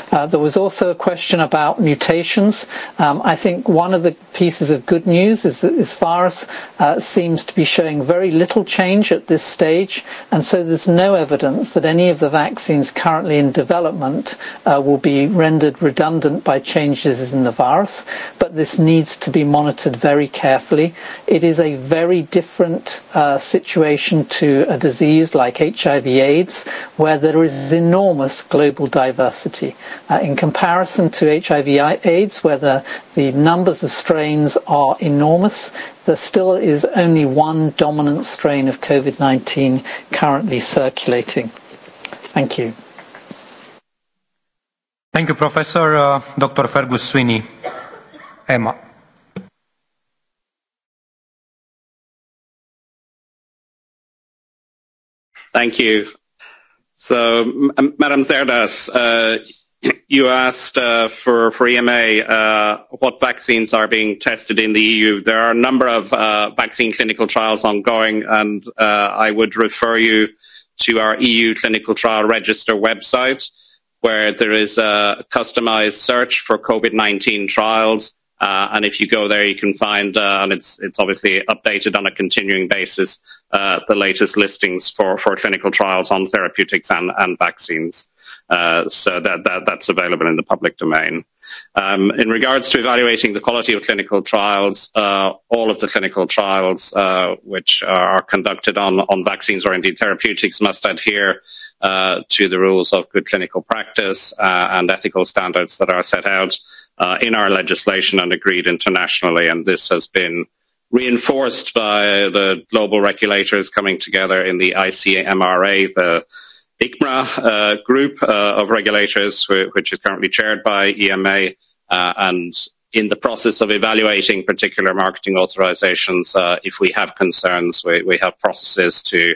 Speaker 13: Uh, there was also a question about mutations. Um, I think one of the pieces of good news is that this virus uh, seems to be showing very little change at this stage, and so there's no evidence that any of the vaccines currently in development uh, will be rendered redundant by changes in the virus. But this needs to be monitored very carefully. It is a very different uh, situation to a disease like HIV/AIDS, where there is enormous global diversity mortality. Uh, in comparison to HIV AIDS, where the, the numbers of strains are enormous, there still is only one dominant strain of COVID-19 currently circulating. Thank you.
Speaker 6: Thank you, Professor uh, Dr. Fergus Sweeney. Emma.
Speaker 16: Thank you. So, Madam Zerdas, uh, you asked uh, for, for EMA uh, what vaccines are being tested in the EU. There are a number of uh, vaccine clinical trials ongoing, and uh, I would refer you to our EU clinical trial register website, where there is a customized search for COVID-19 trials. Uh, and if you go there, you can find, uh, and it's, it's obviously updated on a continuing basis, uh, the latest listings for, for clinical trials on therapeutics and, and vaccines. Uh, so that, that that's available in the public domain. Um, in regards to evaluating the quality of clinical trials, uh, all of the clinical trials uh, which are conducted on, on vaccines or indeed therapeutics must adhere uh, to the rules of good clinical practice uh, and ethical standards that are set out uh, in our legislation and agreed internationally. And this has been reinforced by the global regulators coming together in the ICMRA, the ICMRA uh, group uh, of regulators, which is currently chaired by EMA, uh, and in the process of evaluating particular marketing authorizations, uh, if we have concerns, we, we have processes to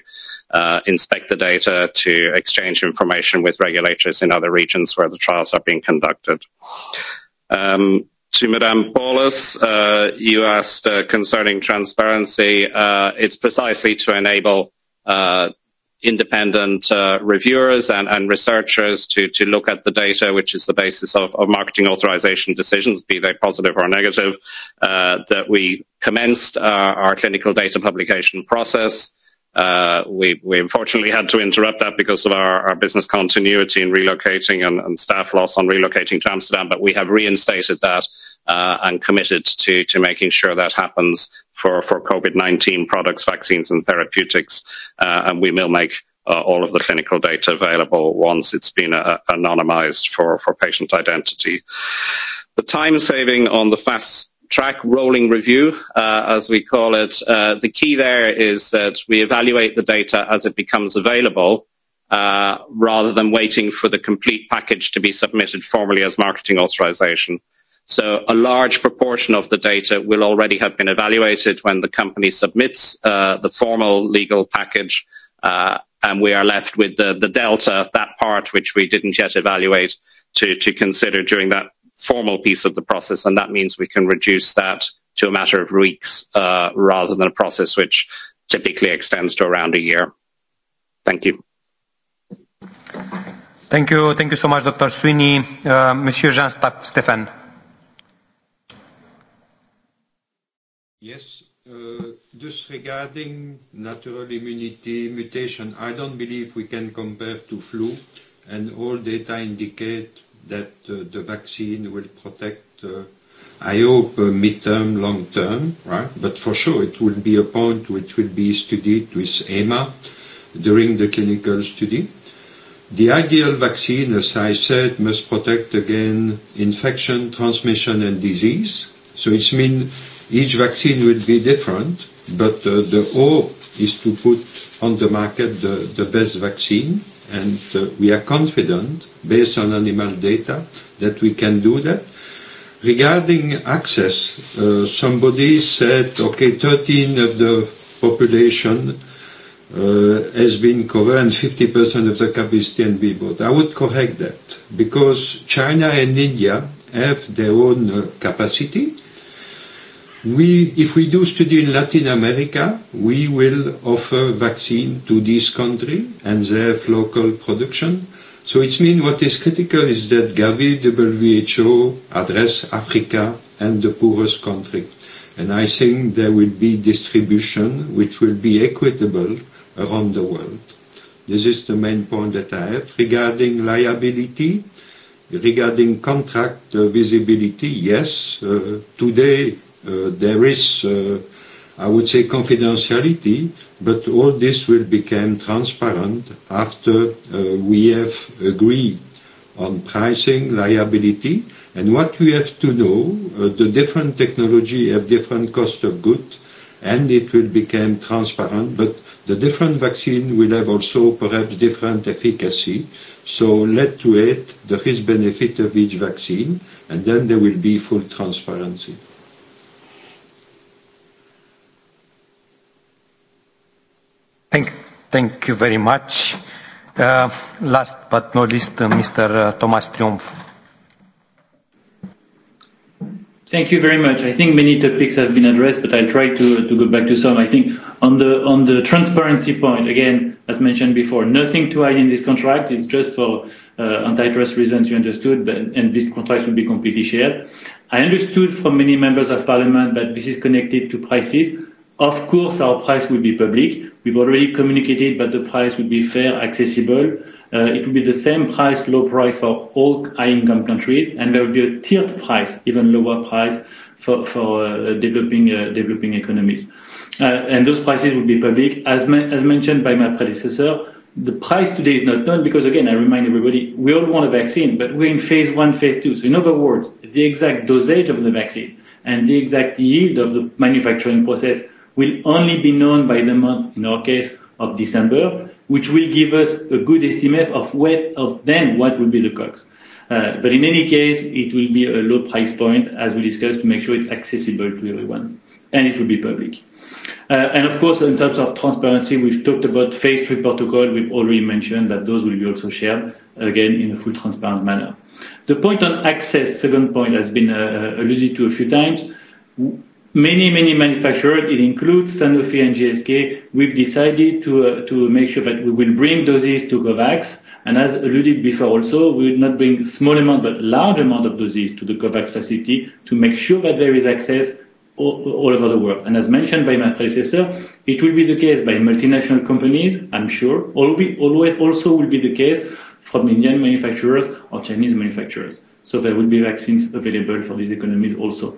Speaker 16: uh, inspect the data, to exchange information with regulators in other regions where the trials are being conducted. Um, to Madame Paulus, uh, you asked uh, concerning transparency. Uh, it's precisely to enable uh, independent uh, reviewers and, and researchers to, to look at the data, which is the basis of, of marketing authorization decisions, be they positive or negative, uh, that we commenced uh, our clinical data publication process. Uh, we, we unfortunately had to interrupt that because of our, our business continuity in relocating and, and staff loss on relocating to Amsterdam, but we have reinstated that uh, and committed to, to making sure that happens for, for COVID-19 products, vaccines and therapeutics. Uh, and we will make uh, all of the clinical data available once it's been uh, anonymized for, for patient identity. The time saving on the fast track rolling review, uh, as we call it. Uh, the key there is that we evaluate the data as it becomes available uh, rather than waiting for the complete package to be submitted formally as marketing authorization. So a large proportion of the data will already have been evaluated when the company submits uh, the formal legal package, uh, and we are left with the, the delta, that part which we didn't yet evaluate, to, to consider during that formal piece of the process, and that means we can reduce that to a matter of weeks uh, rather than a process which typically extends to around a year. Thank you.
Speaker 6: Thank you. Thank you so much, Dr. Sweeney. Uh, Monsieur Jean Stefan.
Speaker 17: Yes. Uh, just regarding natural immunity mutation, I don't believe we can compare to flu, and all data indicate that the vaccine will protect, uh, I hope, uh, mid-term, long term, right? But for sure, it will be a point which will be studied with EMA during the clinical study. The ideal vaccine, as I said, must protect again infection, transmission, and disease. So it means each vaccine will be different, but uh, the hope is to put on the market the, the best vaccine and uh, we are confident, based on animal data, that we can do that. Regarding access, uh, somebody said, okay, 13 of the population uh, has been covered and 50% of the capacity can be bought. I would correct that because China and India have their own uh, capacity we, if we do study in Latin America, we will offer vaccine to this country and their local production. So it means what is critical is that Gavi, WHO address Africa and the poorest country. And I think there will be distribution which will be equitable around the world. This is the main point that I have. Regarding liability, regarding contract visibility, yes, uh, today Uh, there is, uh, I would say, confidentiality, but all this will become transparent after uh, we have agreed on pricing liability. And what we have to know, uh, the different technology have different cost of good, and it will become transparent, but the different vaccine will have also perhaps different efficacy. So let to it the risk benefit of each vaccine, and then there will be full transparency.
Speaker 6: Thank, thank you very much. Uh, last but not least, uh, Mr. Uh, Thomas Triumph.
Speaker 18: Thank you very much. I think many topics have been addressed, but I'll try to, to go back to some. I think on the on the transparency point, again, as mentioned before, nothing to hide in this contract. It's just for antitrust reasons you understood, but, and this contract will be completely shared. I understood from many members of parliament that this is connected to prices. Of course, our price will be public. We've already communicated that the price would be fair, accessible. Uh, it will be the same price, low price for all high-income countries, and there will be a tiered price, even lower price for, for uh, developing uh, developing economies. Uh, and those prices will be public, as ma- as mentioned by my predecessor. The price today is not known because, again, I remind everybody, we all want a vaccine, but we're in phase one, phase two. So, in other words, the exact dosage of the vaccine and the exact yield of the manufacturing process will only be known by the month, in our case, of December, which will give us a good estimate of what of then what will be the COGS. Uh, but in any case, it will be a low price point, as we discussed, to make sure it's accessible to everyone, and it will be public. Uh, and of course, in terms of transparency, we've talked about phase three protocol. We've already mentioned that those will be also shared again in a full transparent manner. The point on access, second point, has been uh, uh alluded to a few times many many manufacturers, it includes Sanofi and GSK, we've decided to uh, to make sure that we will bring doses to COVAX. And As alluded before also, we will not bring small amount, but large amount of doses to the COVAX facility to make sure that there is access all over the world. And As mentioned by my predecessor, it will be the case by multinational companies, I'm sure. Also will be the case from Indian manufacturers or Chinese manufacturers. So There will be vaccines available for these economies also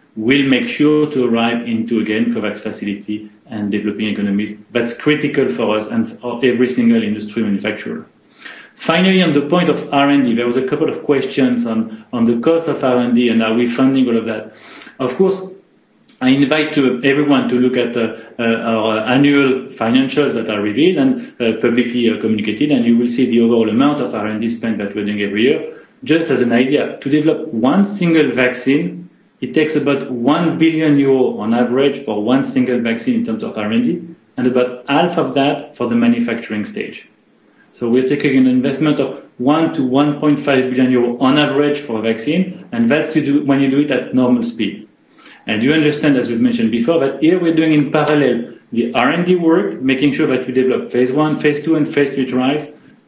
Speaker 18: will make sure to arrive into, again, COVAX facility and developing economies. That's critical for us and for every single industry manufacturer. Finally, on the point of R&D, there was a couple of questions on, on the cost of R&D and are we funding all of that. Of course, I invite to everyone to look at uh, uh, our annual financials that are revealed and uh, publicly uh, communicated, and you will see the overall amount of R&D spend that we're doing every year. Just as an idea, to develop one single vaccine It takes about 1 billion euro on average for one single vaccine in terms of R&D, and about half of that for the manufacturing stage. So we're taking an investment of 1 to 1.5 billion euro on average for a vaccine, and that's you do when you do it at normal speed. And you understand, as we've mentioned before, that here we're doing in parallel the R&D work, making sure that we develop phase one, phase two, and phase three trials,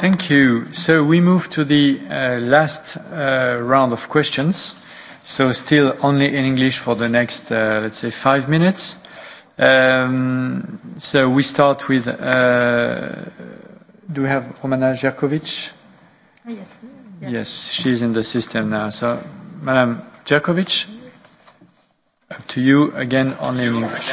Speaker 1: Thank you. So we move to the uh, last uh, round of questions. So still only in English for the next, uh, let's say, five minutes. Um, so we start with, do we have Romana Jerković? Yes. Yes. she's in the system now. So Madam Jerković,
Speaker 5: up to you again, only
Speaker 1: in English.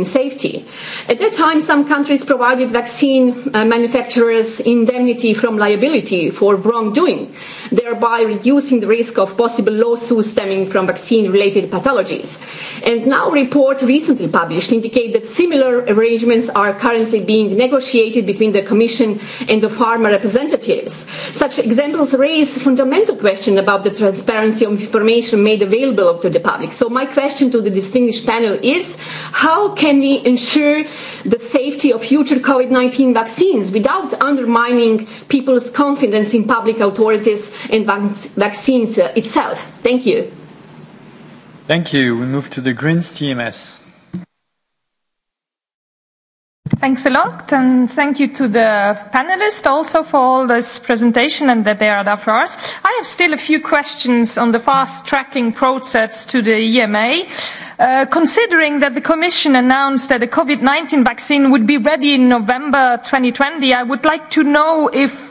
Speaker 19: vaccine safety. At that time, some countries provided vaccine uh, manufacturers indemnity from liability for wrongdoing, thereby reducing the risk of possible lawsuits stemming from vaccine-related pathologies. And now report recently published indicate that similar arrangements are currently being negotiated between the Commission and the pharma representatives. Such examples raise fundamental question about the transparency of information made available to the public. So my question to the distinguished panel is, how can can we ensure the safety of future COVID-19 vaccines without undermining people's confidence in public authorities and vaccines uh, itself? Thank you.
Speaker 1: Thank you. We move to the Greens TMS.
Speaker 7: Thanks a lot, and thank you to the panelists also for all this presentation and that they are there for us. I have still a few questions on the fast tracking process to the EMA. Uh, considering that the Commission announced that a COVID-19 vaccine would be ready in November 2020, I would like to know if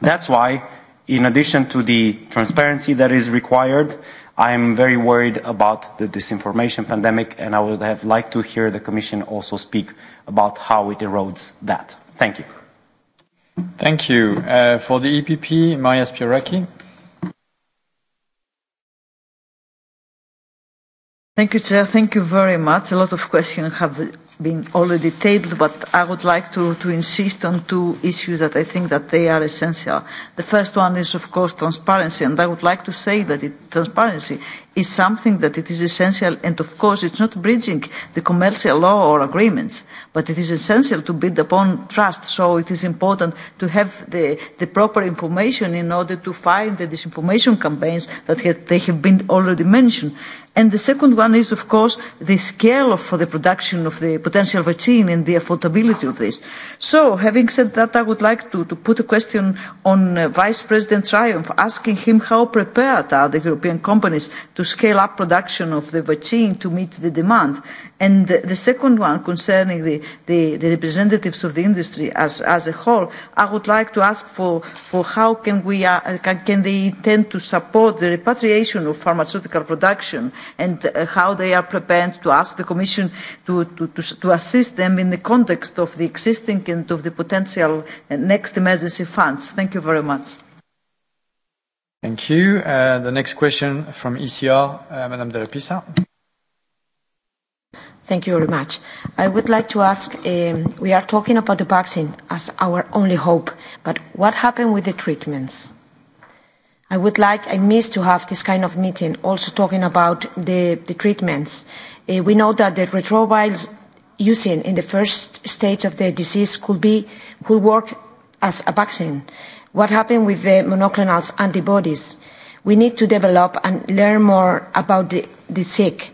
Speaker 20: That's why, in addition to the transparency that is required, I am very worried about the disinformation pandemic, and I would have liked to hear the Commission also speak about how it erodes that. Thank you. Thank you.
Speaker 1: Uh, for the EPP,
Speaker 21: Maria Spiraki. Thank you, Chair. Thank you very much. A lot of questions have been already tabled, but I would like to, to insist on two issues that I think that they are essential. The first one is, of course, transparency, and I would like to say that it, transparency is something that it is essential, and of course, it's not bridging the commercial law or agreements, but it is essential to build upon trust. So it is important to have the, the proper information in order to find the disinformation campaigns that have, they have been already mentioned. And the second one is, of course, the scale of the production of the potential vaccine and the affordability of this. So, having said that, I would like to, to put a question on uh, Vice President Triumph, asking him how prepared are the European companies to scale up production of the vaccine to meet the demand And the, the second one concerning the, the, the representatives of the industry as, as a whole, I would like to ask for, for how can, we, uh, can, can they intend to support the repatriation of pharmaceutical production and uh, how they are prepared to ask the Commission to, to, to, to assist them in the context of the existing and of the potential uh, next emergency funds. Thank you very much.
Speaker 1: Thank you. Uh, the next question from ECR, uh, Madame de la Pisa.
Speaker 11: Thank you very much. I would like to ask, um, we are talking about the vaccine as our only hope, but what happened with the treatments? I would like, I miss to have this kind of meeting, also talking about the, treatments. Uh, we know that the retrovirals using in the first stage of the disease could be, could work as a vaccine. What happened with the monoclonal antibodies? We need to develop and learn more about the sick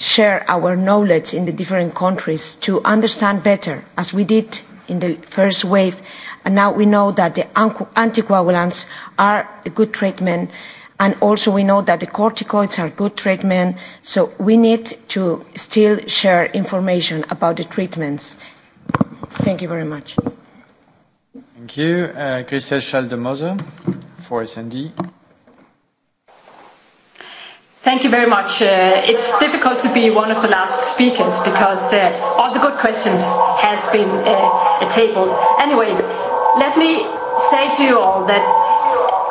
Speaker 11: share our knowledge in the different countries to understand better, as we did in the first wave. And now we know that the anticoagulants are a good treatment. And also we know that the corticoids are good treatment. So we need to still share information about the treatments. Thank you very much.
Speaker 1: Thank you. Uh, Christelle Schaldemose for S&D.
Speaker 11: Thank you very much. Uh,
Speaker 22: it's difficult to be one of the last speakers because uh, all the good questions has been uh, tabled. Anyway, let me say to you all that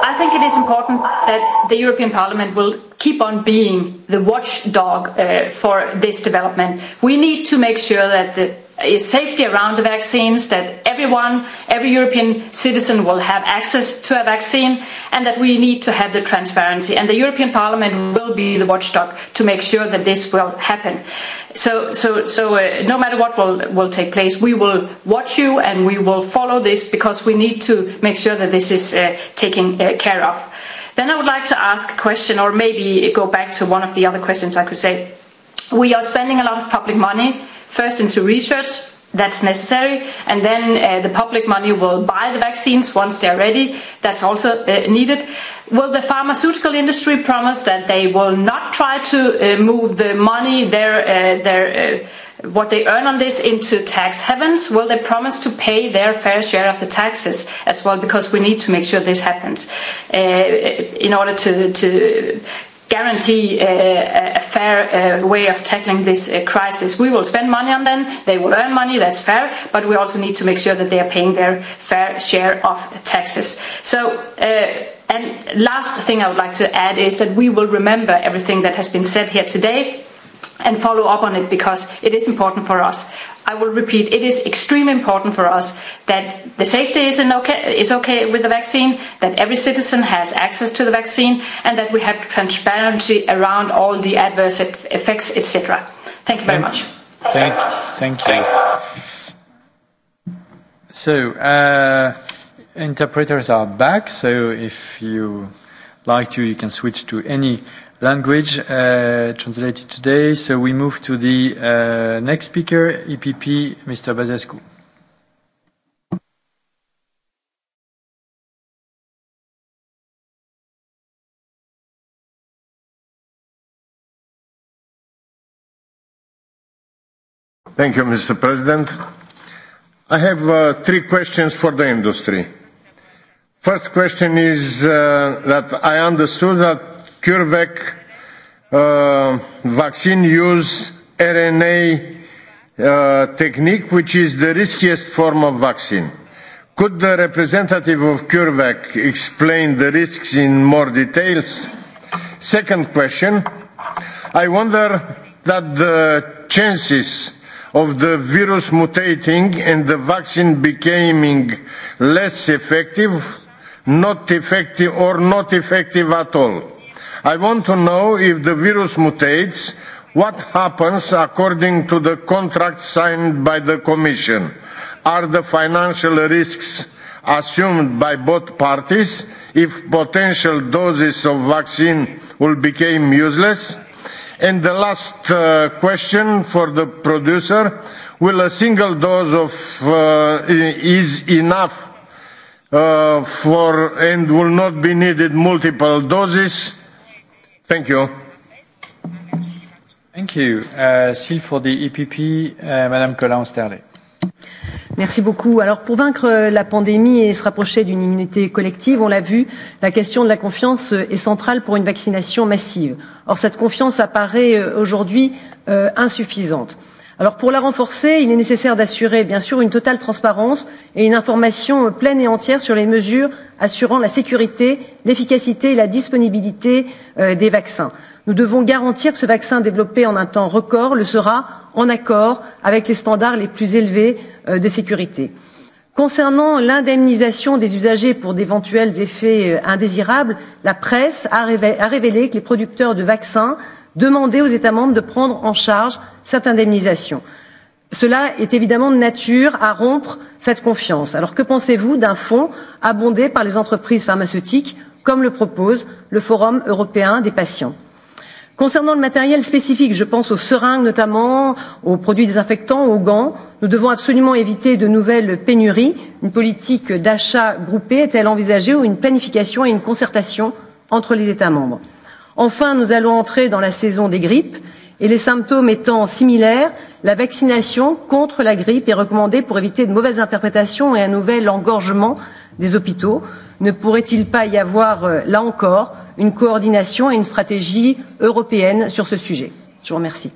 Speaker 22: I think it is important that the European Parliament will keep on being the watchdog uh, for this development. We need to make sure that the safety around the vaccines, that everyone, every European citizen will have access to a vaccine, and that we need to have the transparency. And the European Parliament will be the watchdog to make sure that this will happen. So, so, so uh, no matter what will, will take place, we will watch you and we will follow this because we need to make sure that this is uh, taken uh, care of. Then I would like to ask a question, or maybe go back to one of the other questions I could say. We are spending a lot of public money first into research that's necessary and then uh, the public money will buy the vaccines once they're ready that's also uh, needed will the pharmaceutical industry promise that they will not try to uh, move the money their uh, their uh, what they earn on this into tax heavens will they promise to pay their fair share of the taxes as well because we need to make sure this happens uh, in order to to guarantee uh, a, a fair uh, way of tackling this uh, crisis. We will spend money on them, they will earn money, that's fair, but we also need to make sure that they are paying their fair share of taxes. So, uh, and last thing I would like to add is that we will remember everything that has been said here today and follow up on it because it is important for us. I will repeat, it is extremely important for us that the safety is, in okay, is okay with the vaccine, that every citizen has access to the vaccine, and that we have transparency around all the adverse effects, etc. Thank you very much. Thank, thank you.
Speaker 1: So, uh, interpreters are back, so if you like to, you can switch to any language uh, translated today. So we move to the uh, next speaker, EPP, Mr. Bazescu.
Speaker 23: Thank you, Mr. President. I have uh, three questions for the industry. First question is uh, that I understood that CureVac uh, vaccine use RNA uh, technique, which is the riskiest form of vaccine. Could the representative of CureVac explain the risks in more details? Second question, I wonder that the chances of the virus mutating and the vaccine becoming less effective, not effective or not effective at all i want to know if the virus mutates, what happens according to the contract signed by the Commission? Are the financial risks assumed by both parties if potential doses of vaccine will become useless? And the last uh, question for the producer, will a single dose of uh, is enough uh, for and will not be needed multiple doses? Thank you.
Speaker 1: Thank you. Uh, for the EPP, uh, Madame Colin Sterlet.
Speaker 8: Merci beaucoup. Alors pour vaincre euh, la pandémie et se rapprocher d'une immunité collective, on l'a vu, la question de la confiance euh, est centrale pour une vaccination massive. Or cette confiance apparaît euh, aujourd'hui euh, insuffisante. Euh, Alors pour la renforcer, il est nécessaire d'assurer bien sûr une totale transparence et une information pleine et entière sur les mesures assurant la sécurité, l'efficacité et la disponibilité euh, des vaccins. Nous devons garantir que ce vaccin développé en un temps record le sera en accord avec les standards les plus élevés euh, de sécurité. Concernant l'indemnisation des usagers pour d'éventuels effets euh, indésirables, la presse a révélé que les producteurs de vaccins demander aux États membres de prendre en charge cette indemnisation. Cela est évidemment de nature à rompre cette confiance. Alors que pensez-vous d'un fonds abondé par les entreprises pharmaceutiques, comme le propose le Forum européen des patients Concernant le matériel spécifique, je pense aux seringues notamment, aux produits désinfectants, aux gants. Nous devons absolument éviter de nouvelles pénuries. Une politique d'achat groupée est-elle envisagée ou une planification et une concertation entre les États membres Enfin, nous allons entrer dans la saison des grippes et les symptômes étant similaires, la vaccination contre la grippe est recommandée pour éviter de mauvaises interprétations et un nouvel engorgement des hôpitaux. Ne pourrait-il pas y avoir, euh, là encore, une coordination et une stratégie européenne sur ce sujet Je vous remercie.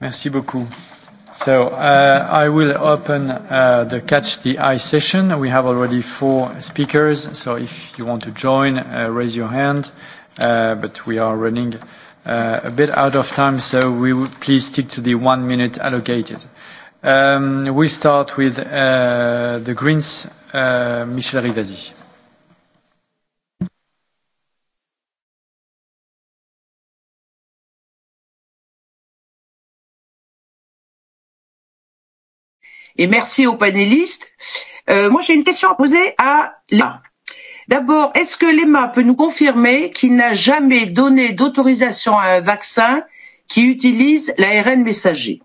Speaker 1: Merci beaucoup. So uh, I will open uh, the Catch the Eye session. We have already four speakers, so if you want to join, uh, raise your hand Uh, but we are running uh, a bit out of time, so we will please stick to the one minute allocated. Um, we
Speaker 5: start with uh, the Greens, Michel Rivasi.
Speaker 24: merci aux panélistes. Euh, moi, j'ai une question à poser à Léa. D'abord, est-ce que l'EMA peut nous confirmer qu'il n'a jamais donné d'autorisation à un vaccin qui utilise l'ARN messager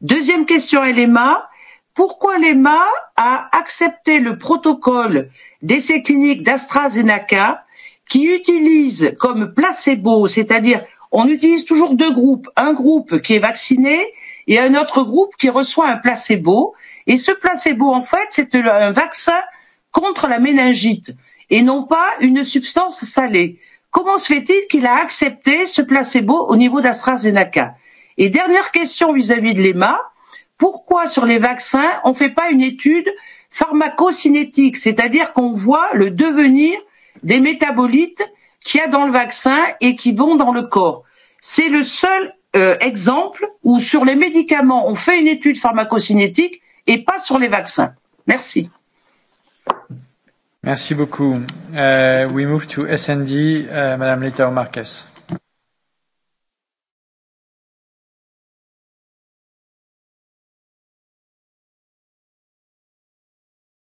Speaker 24: Deuxième question à l'EMA, pourquoi l'EMA a accepté le protocole d'essai clinique d'AstraZeneca qui utilise comme placebo, c'est-à-dire on utilise toujours deux groupes, un groupe qui est vacciné et un autre groupe qui reçoit un placebo. Et ce placebo, en fait, c'est un vaccin contre la méningite et non pas une substance salée. Comment se fait-il qu'il a accepté ce placebo au niveau d'AstraZeneca Et dernière question vis-à-vis -vis de l'EMA, pourquoi sur les vaccins on ne fait pas une étude pharmacocinétique, c'est-à-dire qu'on voit le devenir des métabolites qu'il y a dans le vaccin et qui vont dans le corps C'est le seul euh, exemple où sur les médicaments on fait une étude pharmacocinétique et pas sur les vaccins. Merci. Merci beaucoup.
Speaker 5: Uh, we move to SND, uh, Madame Letao Marquez.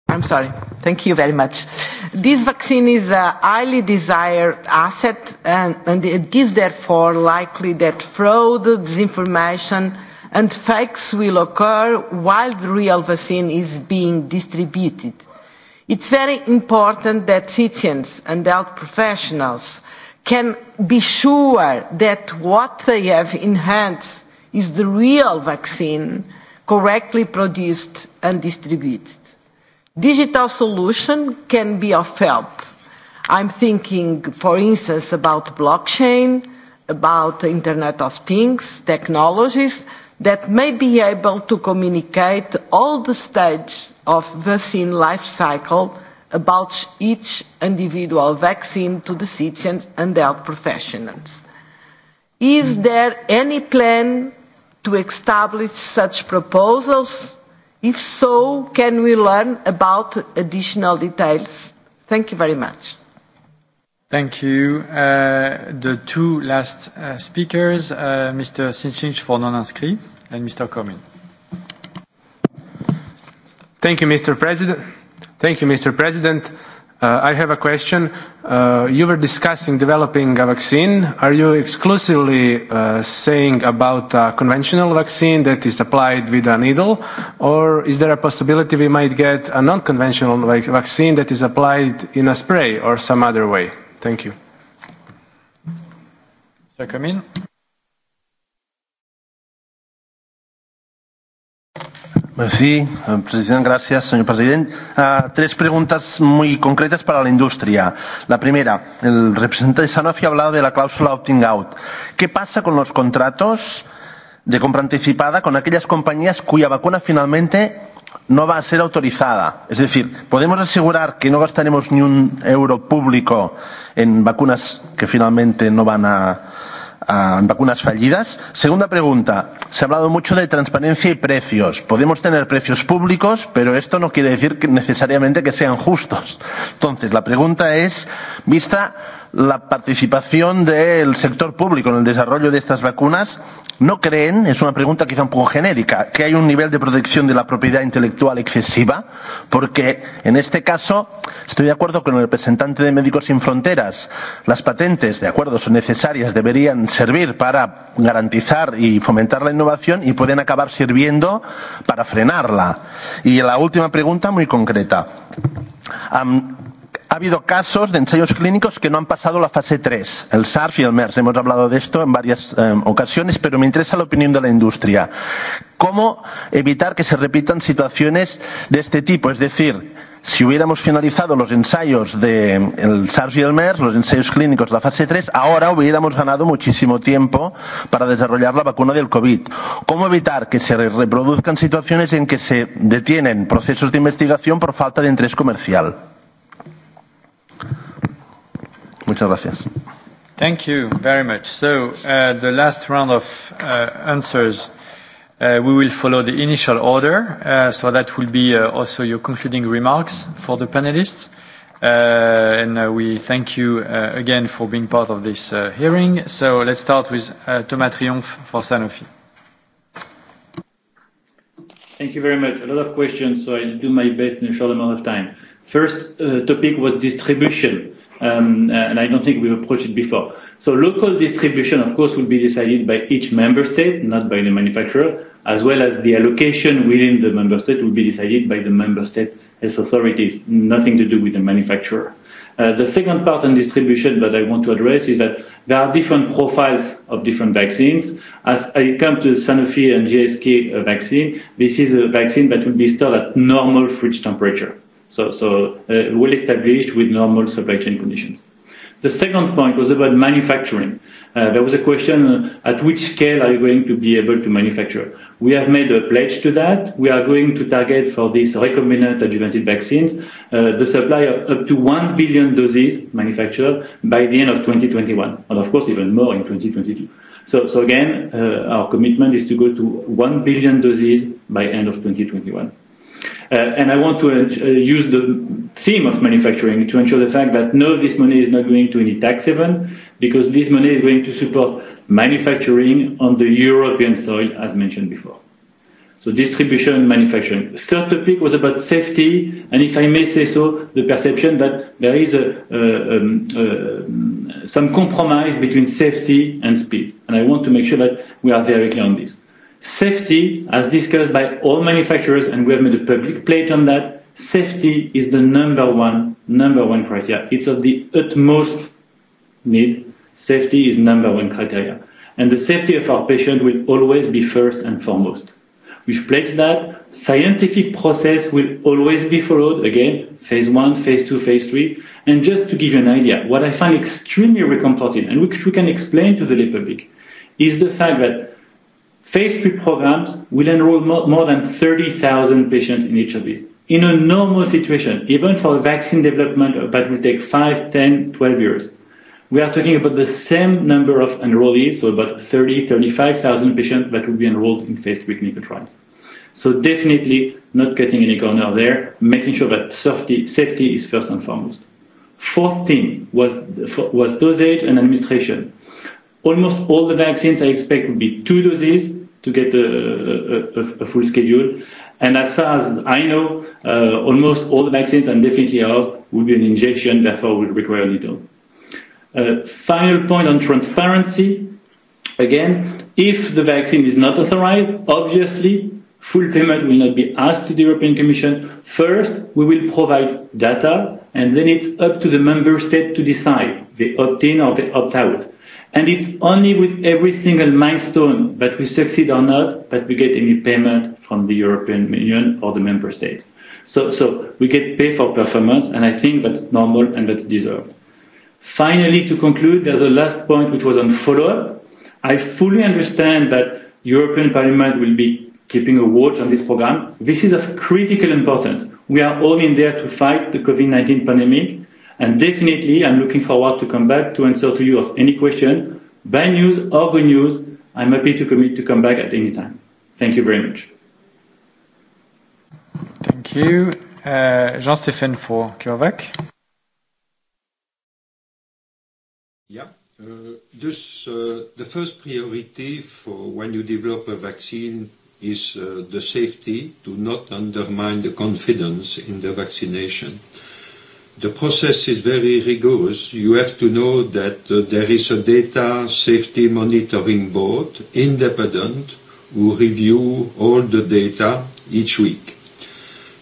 Speaker 25: I'm sorry. Thank you very much. This vaccine is a highly desired asset, and, and it is therefore likely that fraud, disinformation, and fakes will occur while the real vaccine is being distributed It's very important that citizens and health professionals can be sure that what they have in hands is the real vaccine correctly produced and distributed. Digital solution can be of help. I'm thinking, for instance, about blockchain, about the Internet of Things, technologies that may be able to communicate all the stages of vaccine life cycle about each individual vaccine to the citizens and health professionals. Is hmm. there any plan to establish such proposals? If so, can we learn about additional details? Thank you very much.
Speaker 1: Thank you. Uh, the two last uh, speakers, uh, Mr. Sinchinch for non-inscrits and Mr. Comin. Thank you, Mr. President. Thank you, Mr. President. Uh, I have a question. Uh, you were discussing developing a vaccine. Are you exclusively uh, saying about a conventional vaccine that is applied with a needle, or is there a possibility we might get a non-conventional vaccine that is applied in a spray or
Speaker 5: some other way? Thank you. Mr. Camille.
Speaker 26: Euh, sí, president, gracias, señor president. Uh, tres preguntas muy concretas para la industria. La primera, el representante de Sanofi ha hablado de la cláusula opting out. ¿Qué pasa con los contratos de compra anticipada con aquellas compañías cuya vacuna finalmente no va a ser autorizada? Es decir, ¿podemos asegurar que no gastaremos ni un euro público en vacunas que finalmente no van a, uh, vacunas fallidas? Segunda pregunta. Se ha hablado mucho de transparencia y precios. Podemos tener precios públicos, pero esto no quiere decir que necesariamente que sean justos. Entonces, la pregunta es, vista la participación del sector público en el desarrollo de estas vacunas, ¿No creen, es una pregunta quizá un poco genérica, que hay un nivel de protección de la propiedad intelectual excesiva? Porque en este caso estoy de acuerdo con el representante de Médicos Sin Fronteras. Las patentes, de acuerdo, son necesarias, deberían servir para garantizar y fomentar la innovación y pueden acabar sirviendo para frenarla. Y la última pregunta muy concreta. Um, habido casos de ensayos clínicos que no han pasado la fase 3, el SARS y el MERS. Hemos hablado de esto en varias eh, ocasiones, pero me interesa la opinión de la industria. ¿Cómo evitar que se repitan situaciones de este tipo? Es decir, si hubiéramos finalizado los ensayos del de SARS y el MERS, los ensayos clínicos de la fase 3, ahora hubiéramos ganado muchísimo tiempo para desarrollar la vacuna del COVID. ¿Cómo evitar que se reproduzcan situaciones en que se detienen procesos de investigación por falta de interés comercial? Muchas gracias.
Speaker 1: Thank you very much. So uh, the last round of uh, answers, uh, we will follow the initial order. Uh, so that will be uh, also your concluding remarks for the panelists. Uh, and uh, we thank you uh, again for being part of this uh, hearing. So let's start with uh, Thomas Triomphe for Sanofi.
Speaker 18: Thank you very much. A lot of questions, so I'll do my best in a short amount of time. First uh, topic was distribution. Uh, um, uh, and I don't think we've approached it before. So local distribution, of course, will be decided by each member state, not by the manufacturer, as well as the allocation within the member state will be decided by the member state health authorities, nothing to do with the manufacturer. Uh, the second part on distribution that I want to address is that there are different profiles of different vaccines. As it comes to the Sanofi and GSK vaccine, this is a vaccine that will be stored at normal fridge temperature. So, so uh, well established with normal supply chain conditions. The second point was about manufacturing. Uh, there was a question uh, at which scale are you going to be able to manufacture? We have made a pledge to that. We are going to target for these recombinant adjuvanted vaccines uh, the supply of up to 1 billion doses manufactured by the end of 2021, and of course even more in 2022. So, so again, uh, our commitment is to go to 1 billion doses by end of 2021. Uh, and I want to uh, uh, use the theme of manufacturing to ensure the fact that no, this money is not going to any tax haven because this money is going to support manufacturing on the European soil, as mentioned before. So distribution and manufacturing. The third topic was about safety, and if I may say so, the perception that there is a, a, um, a, some compromise between safety and speed. And I want to make sure that we are very clear on this. Safety, as discussed by all manufacturers, and we have made a public pledge on that, safety is the number one, number one criteria. It's of the utmost need. Safety is number one criteria. And the safety of our patient will always be first and foremost. We've pledged that. Scientific process will always be followed. Again, phase one, phase two, phase three. And just to give you an idea, what I find extremely recomforting and which we can explain to the lay public is the fact that Phase three programs will enroll more, more than 30,000 patients in each of these. In a normal situation, even for vaccine development that will take 5, 10, 12 years, we are talking about the same number of enrollees, so about 30, 35,000 patients that will be enrolled in phase three clinical trials. So definitely not cutting any corner there, making sure that safety, safety is first and foremost. Fourth thing was, was dosage and administration. Almost all the vaccines I expect will be two doses to get a, a, a, full schedule. And as far as I know, uh, almost all the vaccines, and definitely ours, will be an injection, therefore will require a needle. Uh, final point on transparency. Again, if the vaccine is not authorized, obviously full payment will not be asked to the European Commission. First, we will provide data, and then it's up to the member state to decide. They opt in or they opt out. And it's only with every single milestone that we succeed or not that we get any payment from the European Union or the member states. So, so we get paid for performance, and I think that's normal and that's deserved. Finally, to conclude, there's a last point which was on follow-up. I fully understand that European Parliament will be keeping a watch on this program. This is of critical importance. We are all in there to fight the COVID-19 pandemic, And definitely, I'm looking forward to come back to answer to you of any question, bad news or good news. I'm happy to commit to come back at any time. Thank you very much.
Speaker 1: Thank you. Uh, Jean-Stéphane for CureVac.
Speaker 17: Yeah. Uh, this, uh, the first priority for when you develop a vaccine is uh, the safety, to not undermine the confidence in the vaccination. Uh, the process is very rigorous. You have to know that uh, there is a data safety monitoring board, independent, who review all the data each week.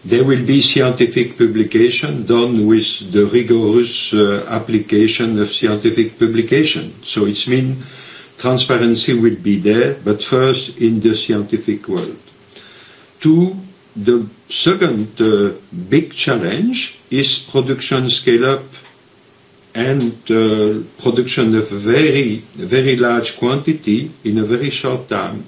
Speaker 17: There will be scientific publication done with the rigorous uh, application of scientific publication. So it means transparency will be there, but first in the scientific world. Two, the Second uh, big challenge is production scale-up and uh, production of very, very large quantity in a very short time.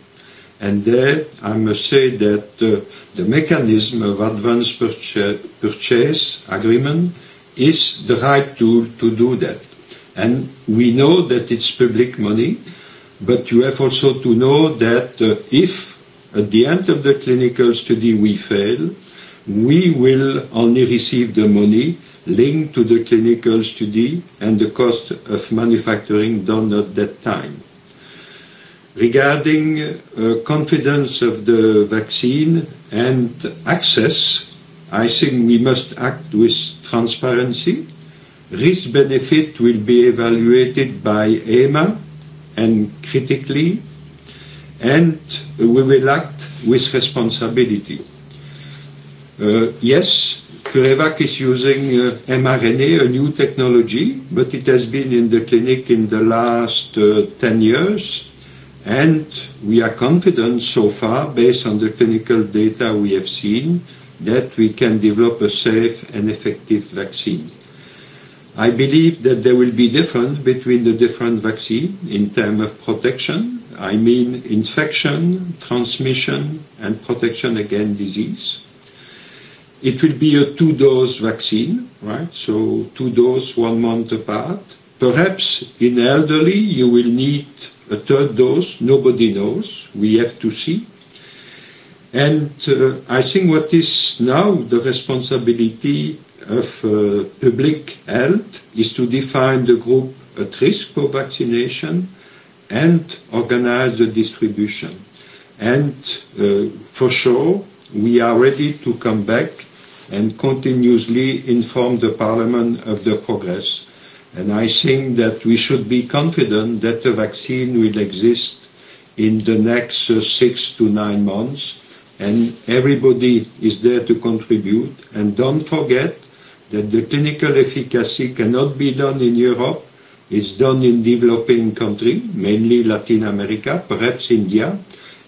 Speaker 17: And there, I must say that uh, the mechanism of advance purchase agreement is the right tool to do that. And we know that it's public money, but you have also to know that if At the end of the clinical study, we fail, we will only receive the money linked to the clinical study and the cost of manufacturing done at that time. Regarding uh, confidence of the vaccine and access, I think we must act with transparency. Risk benefit will be evaluated by EMA and critically and we will act with responsibility. Uh, yes, CureVac is using uh, mRNA, a new technology, but it has been in the clinic in the last uh, 10 years, and we are confident so far, based on the clinical data we have seen, that we can develop a safe and effective vaccine. I believe that there will be difference between the different vaccines in terms of protection, i mean infection, transmission, and protection against disease. It will be a two-dose vaccine, right? So two doses, one month apart. Perhaps in elderly, you will need a third dose. Nobody knows. We have to see. And uh, I think what is now the responsibility of uh, public health is to define the group at risk for vaccination and organize the distribution. And uh, for sure, we are ready to come back and continuously inform the Parliament of the progress. And I think that we should be confident that the vaccine will exist in the next uh, six to nine months. And everybody is there to contribute. And don't forget that the clinical efficacy cannot be done in Europe is done in developing country, mainly Latin America, perhaps India,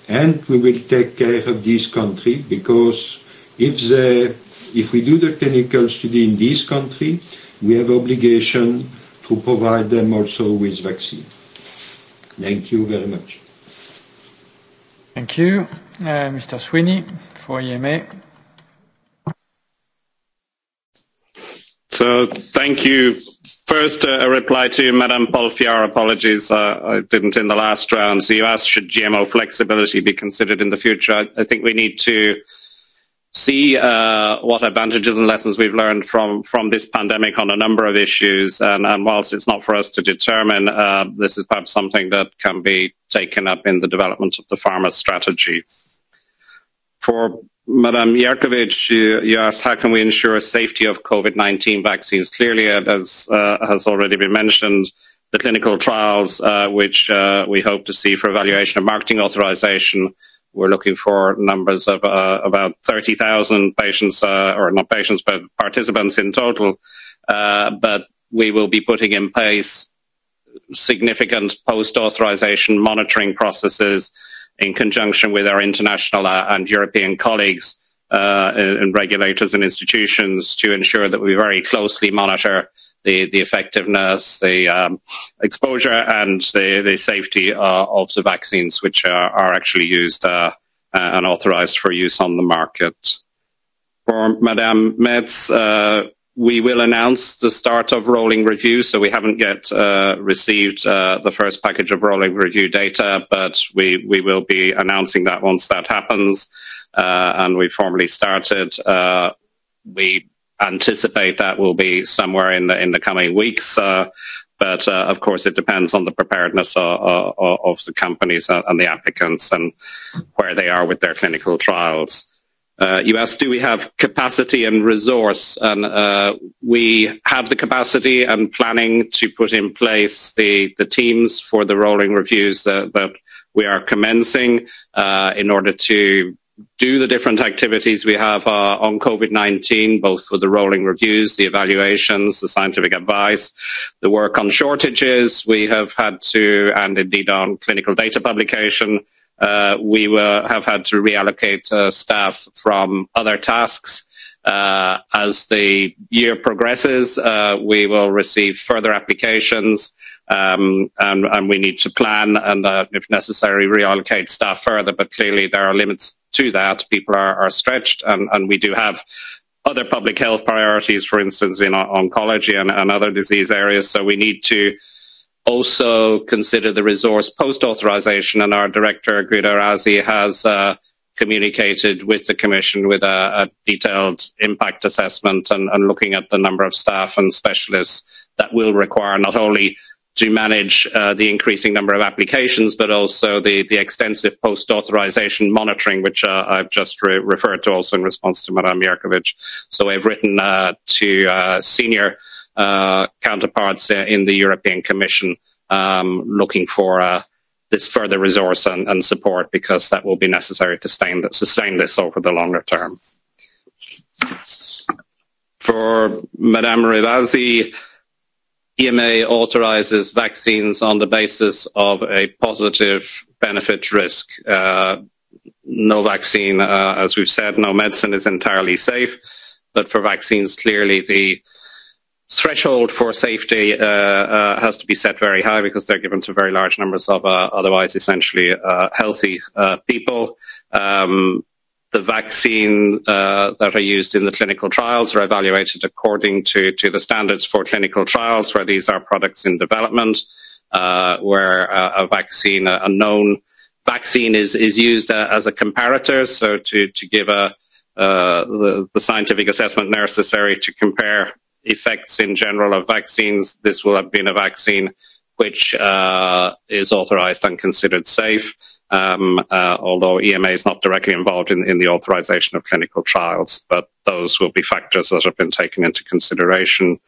Speaker 17: and we will take care of this country because if the if we do the clinical study in this country, we have obligation to provide them also with vaccine. Thank you very much.
Speaker 1: Thank you. Uh, Mr. Sweeney for EMA.
Speaker 16: So thank you First, uh, a reply to Madame Polfiar. Apologies, uh, I didn't in the last round. So you asked, should GMO flexibility be considered in the future? I, I think we need to see uh, what advantages and lessons we've learned from, from this pandemic on a number of issues. And, and whilst it's not for us to determine, uh, this is perhaps something that can be taken up in the development of the pharma strategy. For Madam Yarkovic, you, you asked how can we ensure safety of COVID-19 vaccines? Clearly, as uh, has already been mentioned, the clinical trials, uh, which uh, we hope to see for evaluation and marketing authorization, we're looking for numbers of uh, about 30,000 patients, uh, or not patients, but participants in total. Uh, but we will be putting in place significant post-authorization monitoring processes in conjunction with our international uh, and European colleagues uh, uh, and regulators and institutions to ensure that we very closely monitor the, the effectiveness, the um, exposure, and the, the safety uh, of the vaccines which are, are actually used uh, uh and authorized for use on the market. For Madame Metz, uh, We will announce the start of rolling review, so we haven't yet uh, received uh, the first package of rolling review data, but we, we will be announcing that once that happens uh, and we formally started. Uh, we anticipate that will be somewhere in the in the coming weeks. Uh, but uh, of course, it depends on the preparedness of, of, of the companies and the applicants and where they are with their clinical trials. Uh, you asked, do we have capacity and resource? And uh, we have the capacity and planning to put in place the, the teams for the rolling reviews that, that we are commencing uh, in order to do the different activities we have uh, on COVID-19, both for the rolling reviews, the evaluations, the scientific advice, the work on shortages we have had to, and indeed on clinical data publication, uh, we will have had to reallocate uh, staff from other tasks. Uh, as the year progresses, uh, we will receive further applications um, and, and we need to plan and, uh, if necessary, reallocate staff further. But clearly, there are limits to that. People are, are stretched, and, and we do have other public health priorities, for instance, in oncology and, and other disease areas. So we need to uh, also consider the resource post-authorization, and our director, Guido Razi, has uh, communicated with the Commission with a, a detailed impact assessment and, and looking at the number of staff and specialists that will require not only to manage uh, the increasing number of applications, but also the, the extensive post-authorization monitoring, which uh, I've just re referred to also in response to Madame Yarkovic. So I've written uh, to uh, senior Uh, counterparts uh, in the European Commission um, looking for uh, this further resource and, and support because that will be necessary to sustain, sustain this over the longer term. For Madame Rivasi, EMA authorizes vaccines on the basis of a positive benefit risk. Uh, no vaccine, uh, as we've said, no medicine is entirely safe, but for vaccines, clearly the uh, threshold for safety uh, uh, has to be set very high because they're given to very large numbers of uh, otherwise essentially uh, healthy uh, people. Um, the vaccine uh, that are used in the clinical trials are evaluated according to, to the standards for clinical trials, where these are products in development, uh, where a, uh, a vaccine, a, a known vaccine, is, is used uh, as a comparator, so to, to give a, uh, the, the scientific assessment necessary to compare effects in general of vaccines, this will have been a vaccine which uh, is authorized and considered safe, um, uh, although EMA is not directly involved in, in the authorization of clinical trials, but those will be factors that have been taken into consideration.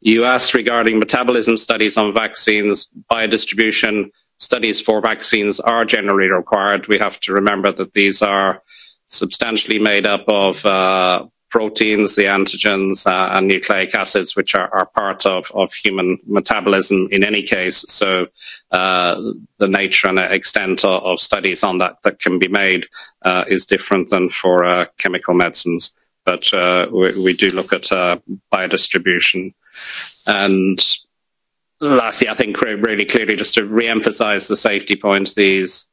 Speaker 16: You asked regarding metabolism studies on vaccines, biodistribution studies for vaccines are generally required. We have to remember that these are substantially made up of uh, proteins, the antigens, uh, and nucleic acids, which are, are part of, of human metabolism in any case. So uh, the nature and extent of, of studies on that that can be made uh, is different than for uh, chemical medicines. But uh, we, we do look at uh, biodistribution. And lastly, I think really clearly just to re the safety point, these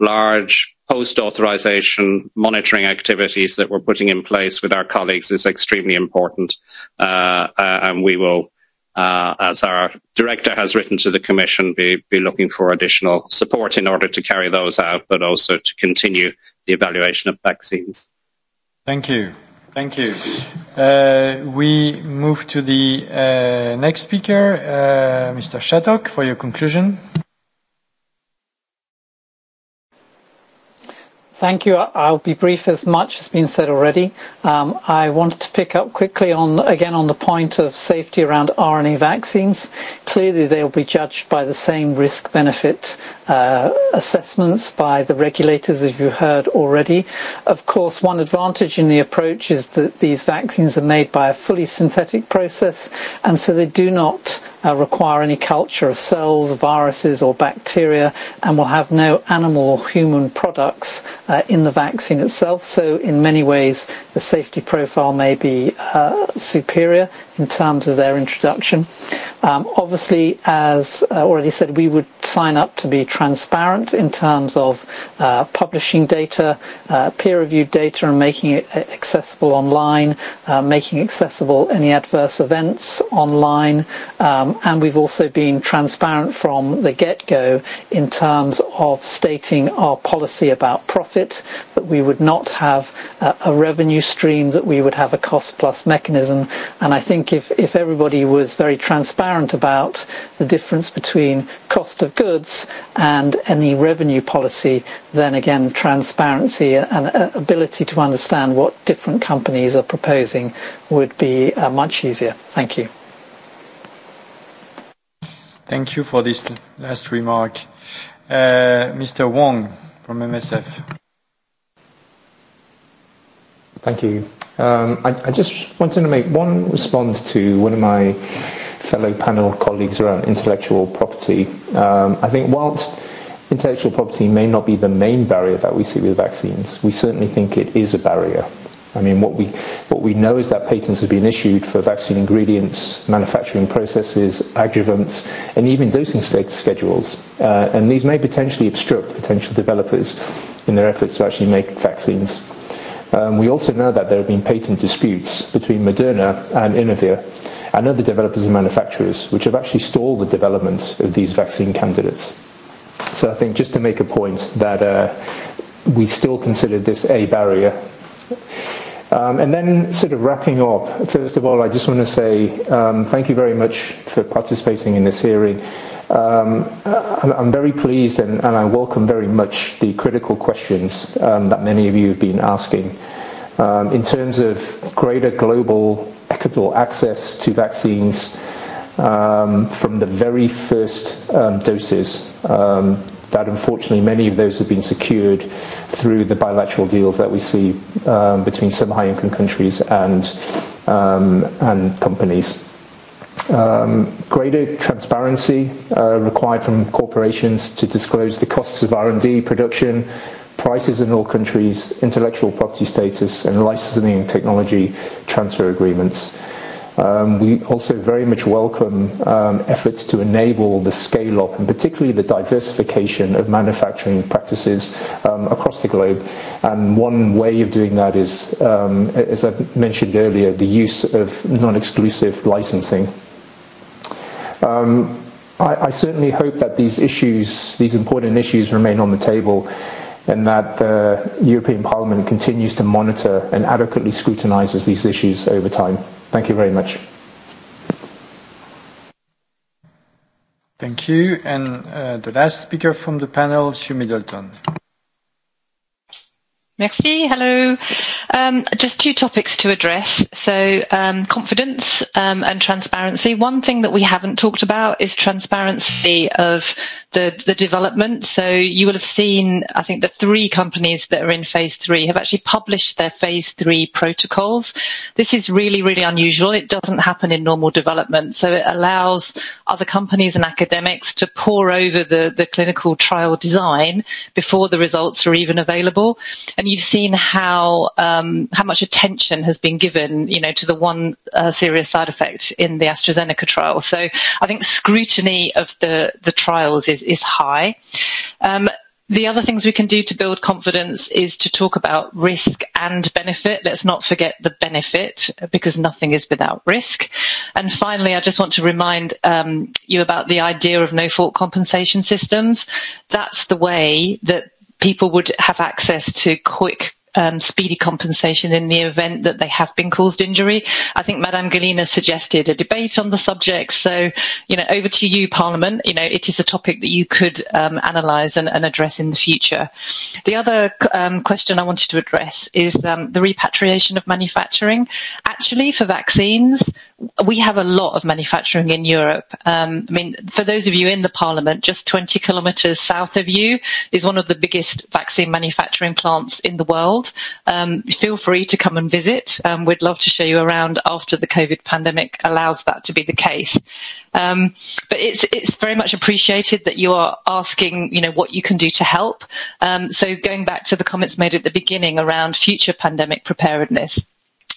Speaker 16: large post-authorization monitoring activities that we're putting in place with our colleagues is extremely important. Uh, uh, and we will, uh, as our director has written to the Commission, be, be looking for additional support in order to carry those out, but also to continue the evaluation of vaccines.
Speaker 1: Thank you. Thank you. Uh, we move to the uh, next speaker,
Speaker 13: uh, Mr. Shattuck, for your conclusion. Thank you. I'll be brief as much has been said already. Um, I wanted to pick up quickly on, again, on the point of safety around RNA vaccines. Clearly, they'll be judged by the same risk-benefit uh, assessments by the regulators, as you heard already. Of course, one advantage in the approach is that these vaccines are made by a fully synthetic process, and so they do not uh, require any culture of cells, viruses, or bacteria, and will have no animal or human products uh, in the vaccine itself. So, in many ways, the safety profile may be uh, superior in terms of their introduction. Um, obviously, as uh, already said, we would sign up to be transparent in terms of uh, publishing data, uh, peer-reviewed data, and making it accessible online, uh, making accessible any adverse events online. Um, and we've also been transparent from the get-go in terms of stating our policy about profit, that we would not have a, uh, a revenue stream, that we would have a cost-plus mechanism. And I think think if, if everybody was very transparent about the difference between cost of goods and any revenue policy, then again, transparency and uh, ability to understand what different companies are proposing would be uh, much easier. Thank you.
Speaker 1: Thank you for this last remark. Uh, Mr. Wong from MSF.
Speaker 27: Thank you. Um, I, I, just wanted to make one response to one of my fellow panel colleagues around intellectual property. Um, I think whilst intellectual property may not be the main barrier that we see with vaccines, we certainly think it is a barrier. I mean, what we, what we know is that patents have been issued for vaccine ingredients, manufacturing processes, adjuvants, and even dosing schedules. Uh, and these may potentially obstruct potential developers in their efforts to actually make vaccines Um, we also know that there have been patent disputes between Moderna and Innovir and other developers and manufacturers, which have actually stalled the development of these vaccine candidates. So I think just to make a point that uh, we still consider this a barrier. Um, and then, sort of wrapping up, first of all, I just want to say um, thank you very much for participating in this hearing. Um, I'm very pleased and, and I welcome very much the critical questions um, that many of you have been asking. Um, in terms of greater global equitable access to vaccines um, from the very first um, doses, um, that unfortunately many of those have been secured through the bilateral deals that we see um, between some high income countries and, um, and companies. Um, greater transparency uh, required from corporations to disclose the costs of R&D production, prices in all countries, intellectual property status, and licensing technology transfer agreements. Um, we also very much welcome um, efforts to enable the scale up and particularly the diversification of manufacturing practices um, across the globe. And one way of doing that is, um, as I mentioned earlier, the use of non exclusive licensing. Um, I, I certainly hope that these issues, these important issues, remain on the table and that the European Parliament continues to monitor and adequately scrutinises these issues over time. Thank you very much.
Speaker 1: Thank you. And uh, the last speaker from the panel, Sue Middleton.
Speaker 15: Merci. Hello. Um, just two topics to address. So um, confidence um, and transparency. One thing that we haven't talked about is transparency of the, the development. So you will have seen, I think, the three companies that are in phase three have actually published their phase three protocols. This is really, really unusual. It doesn't happen in normal development. So it allows other companies and academics to pour over the, the clinical trial design before the results are even available. And and you've seen how um, how much attention has been given, you know, to the one uh, serious side effect in the AstraZeneca trial. So I think scrutiny of the the trials is is high. Um, the other things we can do to build confidence is to talk about risk and benefit. Let's not forget the benefit because nothing is without risk. And finally, I just want to remind um, you about the idea of no fault compensation systems. That's the way that people would have access to quick um, speedy compensation in the event that they have been caused injury. I think Madame Galina suggested a debate on the subject. So, you know, over to you, Parliament. You know, it is a topic that you could um, analyse and, and address in the future. The other um, question I wanted to address is um, the repatriation of manufacturing. Actually, for vaccines, we have a lot of manufacturing in Europe. Um, I mean, for those of you in the parliament, just 20 kilometres south of you is one of the biggest vaccine manufacturing plants in the world. Um, feel free to come and visit. Um, we'd love to show you around after the COVID pandemic allows that to be the case. Um, but it's it's very much appreciated that you are asking, you know, what you can do to help. Um, so going back to the comments made at the beginning around future pandemic preparedness,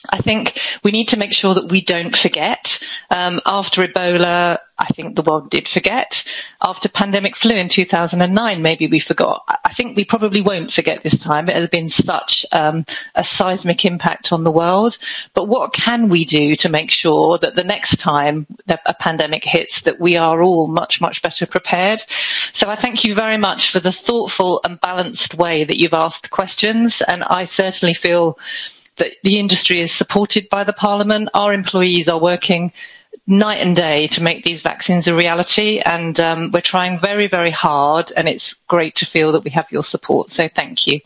Speaker 15: i think we need to make sure that we don't forget. Um, after Ebola, I think the world did forget. After pandemic flu in 2009, maybe we forgot. I think we probably won't forget this time. It has been such um, a seismic impact on the world. But what can we do to make sure that the next time that a pandemic hits, that we are all much, much better prepared? So I thank you very much for the thoughtful and balanced way that you've asked questions. And I certainly feel that the industry is supported by the Parliament. Our employees are working night and day to make these vaccines a reality, and um, we're trying very, very hard, and it's great to feel that we have your support. So thank you.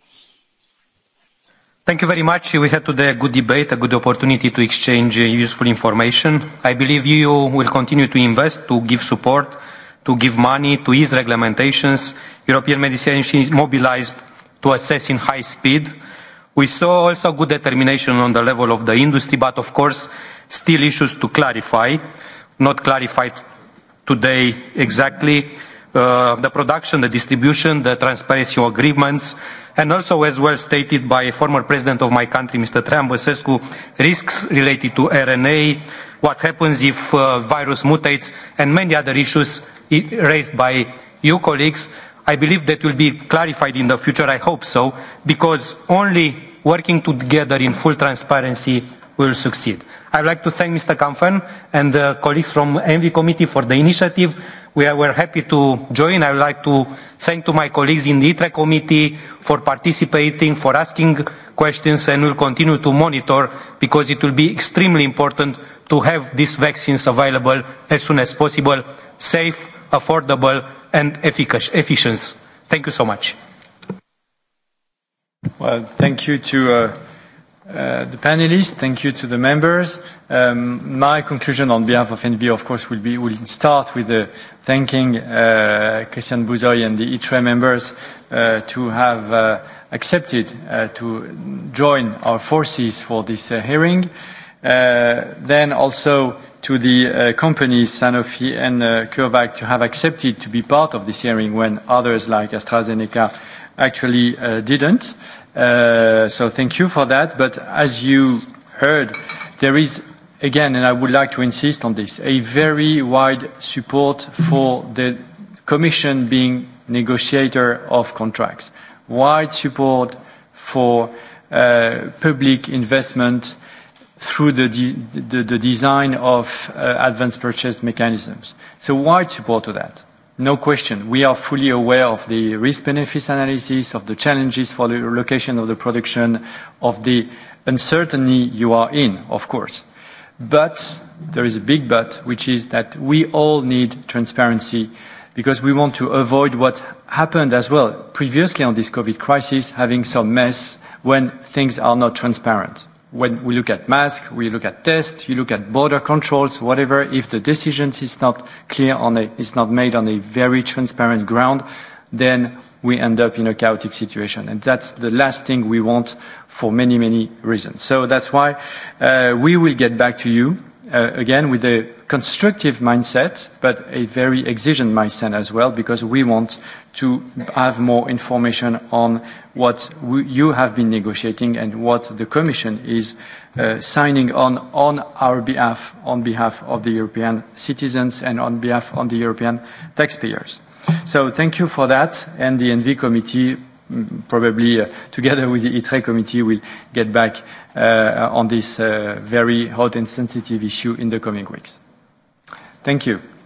Speaker 6: Thank you very much. We had today a good debate, a good opportunity to exchange uh, useful information. I believe you will continue to invest, to give support, to give money, to ease regulations. European Medicine is mobilized to assess in high speed We saw also good determination on the level of the industry, but of course, still issues to clarify, not clarified today exactly, uh, the production, the distribution, the transparency agreements, and also, as well stated by former president of my country, Mr. Traian Băsescu, risks related to RNA, what happens if uh, virus mutates, and many other issues raised by you colleagues, i believe that will be clarified in the future, I hope so, because only working together in full transparency will succeed. I'd like to thank Mr. Kampfen and the colleagues from ENVI Committee for the initiative. We are, were happy to join. I would like to thank to my colleagues in the ITRE Committee for participating, for asking questions, and we'll continue to monitor because it will be extremely important to have these vaccines available as soon as possible, safe, affordable, and efficiency. Thank you so much. Well, thank you to uh, uh, the panelists. Thank you
Speaker 1: to the members. Um, my conclusion on behalf of NV, of course, will be will start with uh, thanking Christian Bouzoy and the ITRE members uh, to have accepted to join our forces for this hearing. then also to the uh, companies Sanofi and uh, CureVac to have accepted to be part of this hearing when others like AstraZeneca actually uh, didn't. Uh, so thank you for that. But as you heard, there is, again, and I would like to insist on this, a very wide support for the Commission being negotiator of contracts. Wide support for uh, public investment through the, design of uh, advanced purchase mechanisms. So wide support to that. No question. We are fully aware of the risk benefit analysis, of the challenges for the location of the production, of the uncertainty you are in, of course. But there is a big but, which is that we all need transparency because we want to avoid what happened as well previously on this COVID crisis, having some mess when things are not transparent when we look at mask, we look at tests, you look at border controls, whatever, if the decisions is not clear on a, is not made on a very transparent ground, then we end up in a chaotic situation. And that's the last thing we want for many, many reasons. So that's why uh, we will get back to you uh, again with a constructive mindset, but a very exigent mindset as well, because we want to have more information on what you have been negotiating and what the Commission is uh, signing on on our behalf, on behalf of the European citizens and on behalf of the European taxpayers. So thank you for that, and the ENVI Committee mm, probably uh, together with the ITRE committee will get back uh, on this uh, very hot and sensitive issue in the coming weeks. Thank you.